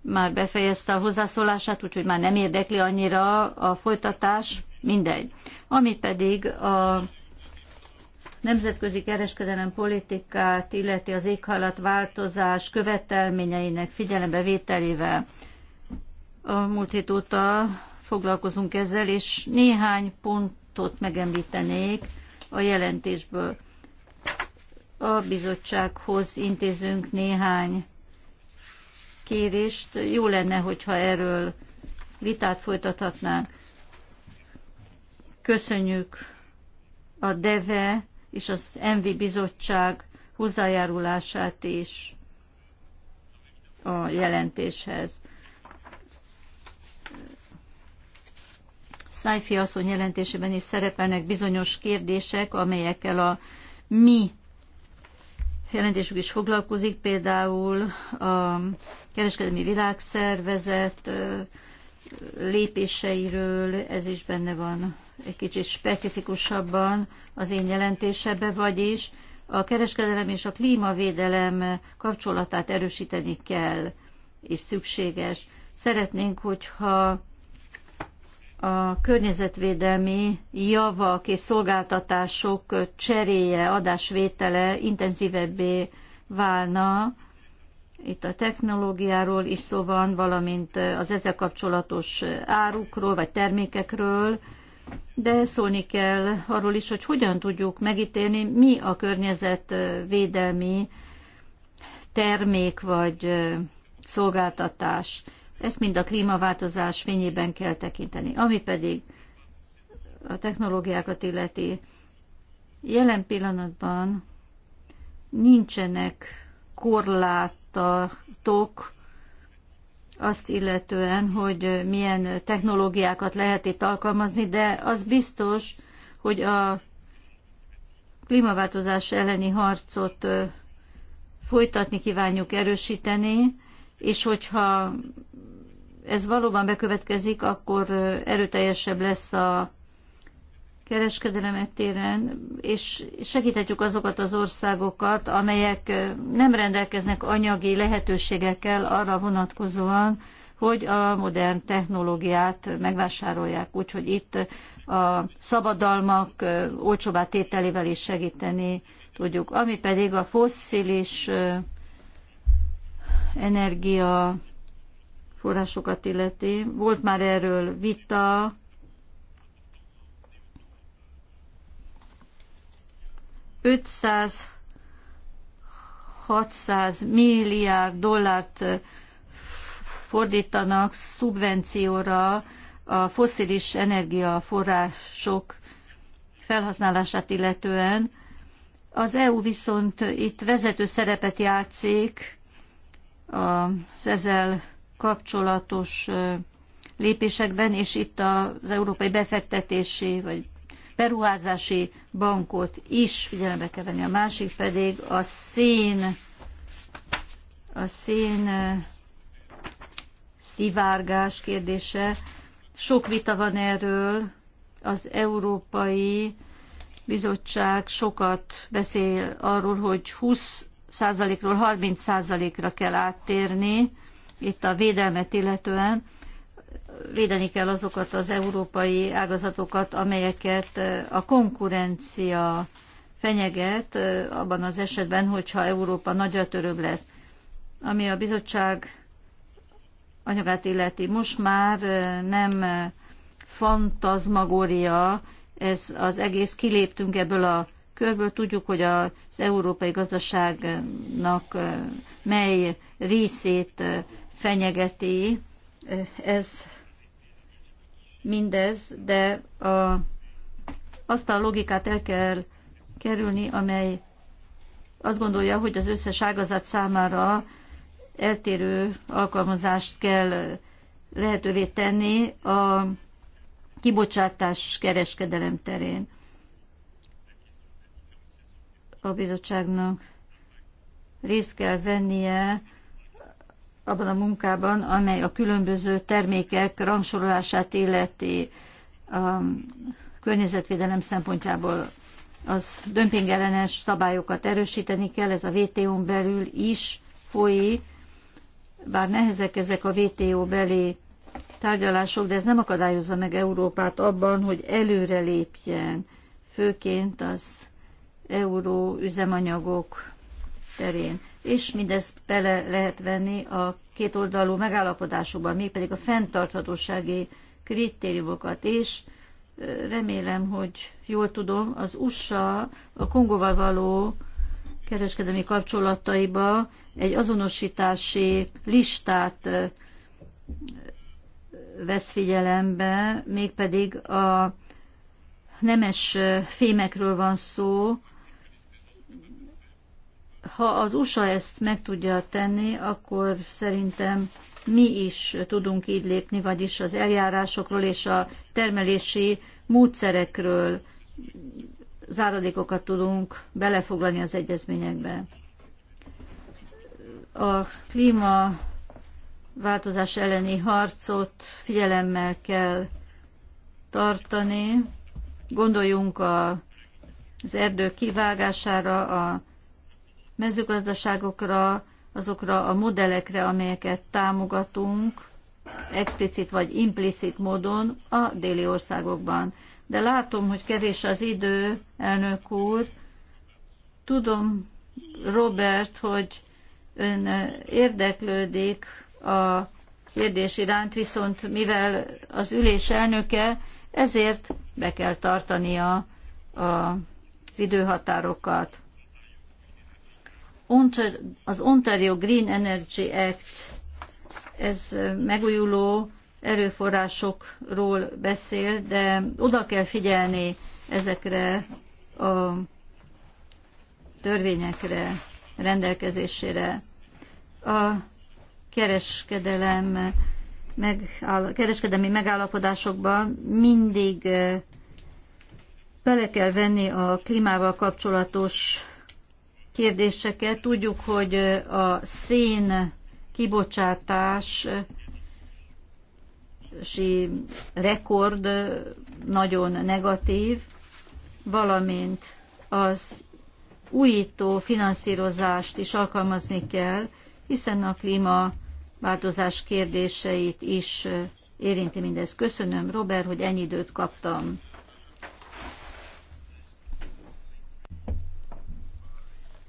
[SPEAKER 4] már befejezte a hozzászólását, úgyhogy már nem érdekli annyira a folytatás, mindegy. Ami pedig a nemzetközi kereskedelem politikát illeti az éghajlatváltozás követelményeinek figyelembevételével. A múlt hét óta foglalkozunk ezzel, és néhány pontot megemlítenék a jelentésből. A bizottsághoz intézünk néhány kérést. Jó lenne, hogyha erről vitát folytathatnánk. Köszönjük a DEVE és az Envi Bizottság hozzájárulását is a jelentéshez. Szájfi asszony jelentésében is szerepelnek bizonyos kérdések, amelyekkel a mi jelentésük is foglalkozik, például a Kereskedelmi Világszervezet lépéseiről, ez is benne van egy kicsit specifikusabban az én jelentésebe, vagyis a kereskedelem és a klímavédelem kapcsolatát erősíteni kell, és szükséges. Szeretnénk, hogyha a környezetvédelmi javak és szolgáltatások cseréje, adásvétele intenzívebbé válna, itt a technológiáról is szó van, valamint az ezzel kapcsolatos árukról vagy termékekről, de szólni kell arról is, hogy hogyan tudjuk megítélni, mi a környezetvédelmi termék vagy szolgáltatás. Ezt mind a klímaváltozás fényében kell tekinteni. Ami pedig a technológiákat illeti, jelen pillanatban nincsenek korlát javaslatok azt illetően, hogy milyen technológiákat lehet itt alkalmazni, de az biztos, hogy a klímaváltozás elleni harcot folytatni kívánjuk erősíteni, és hogyha ez valóban bekövetkezik, akkor erőteljesebb lesz a kereskedelem téren, és segíthetjük azokat az országokat, amelyek nem rendelkeznek anyagi lehetőségekkel arra vonatkozóan, hogy a modern technológiát megvásárolják. Úgyhogy itt a szabadalmak olcsóbbá tételével is segíteni tudjuk. Ami pedig a fosszilis energia forrásokat illeti. Volt már erről vita, 500-600 milliárd dollárt fordítanak szubvencióra a foszilis energiaforrások felhasználását illetően. Az EU viszont itt vezető szerepet játszik az ezzel kapcsolatos lépésekben, és itt az Európai Befektetési vagy beruházási bankot is figyelembe kell venni. A másik pedig a szén, a szén szivárgás kérdése. Sok vita van erről, az Európai Bizottság sokat beszél arról, hogy 20 ról 30 ra kell áttérni, itt a védelmet illetően védeni kell azokat az európai ágazatokat, amelyeket a konkurencia fenyeget abban az esetben, hogyha Európa nagyra törög lesz. Ami a bizottság anyagát illeti, most már nem fantazmagória, ez az egész kiléptünk ebből a körből, tudjuk, hogy az európai gazdaságnak mely részét fenyegeti ez mindez, de a, azt a logikát el kell kerülni, amely azt gondolja, hogy az összes ágazat számára eltérő alkalmazást kell lehetővé tenni a kibocsátás kereskedelem terén. A bizottságnak részt kell vennie abban a munkában, amely a különböző termékek rangsorolását illeti a környezetvédelem szempontjából az dömpingellenes szabályokat erősíteni kell, ez a WTO-n belül is folyik, bár nehezek ezek a WTO beli tárgyalások, de ez nem akadályozza meg Európát abban, hogy előre lépjen, főként az euró üzemanyagok terén és mindezt bele lehet venni a kétoldalú megállapodásokba, mégpedig a fenntarthatósági kritériumokat is. Remélem, hogy jól tudom, az USA a Kongóval való kereskedelmi kapcsolataiba egy azonosítási listát vesz figyelembe, mégpedig a nemes fémekről van szó, ha az USA ezt meg tudja tenni, akkor szerintem mi is tudunk így lépni, vagyis az eljárásokról és a termelési módszerekről záradékokat tudunk belefoglalni az egyezményekbe. A klíma változás elleni harcot figyelemmel kell tartani. Gondoljunk a, az erdő kivágására, a mezőgazdaságokra, azokra a modellekre, amelyeket támogatunk, explicit vagy implicit módon a déli országokban. De látom, hogy kevés az idő, elnök úr. Tudom, Robert, hogy ön érdeklődik a kérdés iránt, viszont mivel az ülés elnöke, ezért be kell tartania az időhatárokat az Ontario Green Energy Act, ez megújuló erőforrásokról beszél, de oda kell figyelni ezekre a törvényekre, rendelkezésére. A kereskedelem megáll, kereskedelmi megállapodásokban mindig bele kell venni a klímával kapcsolatos kérdéseket. Tudjuk, hogy a szén kibocsátás rekord nagyon negatív, valamint az újító finanszírozást is alkalmazni kell, hiszen a klímaváltozás kérdéseit is érinti mindez. Köszönöm, Robert, hogy ennyi időt kaptam.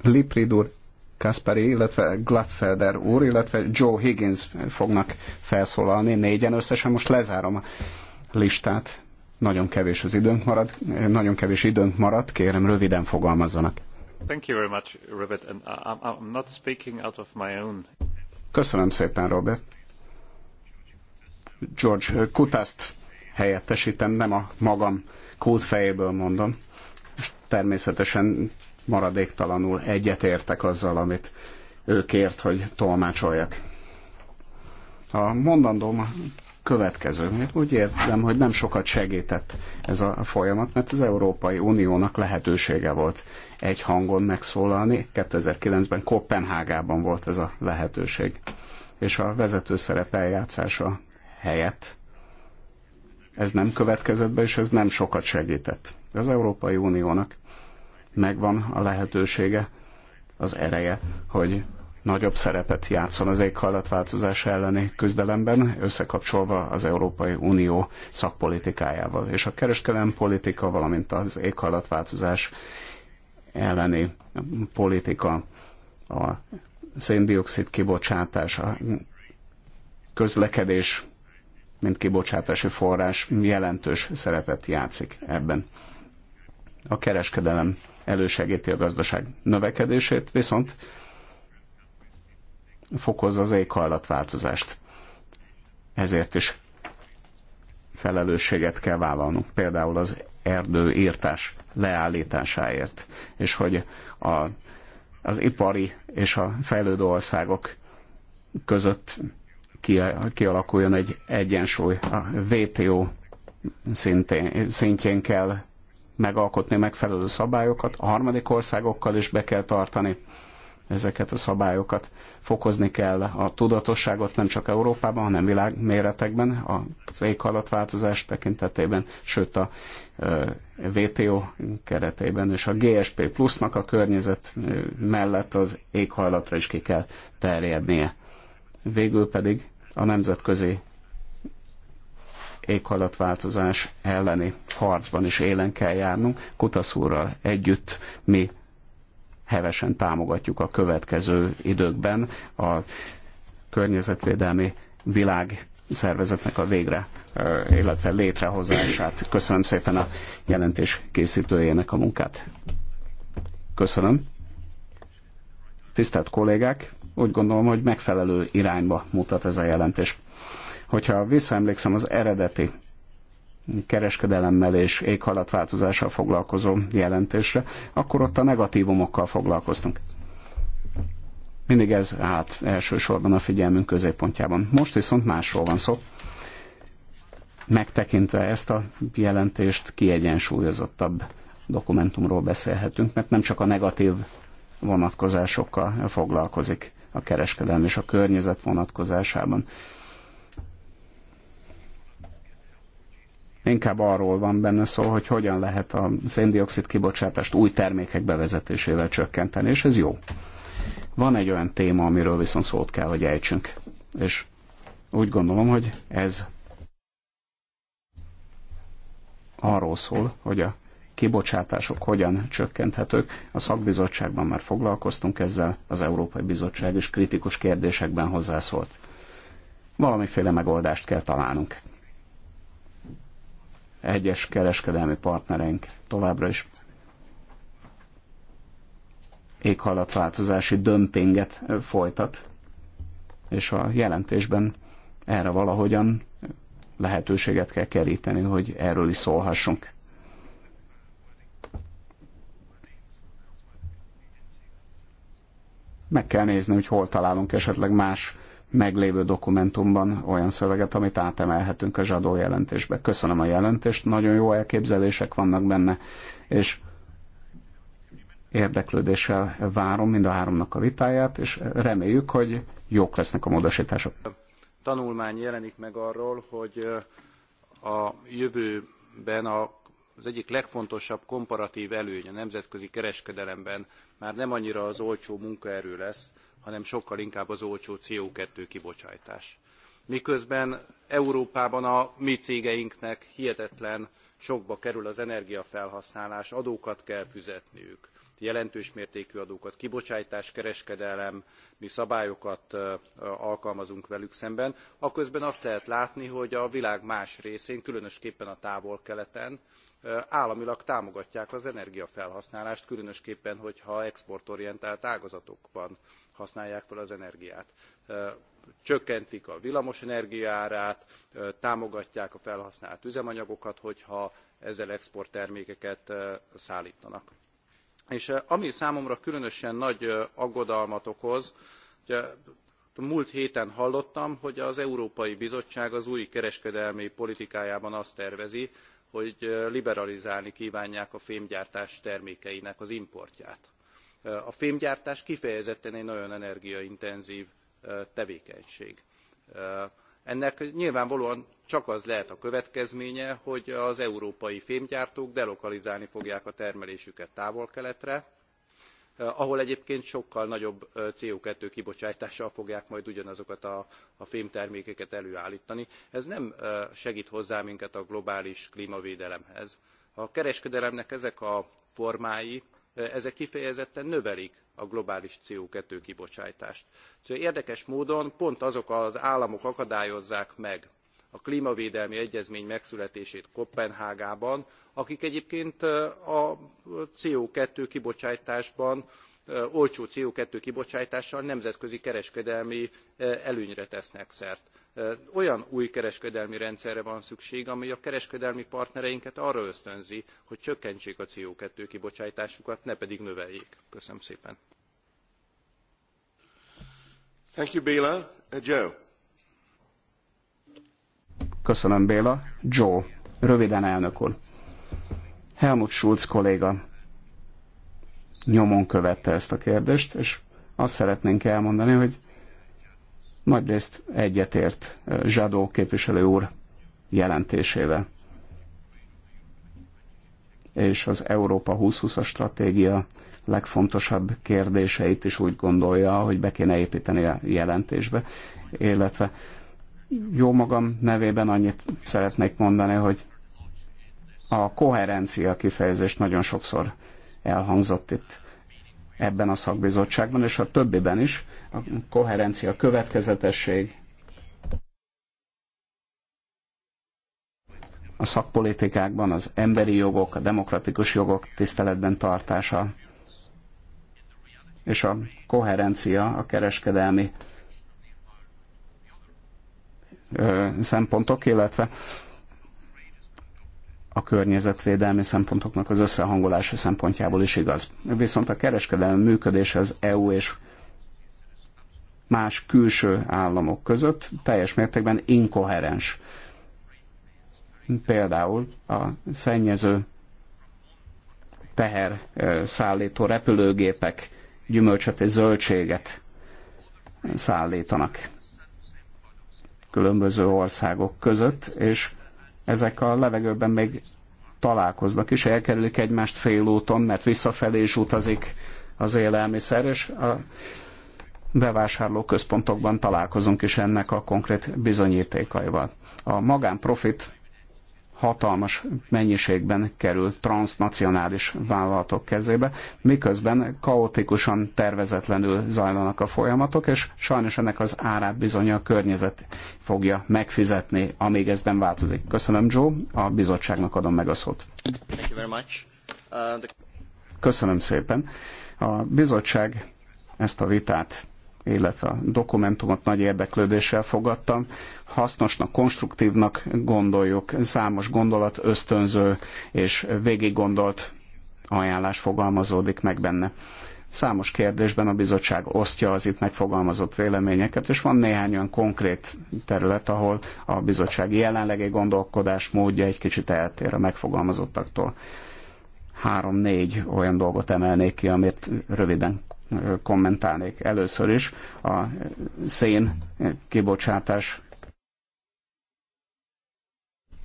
[SPEAKER 2] Liprid úr, Kasperi, illetve Gladfelder úr, illetve Joe Higgins fognak felszólalni négyen összesen. Most lezárom a listát. Nagyon kevés az időnk marad, nagyon kevés időnk marad, kérem röviden fogalmazzanak.
[SPEAKER 1] Thank you very much, Robert, and I'm not speaking out of my own.
[SPEAKER 2] Köszönöm szépen, Robert. George Kutaszt helyettesítem, nem a magam kódfejéből mondom. És természetesen maradéktalanul egyetértek azzal, amit ő kért, hogy tolmácsoljak. A mondandóm a következő. Én úgy értem, hogy nem sokat segített ez a folyamat, mert az Európai Uniónak lehetősége volt egy hangon megszólalni. 2009-ben Kopenhágában volt ez a lehetőség. És a vezető szerep eljátszása helyett ez nem következett be, és ez nem sokat segített. Az Európai Uniónak megvan a lehetősége, az ereje, hogy nagyobb szerepet játszon az éghajlatváltozás elleni küzdelemben, összekapcsolva az Európai Unió szakpolitikájával. És a kereskedelem politika, valamint az éghajlatváltozás elleni politika, a széndiokszid kibocsátás, a közlekedés, mint kibocsátási forrás jelentős szerepet játszik ebben. A kereskedelem elősegíti a gazdaság növekedését, viszont fokozza az éghajlatváltozást. Ezért is felelősséget kell vállalnunk, például az erdőírtás leállításáért, és hogy a, az ipari és a fejlődő országok között kialakuljon egy egyensúly. A WTO szintén, szintjén kell megalkotni megfelelő szabályokat, a harmadik országokkal is be kell tartani ezeket a szabályokat. Fokozni kell a tudatosságot nem csak Európában, hanem világméretekben, az éghajlatváltozás tekintetében, sőt a WTO keretében, és a GSP plusznak a környezet mellett az éghajlatra is ki kell terjednie. Végül pedig a nemzetközi éghajlatváltozás elleni harcban is élen kell járnunk. Kutaszúrral együtt mi hevesen támogatjuk a következő időkben a környezetvédelmi világ szervezetnek a végre, illetve létrehozását. Köszönöm szépen a jelentés készítőjének a munkát. Köszönöm. Tisztelt kollégák, úgy gondolom, hogy megfelelő irányba mutat ez a jelentés. Hogyha visszaemlékszem az eredeti kereskedelemmel és éghajlatváltozással foglalkozó jelentésre, akkor ott a negatívumokkal foglalkoztunk. Mindig ez hát elsősorban a figyelmünk középpontjában. Most viszont másról van szó. Megtekintve ezt a jelentést, kiegyensúlyozottabb dokumentumról beszélhetünk, mert nem csak a negatív vonatkozásokkal foglalkozik a kereskedelem és a környezet vonatkozásában, Inkább arról van benne szó, hogy hogyan lehet a széndiokszid kibocsátást új termékek bevezetésével csökkenteni, és ez jó. Van egy olyan téma, amiről viszont szót kell, hogy ejtsünk. És úgy gondolom, hogy ez arról szól, hogy a kibocsátások hogyan csökkenthetők. A szakbizottságban már foglalkoztunk ezzel, az Európai Bizottság is kritikus kérdésekben hozzászólt. Valamiféle megoldást kell találnunk egyes kereskedelmi partnereink továbbra is éghajlatváltozási dömpinget folytat, és a jelentésben erre valahogyan lehetőséget kell keríteni, hogy erről is szólhassunk. Meg kell nézni, hogy hol találunk esetleg más meglévő dokumentumban olyan szöveget, amit átemelhetünk a zsadó jelentésbe. Köszönöm a jelentést, nagyon jó elképzelések vannak benne, és érdeklődéssel várom mind a háromnak a vitáját, és reméljük, hogy jók lesznek a módosítások.
[SPEAKER 3] Tanulmány jelenik meg arról, hogy a jövőben a az egyik legfontosabb komparatív előny a nemzetközi kereskedelemben már nem annyira az olcsó munkaerő lesz, hanem sokkal inkább az olcsó CO2 kibocsátás. Miközben Európában a mi cégeinknek hihetetlen sokba kerül az energiafelhasználás, adókat kell fizetniük, jelentős mértékű adókat, kibocsátás, kereskedelem, mi szabályokat alkalmazunk velük szemben. Aközben azt lehet látni, hogy a világ más részén, különösképpen a távol-keleten államilag támogatják az energiafelhasználást, különösképpen, hogyha exportorientált ágazatokban használják fel az energiát. Csökkentik a villamosenergia árát, támogatják a felhasznált üzemanyagokat, hogyha ezzel exporttermékeket szállítanak. És ami számomra különösen nagy aggodalmat okoz, hogy múlt héten hallottam, hogy az Európai Bizottság az új kereskedelmi politikájában azt tervezi, hogy liberalizálni kívánják a fémgyártás termékeinek az importját a fémgyártás kifejezetten egy nagyon energiaintenzív tevékenység. Ennek nyilvánvalóan csak az lehet a következménye, hogy az európai fémgyártók delokalizálni fogják a termelésüket távol-keletre, ahol egyébként sokkal nagyobb CO2 kibocsátással fogják majd ugyanazokat a, a fémtermékeket előállítani. Ez nem segít hozzá minket a globális klímavédelemhez. A kereskedelemnek ezek a formái Eh, ezek kifejezetten növelik a globális CO2 kibocsátást. Szóval érdekes módon pont azok az államok akadályozzák meg a klímavédelmi egyezmény megszületését Kopenhágában, akik egyébként eh, a CO2 kibocsátásban eh, olcsó CO2 kibocsátással nemzetközi kereskedelmi előnyre tesznek szert olyan új kereskedelmi rendszerre van szükség amely a kereskedelmi partnereinket arra ösztönzi hogy csökkentsék a co two kibocsátásukat ne pedig növeljék. köszönöm
[SPEAKER 2] szépen.
[SPEAKER 1] Thank you, Béla. Uh, Joe.
[SPEAKER 2] Köszönöm, Béla. Joe. Röviden, elnök úr. Helmut Schulz kolléga nyomon követte ezt a kérdést, és azt szeretnénk elmondani, hogy nagyrészt egyetért Zsadó képviselő úr jelentésével. És az Európa 2020-as stratégia legfontosabb kérdéseit is úgy gondolja, hogy be kéne építeni a jelentésbe, illetve jó magam nevében annyit szeretnék mondani, hogy a koherencia kifejezést nagyon sokszor elhangzott itt ebben a szakbizottságban, és a többiben is, a koherencia, a következetesség, a szakpolitikákban az emberi jogok, a demokratikus jogok tiszteletben tartása, és a koherencia a kereskedelmi ö, szempontok, illetve a környezetvédelmi szempontoknak az összehangolása szempontjából is igaz. Viszont a kereskedelmi működés az EU és más külső államok között teljes mértékben inkoherens. Például a szennyező teher eh, szállító repülőgépek gyümölcsöt és zöldséget szállítanak különböző országok között, és ezek a levegőben még találkoznak, és elkerülik egymást félúton, mert visszafelé is utazik az élelmiszer, és a központokban találkozunk is ennek a konkrét bizonyítékaival. A magánprofit hatalmas mennyiségben kerül transnacionális vállalatok kezébe, miközben kaotikusan, tervezetlenül zajlanak a folyamatok, és sajnos ennek az árát bizony a környezet fogja megfizetni, amíg ez nem változik. Köszönöm, Joe, a bizottságnak adom meg a szót. Uh, Köszönöm szépen. A bizottság ezt a vitát illetve a dokumentumot nagy érdeklődéssel fogadtam. Hasznosnak, konstruktívnak gondoljuk, számos gondolat ösztönző és gondolt ajánlás fogalmazódik meg benne. Számos kérdésben a bizottság osztja az itt megfogalmazott véleményeket, és van néhány olyan konkrét terület, ahol a bizottság jelenlegi gondolkodás módja egy kicsit eltér a megfogalmazottaktól három-négy olyan dolgot emelnék ki, amit röviden kommentálnék először is a szén kibocsátás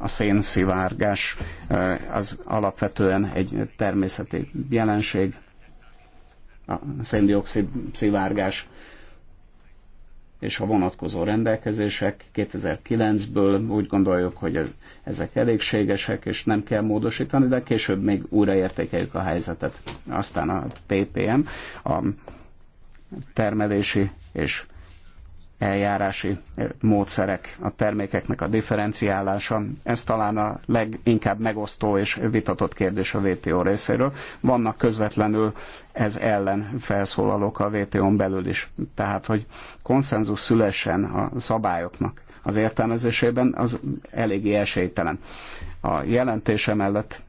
[SPEAKER 2] a szén szivárgás, eh, az alapvetően egy természeti jelenség, a széndiokszid szivárgás és a vonatkozó rendelkezések 2009-ből úgy gondoljuk, hogy ezek elégségesek, és nem kell módosítani, de később még újraértékeljük a helyzetet. Aztán a PPM, a termelési és eljárási módszerek, a termékeknek a differenciálása. Ez talán a leginkább megosztó és vitatott kérdés a WTO részéről. Vannak közvetlenül ez ellen felszólalók a WTO-n belül is. Tehát, hogy konszenzus szülessen a szabályoknak az értelmezésében, az eléggé esélytelen. A jelentése mellett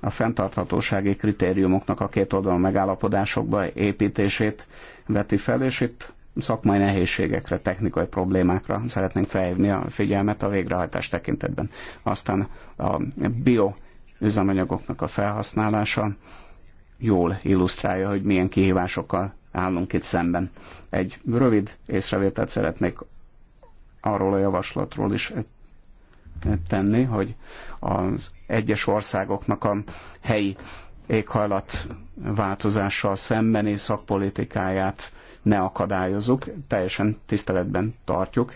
[SPEAKER 2] a fenntarthatósági kritériumoknak a két oldalon megállapodásokba építését veti fel, és itt szakmai nehézségekre, technikai problémákra szeretnénk felhívni a figyelmet a végrehajtás tekintetben. Aztán a bio üzemanyagoknak a felhasználása jól illusztrálja, hogy milyen kihívásokkal állunk itt szemben. Egy rövid észrevételt szeretnék arról a javaslatról is tenni, hogy az egyes országoknak a helyi éghajlat változással szembeni szakpolitikáját ne akadályozzuk, teljesen tiszteletben tartjuk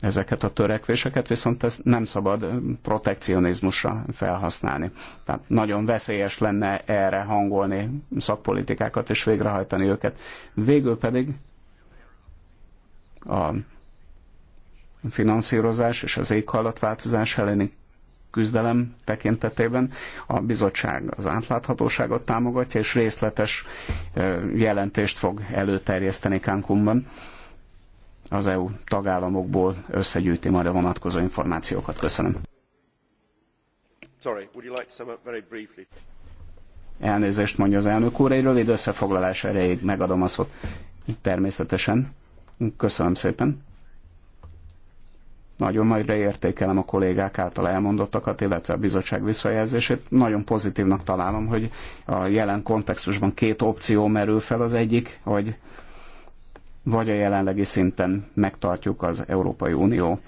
[SPEAKER 2] ezeket a törekvéseket, viszont ezt nem szabad protekcionizmusra felhasználni. Tehát nagyon veszélyes lenne erre hangolni szakpolitikákat és végrehajtani őket. Végül pedig a finanszírozás és az éghajlatváltozás elleni küzdelem tekintetében. A bizottság az átláthatóságot támogatja, és részletes jelentést fog előterjeszteni Cancunban. Az EU tagállamokból összegyűjti majd a vonatkozó információkat. Köszönöm.
[SPEAKER 1] Sorry, would you like to sum up very briefly?
[SPEAKER 2] Elnézést mondja az elnök úr, egy rövid összefoglalás erejéig megadom a szót. Természetesen. Köszönöm szépen. Nagyon nagyra értékelem a kollégák által elmondottakat, illetve a bizottság visszajelzését. Nagyon pozitívnak találom, hogy a jelen kontextusban két opció merül fel. Az egyik, hogy vagy a jelenlegi szinten megtartjuk az Európai Unió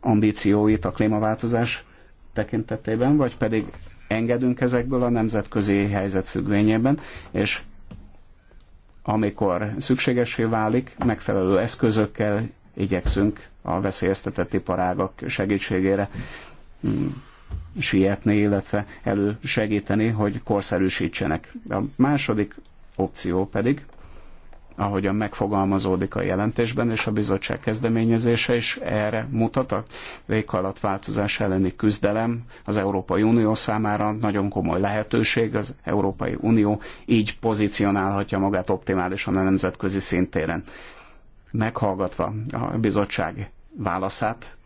[SPEAKER 2] ambícióit a klímaváltozás tekintetében, vagy pedig engedünk ezekből a nemzetközi helyzet függvényében, és amikor szükségesé válik, megfelelő eszközökkel igyekszünk a veszélyeztetett iparágak segítségére mm, sietni, illetve elősegíteni, hogy korszerűsítsenek. A második opció pedig, ahogyan megfogalmazódik a jelentésben, és a bizottság kezdeményezése is erre mutat. A éghajlatváltozás elleni küzdelem az Európai Unió számára nagyon komoly lehetőség. Az Európai Unió így pozícionálhatja magát optimálisan a nemzetközi szintéren meghallgatva a bizottság válaszát,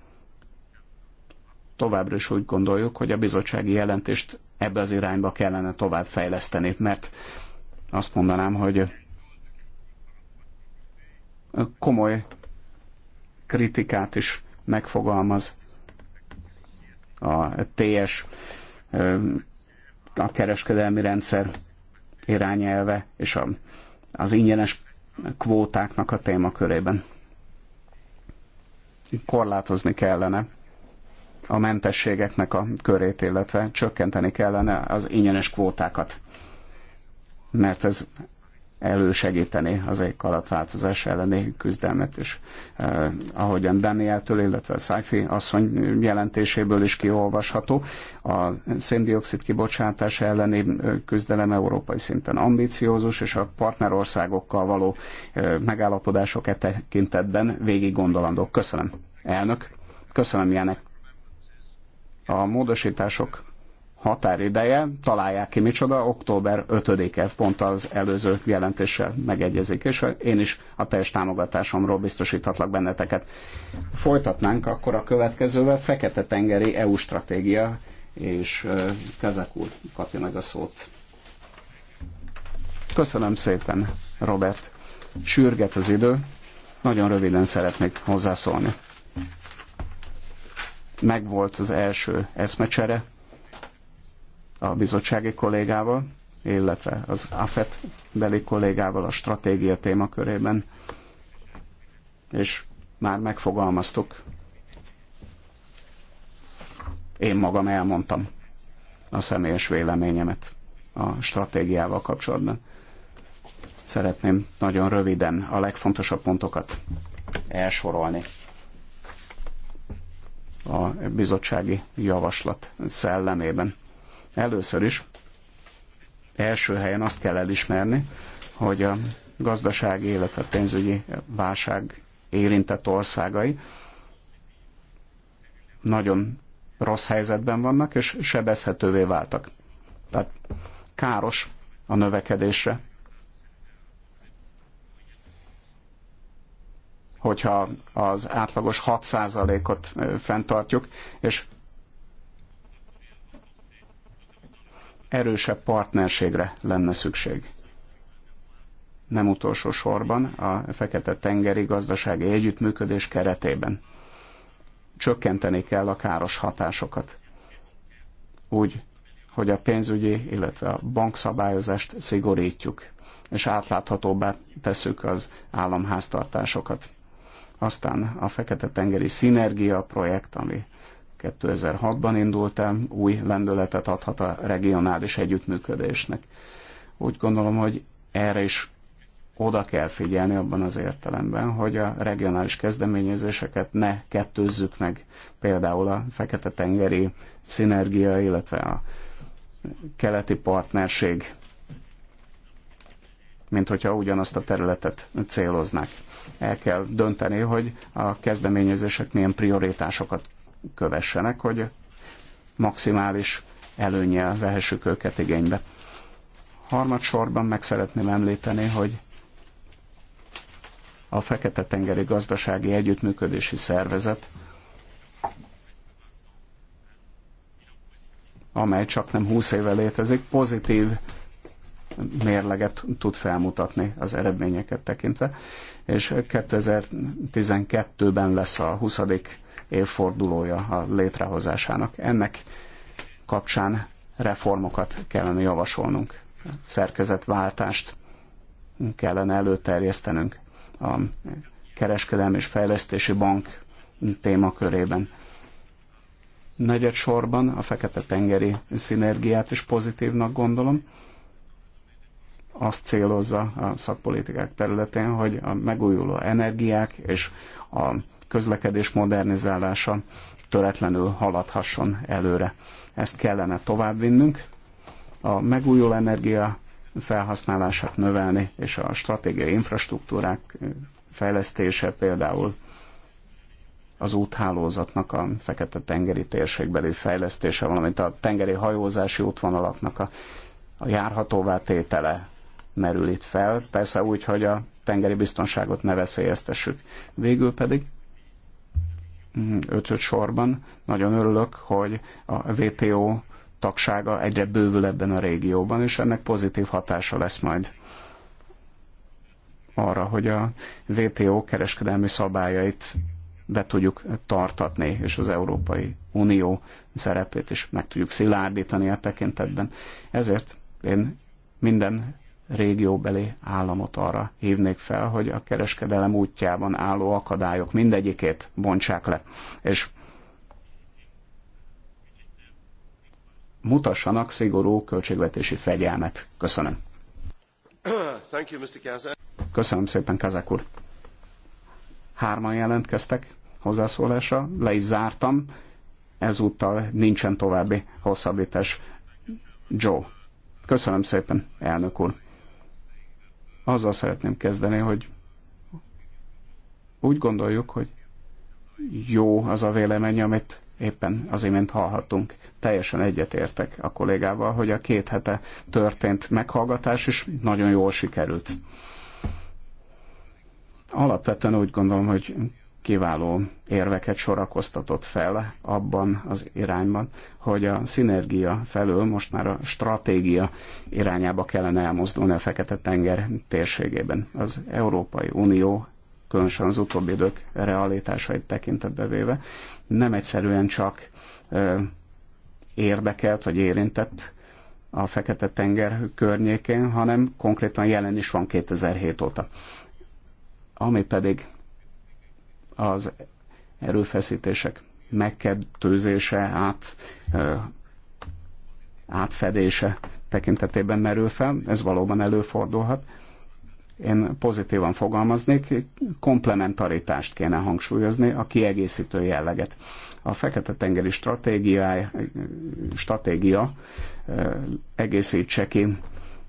[SPEAKER 2] továbbra is úgy gondoljuk, hogy a bizottsági jelentést ebbe az irányba kellene tovább fejleszteni, mert azt mondanám, hogy komoly kritikát is megfogalmaz a TS, a kereskedelmi rendszer irányelve és az ingyenes kvótáknak a témakörében. Korlátozni kellene a mentességeknek a körét, illetve csökkenteni kellene az ingyenes kvótákat, mert ez elősegíteni az éghajlatváltozás elleni küzdelmet is. Eh, ahogyan Danieltől, illetve Szájfi asszony jelentéséből is kiolvasható, a széndiokszid kibocsátás elleni eh, küzdelem európai szinten ambiciózus, és a partnerországokkal való eh, megállapodások e tekintetben végig gondolandók. Köszönöm, elnök. Köszönöm, Jánek. A módosítások határideje, találják ki micsoda, október 5-e, pont az előző jelentéssel megegyezik, és én is a teljes támogatásomról biztosíthatlak benneteket. Folytatnánk akkor a következővel, Fekete-tengeri EU stratégia, és Kezek úr kapja meg a szót. Köszönöm szépen, Robert. Sürget az idő, nagyon röviden szeretnék hozzászólni. Megvolt az első eszmecsere, a bizottsági kollégával, illetve az AFET beli kollégával a stratégia témakörében, és már megfogalmaztuk. Én magam elmondtam a személyes véleményemet a stratégiával kapcsolatban. Szeretném nagyon röviden a legfontosabb pontokat elsorolni a bizottsági javaslat szellemében. Először is első helyen azt kell elismerni, hogy a gazdasági, illetve a pénzügyi válság érintett országai nagyon rossz helyzetben vannak, és sebezhetővé váltak. Tehát káros a növekedésre. Hogyha az átlagos 6%-ot fenntartjuk, és erősebb partnerségre lenne szükség. Nem utolsó sorban a Fekete-tengeri gazdasági együttműködés keretében. Csökkenteni kell a káros hatásokat. Úgy, hogy a pénzügyi, illetve a bankszabályozást szigorítjuk, és átláthatóbbá tesszük az államháztartásokat. Aztán a Fekete-tengeri szinergia projekt, ami 2006-ban indult el, új lendületet adhat a regionális együttműködésnek. Úgy gondolom, hogy erre is oda kell figyelni abban az értelemben, hogy a regionális kezdeményezéseket ne kettőzzük meg, például a Fekete-tengeri szinergia, illetve a keleti partnerség, mint hogyha ugyanazt a területet céloznák. El kell dönteni, hogy a kezdeményezések milyen prioritásokat kövessenek, hogy maximális előnyel vehessük őket igénybe. Harmadsorban meg szeretném említeni, hogy a Fekete-tengeri Gazdasági Együttműködési Szervezet, amely csak nem 20 éve létezik, pozitív mérleget tud felmutatni az eredményeket tekintve, és 2012-ben lesz a 20 évfordulója a létrehozásának. Ennek kapcsán reformokat kellene javasolnunk, szerkezetváltást kellene előterjesztenünk a kereskedelmi és fejlesztési bank témakörében. Negyed sorban a Fekete-tengeri szinergiát is pozitívnak gondolom. Azt célozza a szakpolitikák területén, hogy a megújuló energiák és a közlekedés modernizálása töretlenül haladhasson előre. Ezt kellene továbbvinnünk, a megújuló energia felhasználását növelni, és a stratégiai infrastruktúrák fejlesztése például az úthálózatnak a Fekete-tengeri térségbeli fejlesztése, valamint a tengeri hajózási útvonalaknak a, a járhatóvá tétele, merül itt fel, persze úgy, hogy a tengeri biztonságot ne veszélyeztessük. Végül pedig mm, ötöt sorban nagyon örülök, hogy a WTO tagsága egyre bővül ebben a régióban, és ennek pozitív hatása lesz majd arra, hogy a WTO kereskedelmi szabályait be tudjuk tartatni, és az Európai Unió szerepét is meg tudjuk szilárdítani a e tekintetben. Ezért én minden régióbeli államot arra hívnék fel, hogy a kereskedelem útjában álló akadályok mindegyikét bontsák le, és mutassanak szigorú költségvetési fegyelmet. Köszönöm. Köszönöm szépen, Kazak úr. Hárman jelentkeztek hozzászólásra, le is zártam. Ezúttal nincsen további hosszabbítás. Joe. Köszönöm szépen, elnök úr azzal szeretném kezdeni, hogy úgy gondoljuk, hogy jó az a vélemény, amit éppen az imént hallhattunk. Teljesen egyetértek a kollégával, hogy a két hete történt meghallgatás is nagyon jól sikerült. Alapvetően úgy gondolom, hogy kiváló érveket sorakoztatott fel abban az irányban, hogy a szinergia felől most már a stratégia irányába kellene elmozdulni a Fekete-tenger térségében. Az Európai Unió különösen az utóbbi idők realitásait tekintetbe véve nem egyszerűen csak érdekelt vagy érintett a Fekete-tenger környékén, hanem konkrétan jelen is van 2007 óta. Ami pedig az erőfeszítések megkettőzése, át, átfedése tekintetében merül fel, ez valóban előfordulhat. Én pozitívan fogalmaznék, komplementaritást kéne hangsúlyozni, a kiegészítő jelleget. A Fekete-tengeri stratégia egészítse ki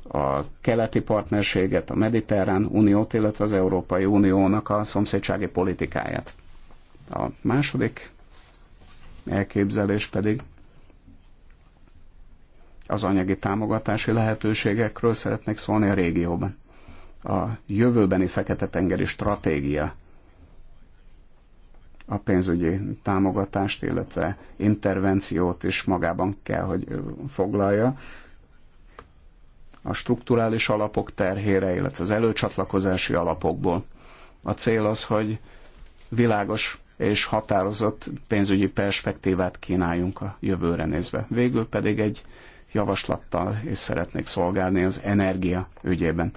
[SPEAKER 2] a keleti partnerséget, a mediterrán uniót, illetve az Európai Uniónak a szomszédsági politikáját. A második elképzelés pedig az anyagi támogatási lehetőségekről szeretnék szólni a régióban. A jövőbeni Fekete-tengeri stratégia a pénzügyi támogatást, illetve intervenciót is magában kell, hogy foglalja a strukturális alapok terhére, illetve az előcsatlakozási alapokból. A cél az, hogy világos és határozott pénzügyi perspektívát kínáljunk a jövőre nézve. Végül pedig egy javaslattal is szeretnék szolgálni az energia ügyében,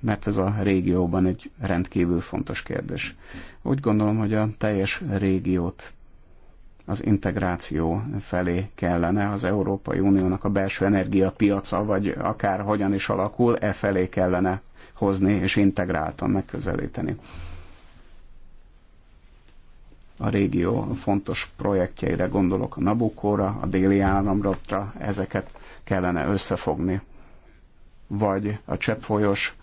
[SPEAKER 2] mert ez a régióban egy rendkívül fontos kérdés. Úgy gondolom, hogy a teljes régiót az integráció felé kellene, az Európai Uniónak a belső energiapiaca, vagy akár hogyan is alakul, e felé kellene hozni és integráltan megközelíteni. A régió fontos projektjeire gondolok, a Nabukóra, a déli áramlatra, ezeket kellene összefogni. Vagy a cseppfolyós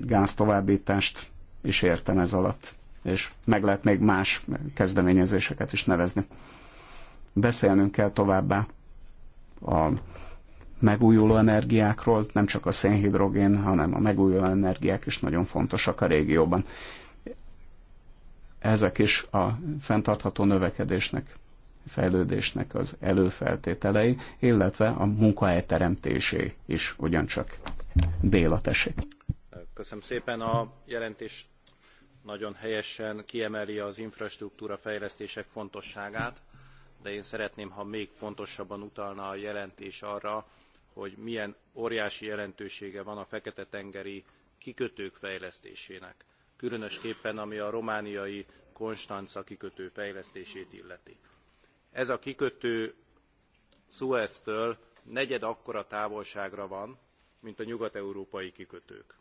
[SPEAKER 2] gáz továbbítást is értem ez alatt és meg lehet még más kezdeményezéseket is nevezni. Beszélnünk kell továbbá a megújuló energiákról, nem csak a szénhidrogén, hanem a megújuló energiák is nagyon fontosak a régióban. Ezek is a fenntartható növekedésnek, fejlődésnek az előfeltételei, illetve a munkahelyteremtésé is ugyancsak Béla tessék.
[SPEAKER 3] Köszönöm szépen a jelentés nagyon helyesen kiemeli az infrastruktúra fejlesztések fontosságát, de én szeretném, ha még pontosabban utalna a jelentés arra, hogy milyen óriási jelentősége van a Fekete-tengeri kikötők fejlesztésének, különösképpen ami a romániai Konstanca kikötő fejlesztését illeti. Ez a kikötő Suez-től negyed akkora távolságra van, mint a nyugat-európai kikötők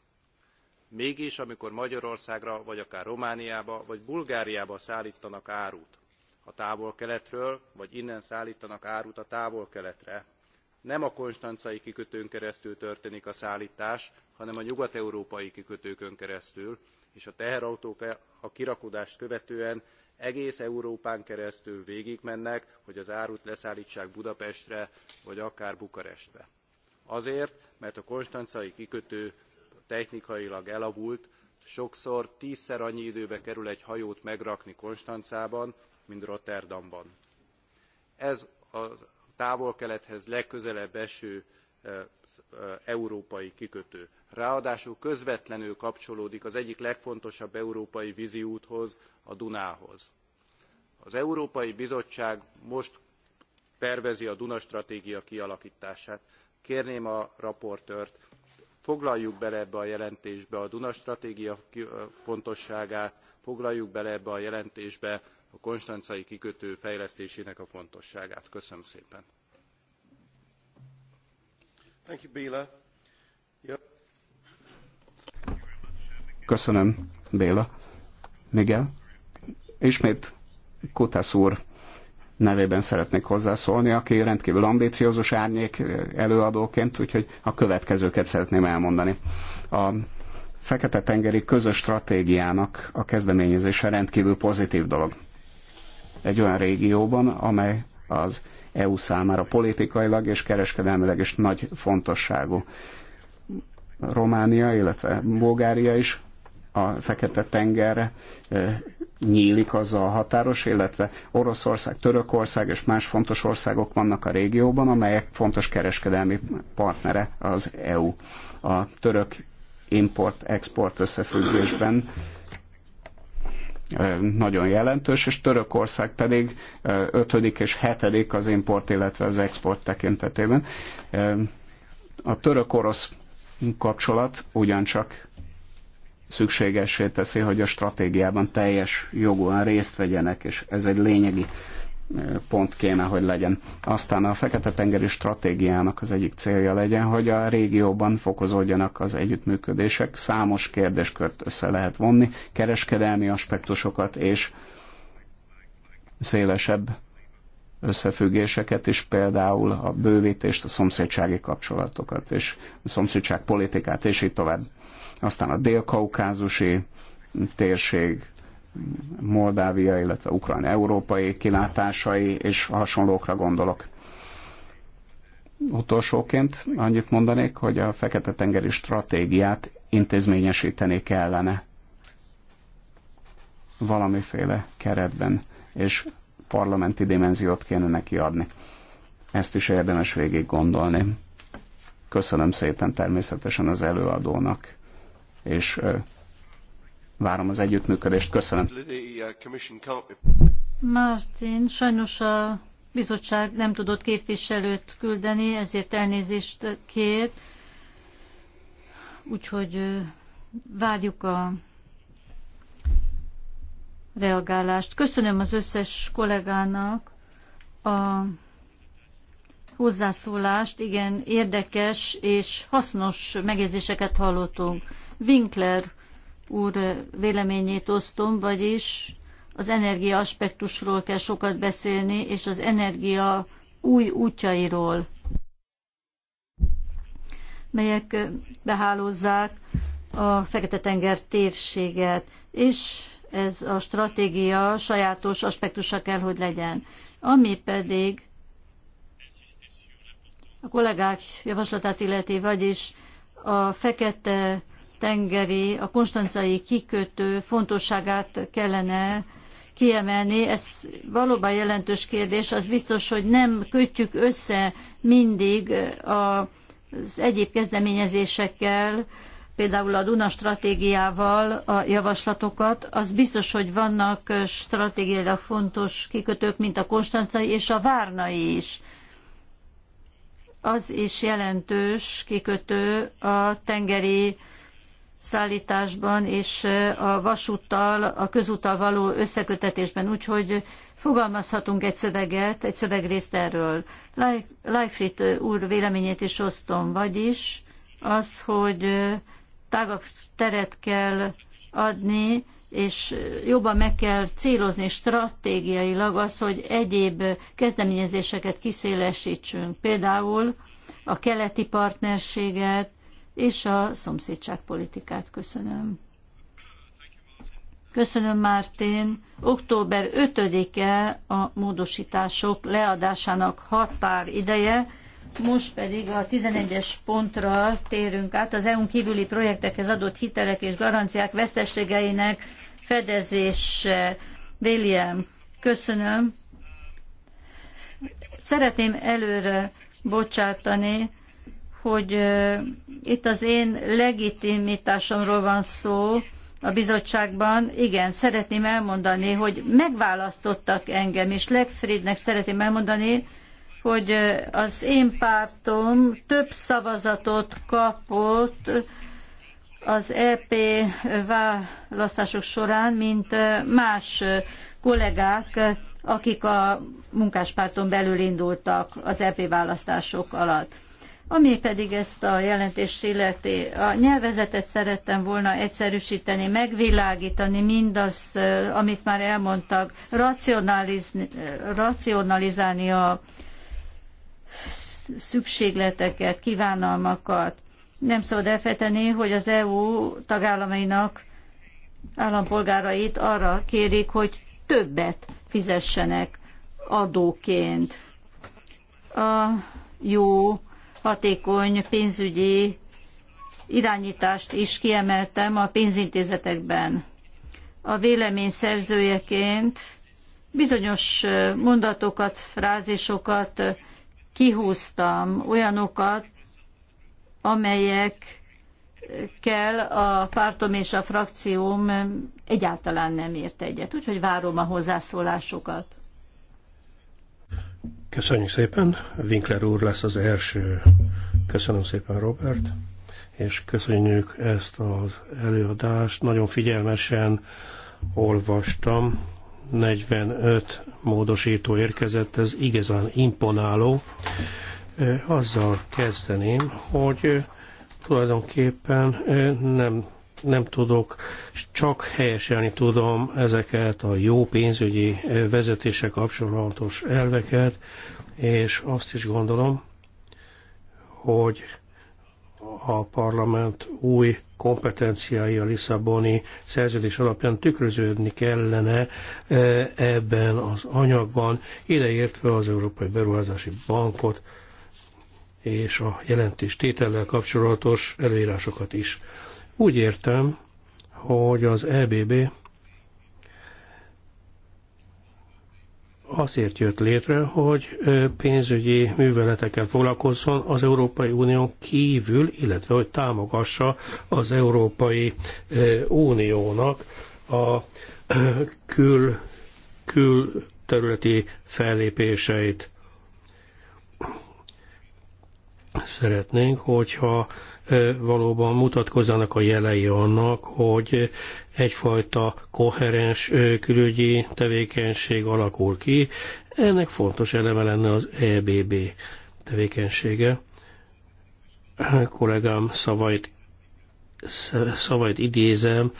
[SPEAKER 3] mégis amikor magyarországra vagy akár romániába vagy bulgáriába szálltanak árut a távol keletről vagy innen szálltanak árut a távol keletre nem a konstancai kikötőn keresztül történik a szálltás hanem a nyugat európai kikötőkön keresztül és a teherautók a kirakodást követően egész európán keresztül végigmennek hogy az árut leszálltsák budapestre vagy akár bukarestbe azért mert a konstancai kikötő technikailag elavult sokszor tzszer annyi időbe kerül egy hajót megrakni konstancában mint rotterdamban. ez a távol kelethez legközelebb eső e, e, európai kikötő. ráadásul közvetlenül kapcsolódik az egyik legfontosabb európai vzi úthoz a dunához. az európai bizottság most tervezi a duna stratégia kialaktását. kérném a raportőrt foglaljuk bele ebbe a jelentésbe a duna stratégia fontosságát foglaljuk bele ebbe a jelentésbe a konstancai kikötő fejlesztésének a fontosságát. köszönöm szépen!
[SPEAKER 2] Köszönöm, Béla. Miguel. Ismét Kutász úr nevében szeretnék hozzászólni, aki rendkívül ambíciózus árnyék előadóként, úgyhogy a következőket szeretném elmondani. A Fekete-tengeri közös stratégiának a kezdeményezése rendkívül pozitív dolog. Egy olyan régióban, amely az EU számára politikailag és kereskedelmileg is nagy fontosságú. Románia, illetve Bulgária is a Fekete-tengerre nyílik az a határos, illetve Oroszország, Törökország és más fontos országok vannak a régióban, amelyek fontos kereskedelmi partnere az EU. A török import-export összefüggésben nagyon jelentős, és Törökország pedig ötödik és hetedik az import, illetve az export tekintetében. A török-orosz kapcsolat ugyancsak szükségessé teszi, hogy a stratégiában teljes jogúan részt vegyenek, és ez egy lényegi eh, pont kéne, hogy legyen. Aztán a Fekete-tengeri stratégiának az egyik célja legyen, hogy a régióban fokozódjanak az együttműködések, számos kérdéskört össze lehet vonni, kereskedelmi aspektusokat és szélesebb összefüggéseket is, például a bővítést, a szomszédsági kapcsolatokat és a politikát, és így tovább. Aztán a dél-kaukázusi térség, Moldávia, illetve Ukrajna európai kilátásai és hasonlókra gondolok. Utolsóként annyit mondanék, hogy a Fekete-tengeri stratégiát intézményesíteni kellene valamiféle keretben, és parlamenti dimenziót kéne neki adni. Ezt is érdemes végig gondolni. Köszönöm szépen természetesen az előadónak és várom az együttműködést. Köszönöm.
[SPEAKER 4] Martin, sajnos a bizottság nem tudott képviselőt küldeni, ezért elnézést kér. Úgyhogy várjuk a reagálást. Köszönöm az összes kollégának a hozzászólást. Igen, érdekes és hasznos megjegyzéseket hallottunk. Winkler úr véleményét osztom, vagyis az energia aspektusról kell sokat beszélni, és az energia új útjairól, melyek behálózzák a Fekete-tenger térséget, és ez a stratégia sajátos aspektusa kell, hogy legyen. Ami pedig a kollégák javaslatát illeti, vagyis a fekete tengeri, a konstancai kikötő fontosságát kellene kiemelni. Ez valóban jelentős kérdés, az biztos, hogy nem kötjük össze mindig az egyéb kezdeményezésekkel, például a Duna stratégiával a javaslatokat. Az biztos, hogy vannak stratégiailag fontos kikötők, mint a konstancai és a várnai is. Az is jelentős kikötő a tengeri szállításban és a vasúttal, a közúttal való összekötetésben. Úgyhogy fogalmazhatunk egy szöveget, egy szövegrészt erről. Leifrit úr véleményét is osztom, vagyis az, hogy tágabb teret kell adni, és jobban meg kell célozni stratégiailag az, hogy egyéb kezdeményezéseket kiszélesítsünk. Például a keleti partnerséget, és a szomszédságpolitikát. Köszönöm. Köszönöm, Mártén. Október 5-e a módosítások leadásának határideje, most pedig a 11-es pontra térünk át az EU-n kívüli projektekhez adott hitelek és garanciák veszteségeinek fedezése. William, köszönöm. Szeretném előre bocsátani, hogy itt az én legitimitásomról van szó a bizottságban. Igen, szeretném elmondani, hogy megválasztottak engem, és Legfriednek szeretném elmondani, hogy az én pártom több szavazatot kapott az EP választások során, mint más kollégák, akik a munkáspárton belül indultak az EP választások alatt. Ami pedig ezt a jelentést illeti, a nyelvezetet szerettem volna egyszerűsíteni, megvilágítani mindazt, eh, amit már elmondtak, racionaliz, eh, racionalizálni a szükségleteket, kívánalmakat. Nem szabad elfejteni, hogy az EU tagállamainak állampolgárait arra kérik, hogy többet fizessenek adóként. A jó hatékony pénzügyi irányítást is kiemeltem a pénzintézetekben. A vélemény szerzőjeként bizonyos mondatokat, frázisokat kihúztam, olyanokat, amelyek kell a pártom és a frakcióm egyáltalán nem ért egyet. Úgyhogy várom a hozzászólásokat.
[SPEAKER 1] Köszönjük szépen. Winkler úr lesz az első. Köszönöm szépen, Robert. És köszönjük ezt az előadást. Nagyon figyelmesen olvastam. 45 módosító érkezett, ez igazán imponáló. Azzal kezdeném, hogy tulajdonképpen nem nem tudok, csak helyeselni tudom ezeket a jó pénzügyi vezetése kapcsolatos elveket, és azt is gondolom, hogy a parlament új kompetenciái a Lisszaboni szerződés alapján tükröződni kellene ebben az anyagban, ideértve az Európai Beruházási Bankot és a jelentés tétellel kapcsolatos előírásokat is. Úgy értem, hogy az EBB azért jött létre, hogy pénzügyi műveletekkel foglalkozzon az Európai Unió kívül, illetve hogy támogassa az Európai Uniónak a kül, külterületi fellépéseit. Szeretnénk, hogyha valóban mutatkozzanak a jelei annak, hogy egyfajta koherens külügyi tevékenység alakul ki. Ennek fontos eleme lenne az EBB tevékenysége. A kollégám szavait, szavait idézem,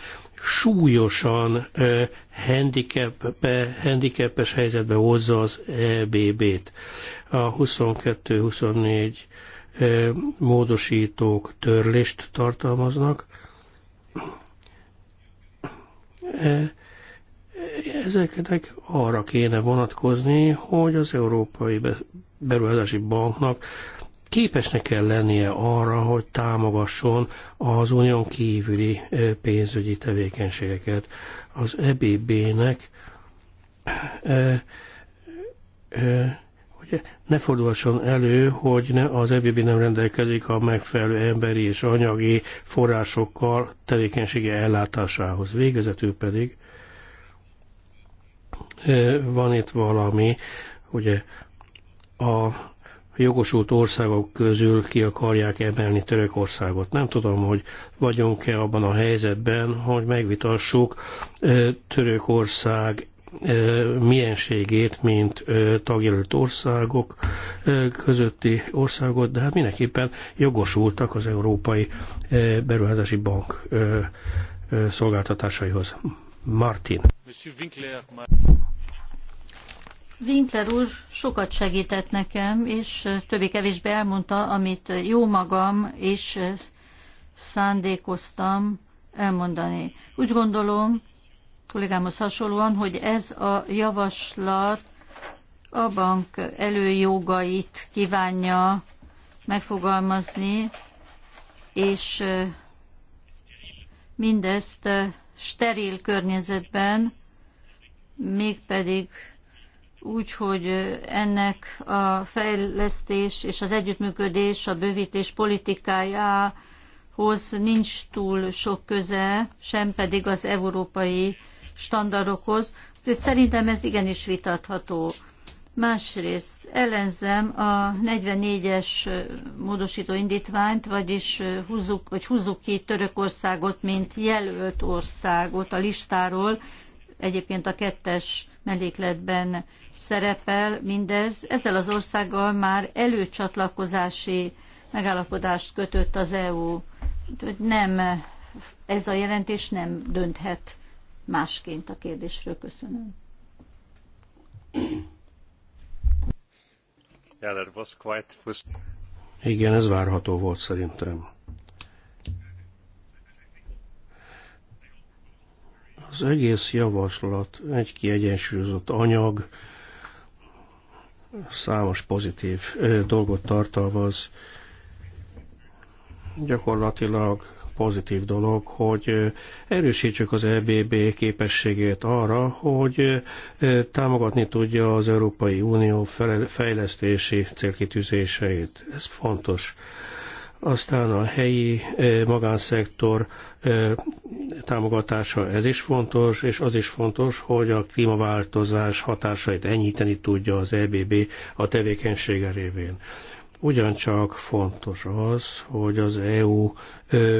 [SPEAKER 1] súlyosan handicapbe, handicapes helyzetbe hozza az EBB-t. A 22-24 módosítók törlést tartalmaznak. Ezeknek arra kéne vonatkozni, hogy az Európai Beruházási Banknak képesnek kell lennie arra, hogy támogasson az unión kívüli pénzügyi tevékenységeket. Az EBB-nek hogy ne fordulhasson elő, hogy ne, az EBB nem rendelkezik a megfelelő emberi és anyagi forrásokkal tevékenysége ellátásához. Végezetül pedig e, van itt valami, ugye a jogosult országok közül ki akarják emelni Törökországot. Nem tudom, hogy vagyunk-e abban a helyzetben, hogy megvitassuk e, Törökország mienségét, mint tagjelölt országok közötti országot, de hát mindenképpen jogosultak az Európai Beruházási Bank szolgáltatásaihoz. Martin.
[SPEAKER 4] Winkler úr sokat segített nekem, és többé-kevésbé elmondta, amit jó magam és szándékoztam elmondani. Úgy gondolom, kollégámhoz hasonlóan, hogy ez a javaslat a bank előjogait kívánja megfogalmazni, és mindezt steril környezetben, mégpedig úgy, hogy ennek a fejlesztés és az együttműködés a bővítés politikájához nincs túl sok köze, sem pedig az európai standardokhoz, úgyhogy szerintem ez igenis vitatható. Másrészt ellenzem a 44-es módosító indítványt, vagyis húzzuk, vagy húzzuk ki Törökországot, mint jelölt országot a listáról. Egyébként a kettes mellékletben szerepel mindez. Ezzel az országgal már előcsatlakozási megállapodást kötött az EU. nem, ez a jelentés nem dönthet másként a kérdésről. Köszönöm.
[SPEAKER 1] Igen, ez várható volt szerintem. Az egész javaslat egy kiegyensúlyozott anyag, számos pozitív ö, dolgot tartalmaz. Gyakorlatilag pozitív dolog, hogy erősítsük az EBB képességét arra, hogy támogatni tudja az Európai Unió fejlesztési célkitűzéseit. Ez fontos aztán a helyi magánszektor támogatása, ez is fontos, és az is fontos, hogy a klímaváltozás hatásait enyhíteni tudja az EBB a tevékenysége révén. Ugyancsak fontos az, hogy az EU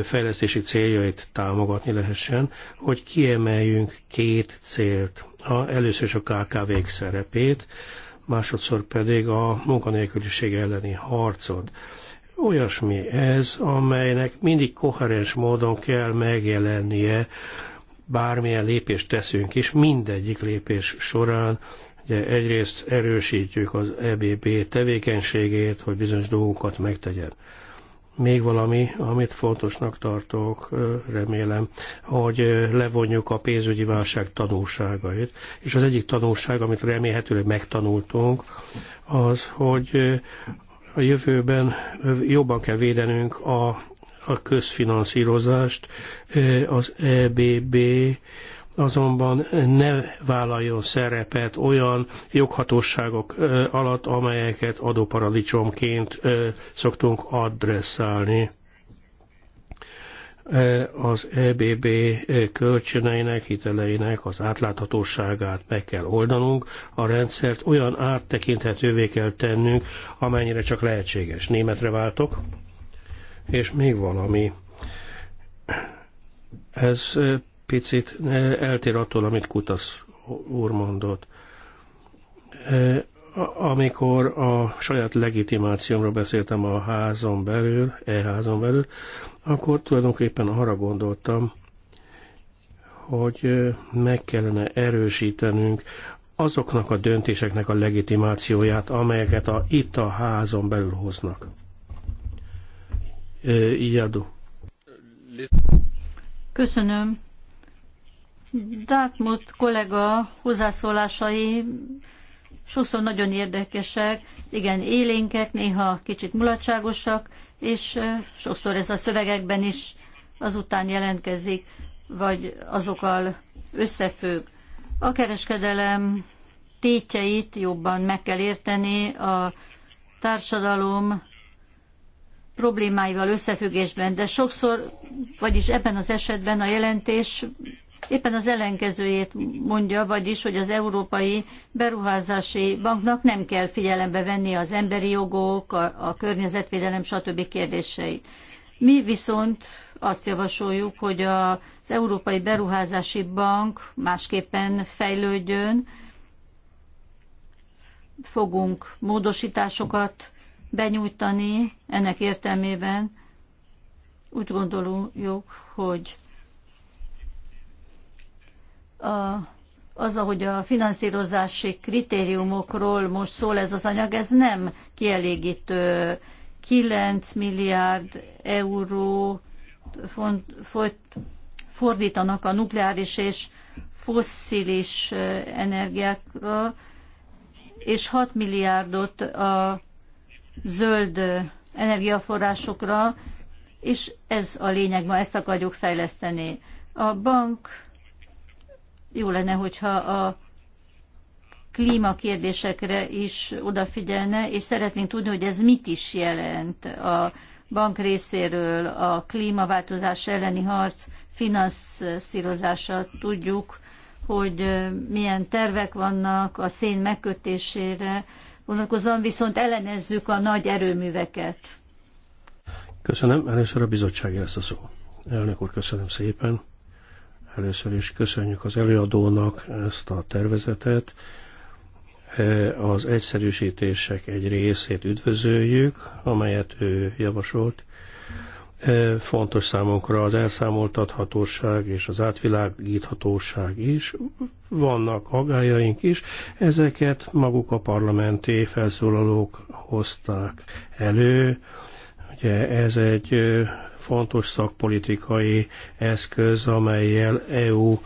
[SPEAKER 1] fejlesztési céljait támogatni lehessen, hogy kiemeljünk két célt. A, először is a KKV-k szerepét, másodszor pedig a munkanélküliség elleni harcot. Olyasmi ez, amelynek mindig koherens módon kell megjelennie, bármilyen lépést teszünk is, mindegyik lépés során Ugye egyrészt erősítjük az EBB tevékenységét, hogy bizonyos dolgokat megtegyen. Még valami, amit fontosnak tartok, remélem, hogy levonjuk a pénzügyi válság tanulságait. És az egyik tanulság, amit remélhetőleg megtanultunk, az, hogy a jövőben jobban kell védenünk a, a közfinanszírozást, az EBB azonban ne vállaljon szerepet olyan joghatóságok alatt, amelyeket adóparadicsomként szoktunk adresszálni. Az EBB kölcsöneinek, hiteleinek az átláthatóságát meg kell oldanunk, a rendszert olyan áttekinthetővé kell tennünk, amennyire csak lehetséges. Németre váltok, és még valami. Ez picit eltér attól, amit Kutasz úr mondott. E, amikor a saját legitimációmra beszéltem a házon belül, e-házon belül, akkor tulajdonképpen arra gondoltam, hogy e, meg kellene erősítenünk azoknak a döntéseknek a legitimációját, amelyeket a, itt a házon belül hoznak. Jadu. E,
[SPEAKER 4] Köszönöm. Dartmouth kollega hozzászólásai sokszor nagyon érdekesek, igen, élénkek, néha kicsit mulatságosak, és sokszor ez a szövegekben is azután jelentkezik, vagy azokkal összefügg. A kereskedelem tétjeit jobban meg kell érteni, a társadalom problémáival összefüggésben, de sokszor, vagyis ebben az esetben a jelentés éppen az ellenkezőjét mondja, vagyis, hogy az Európai Beruházási Banknak nem kell figyelembe venni az emberi jogok, a, a környezetvédelem, stb. kérdéseit. Mi viszont azt javasoljuk, hogy az Európai Beruházási Bank másképpen fejlődjön, fogunk módosításokat benyújtani ennek értelmében. Úgy gondoljuk, hogy a, az, ahogy a finanszírozási kritériumokról most szól ez az anyag, ez nem kielégítő. 9 milliárd euró font, font, fordítanak a nukleáris és fosszilis energiákra, és 6 milliárdot a zöld energiaforrásokra, és ez a lényeg ma, ezt akarjuk fejleszteni. A bank jó lenne, hogyha a klímakérdésekre is odafigyelne, és szeretnénk tudni, hogy ez mit is jelent a bank részéről a klímaváltozás elleni harc finanszírozása. Tudjuk, hogy milyen tervek vannak a szén megkötésére, vonatkozóan viszont ellenezzük a nagy erőműveket.
[SPEAKER 1] Köszönöm. Először a bizottság lesz a szó. Elnök úr, köszönöm szépen. Először is köszönjük az előadónak ezt a tervezetet. E, az egyszerűsítések egy részét üdvözöljük, amelyet ő javasolt. E, fontos számunkra az elszámoltathatóság és az átvilágíthatóság is. Vannak agályaink is, ezeket maguk a parlamenti felszólalók hozták elő Ugye ez egy fontos szakpolitikai eszköz, amelyel EU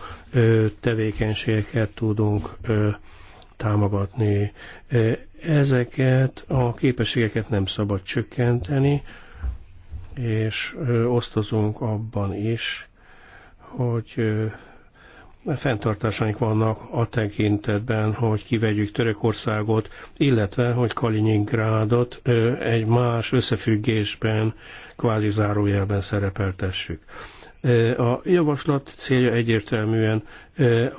[SPEAKER 1] tevékenységeket tudunk támogatni. Ezeket a képességeket nem szabad csökkenteni, és osztozunk abban is, hogy fenntartásaink vannak a tekintetben, hogy kivegyük Törökországot, illetve hogy Kaliningrádot egy más összefüggésben, kvázi zárójelben szerepeltessük. A javaslat célja egyértelműen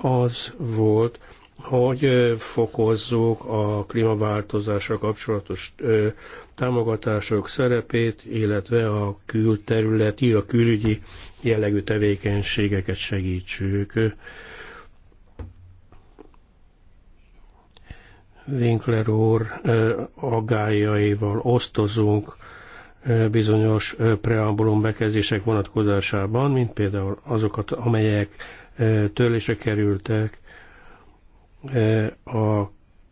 [SPEAKER 1] az volt, hogy fokozzuk a klímaváltozásra kapcsolatos támogatások szerepét, illetve a külterületi, a külügyi jellegű tevékenységeket segítsük. Winkler úr aggájaival osztozunk bizonyos preambulum bekezdések vonatkozásában, mint például azokat, amelyek törlésre kerültek a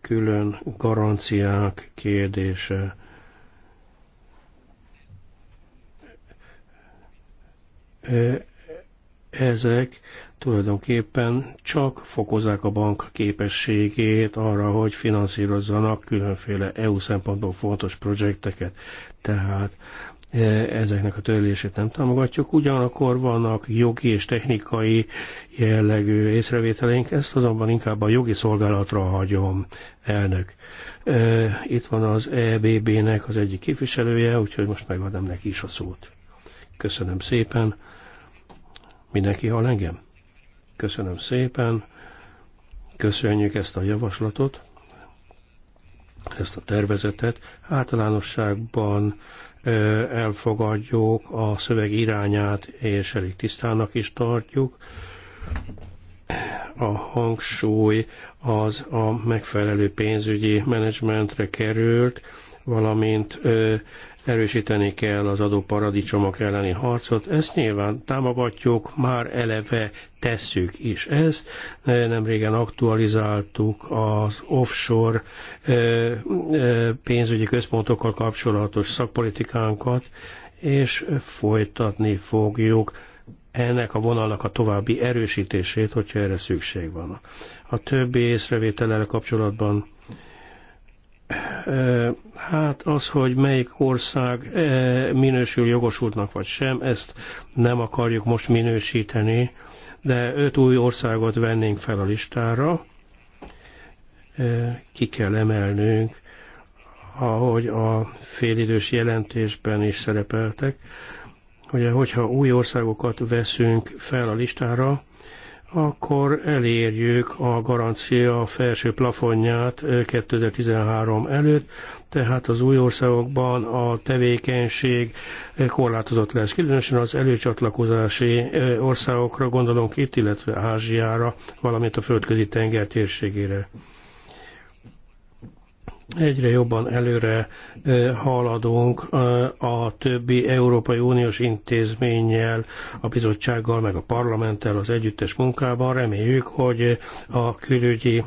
[SPEAKER 1] külön garanciák kérdése. ezek tulajdonképpen csak fokozzák a bank képességét arra, hogy finanszírozzanak különféle EU szempontból fontos projekteket. Tehát ezeknek a törlését nem támogatjuk. Ugyanakkor vannak jogi és technikai jellegű észrevételeink, ezt azonban inkább a jogi szolgálatra hagyom, elnök. Itt van az EBB-nek az egyik képviselője, úgyhogy most megadom neki is a szót. Köszönöm szépen. Mindenki hall engem? Köszönöm szépen. Köszönjük ezt a javaslatot, ezt a tervezetet. Általánosságban elfogadjuk a szöveg irányát, és elég tisztának is tartjuk. A hangsúly az a megfelelő pénzügyi menedzsmentre került, valamint erősíteni kell az adóparadicsomok elleni harcot. Ezt nyilván támogatjuk, már eleve tesszük is ezt. Nem régen aktualizáltuk az offshore pénzügyi központokkal kapcsolatos szakpolitikánkat, és folytatni fogjuk ennek a vonalnak a további erősítését, hogyha erre szükség van. A többi észrevételel kapcsolatban Hát az, hogy melyik ország minősül jogosultnak vagy sem, ezt nem akarjuk most minősíteni, de öt új országot vennénk fel a listára. Ki kell emelnünk, ahogy a félidős jelentésben is szerepeltek, hogy hogyha új országokat veszünk fel a listára, akkor elérjük a garancia felső plafonját 2013 eh, előtt, tehát az új országokban a tevékenység eh, korlátozott lesz. Különösen az előcsatlakozási eh, országokra gondolunk itt, illetve Ázsiára, valamint a földközi tenger térségére egyre jobban előre haladunk a többi Európai Uniós intézménnyel, a bizottsággal, meg a parlamenttel az együttes munkában. Reméljük, hogy a külügyi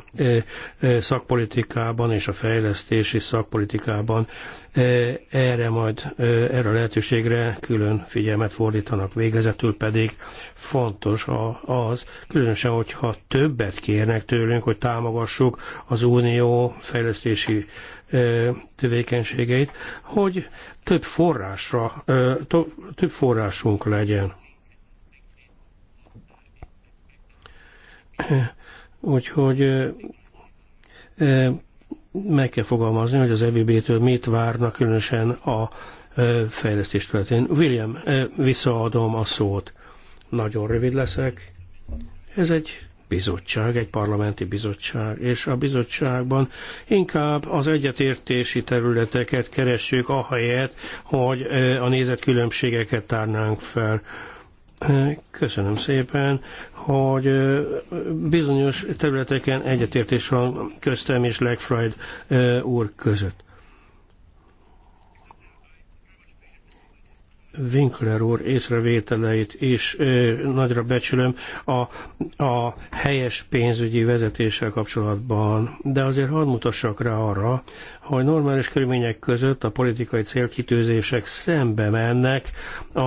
[SPEAKER 1] szakpolitikában és a fejlesztési szakpolitikában E, erre majd, e, erre a lehetőségre külön figyelmet fordítanak. Végezetül pedig fontos az, különösen, hogyha többet kérnek tőlünk, hogy támogassuk az unió fejlesztési e, tevékenységeit, hogy több forrásra, több forrásunk legyen. Úgyhogy meg kell fogalmazni, hogy az EBB-től mit várnak különösen a fejlesztés területén. William, visszaadom a szót. Nagyon rövid leszek. Ez egy bizottság, egy parlamenti bizottság, és a bizottságban inkább az egyetértési területeket keressük, ahelyett, hogy a nézetkülönbségeket tárnánk fel. Köszönöm szépen, hogy bizonyos területeken egyetértés van köztem és Legfried úr között. Winkler úr észrevételeit is ö, nagyra becsülöm a, a helyes pénzügyi vezetéssel kapcsolatban, de azért hadd mutassak rá arra, hogy normális körülmények között a politikai célkitűzések szembe mennek a,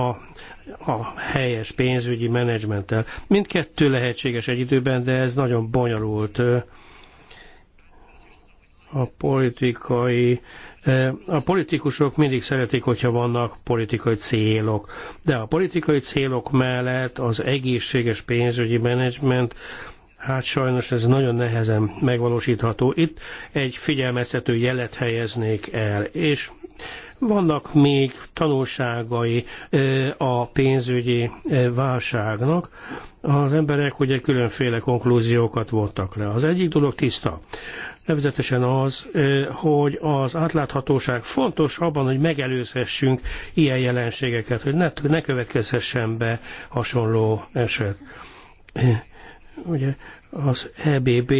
[SPEAKER 1] a helyes pénzügyi menedzsmenttel. Mindkettő lehetséges egy időben, de ez nagyon bonyolult. a politikai a politikusok mindig szeretik, hogyha vannak politikai célok, de a politikai célok mellett az egészséges pénzügyi menedzsment hát sajnos ez nagyon nehezen megvalósítható. Itt egy figyelmeztető jelet helyeznék el, és vannak még tanulságai a pénzügyi válságnak. Az emberek ugye különféle konklúziókat voltak le. Az egyik dolog tiszta nevezetesen az, hogy az átláthatóság fontos abban, hogy megelőzhessünk ilyen jelenségeket, hogy ne, ne következhessen be hasonló eset. Ugye az EBB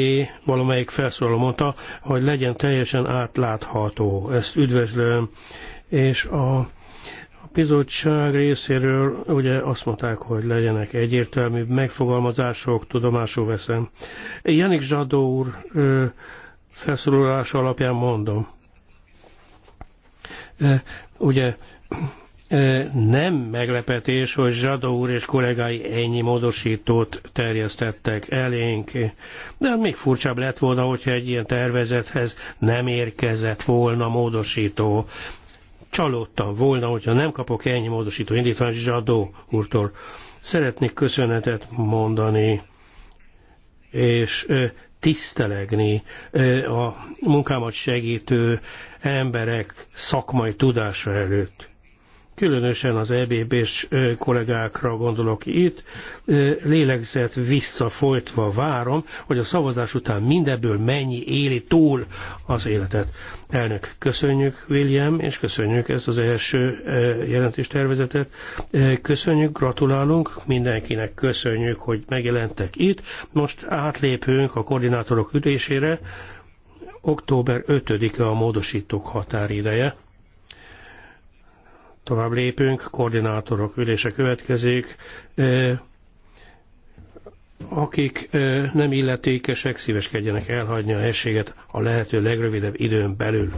[SPEAKER 1] valamelyik felszólaló mondta, hogy legyen teljesen átlátható. Ezt üdvözlöm. És a bizottság részéről ugye azt mondták, hogy legyenek egyértelmű megfogalmazások, tudomásul veszem. Janik Zsadó úr felszólalás alapján mondom. E, ugye e, nem meglepetés, hogy Zsadó úr és kollégái ennyi módosítót terjesztettek elénk, de még furcsább lett volna, hogyha egy ilyen tervezethez nem érkezett volna módosító. Csalódtam volna, hogyha nem kapok ennyi módosító indítvány Zsadó úrtól. Szeretnék köszönetet mondani, és e, tisztelegni a munkámat segítő emberek szakmai tudása előtt. Különösen az EBB-s kollégákra gondolok itt. Lélegzett visszafolytva várom, hogy a szavazás után mindebből mennyi éli túl az életet. Elnök, köszönjük William, és köszönjük ezt az első jelentéstervezetet. Köszönjük, gratulálunk mindenkinek, köszönjük, hogy megjelentek itt. Most átlépünk a koordinátorok ülésére. Október 5-e a módosítók határideje. Tovább lépünk, koordinátorok ülése következik. Akik nem illetékesek, szíveskedjenek elhagyni a helységet a lehető legrövidebb időn belül.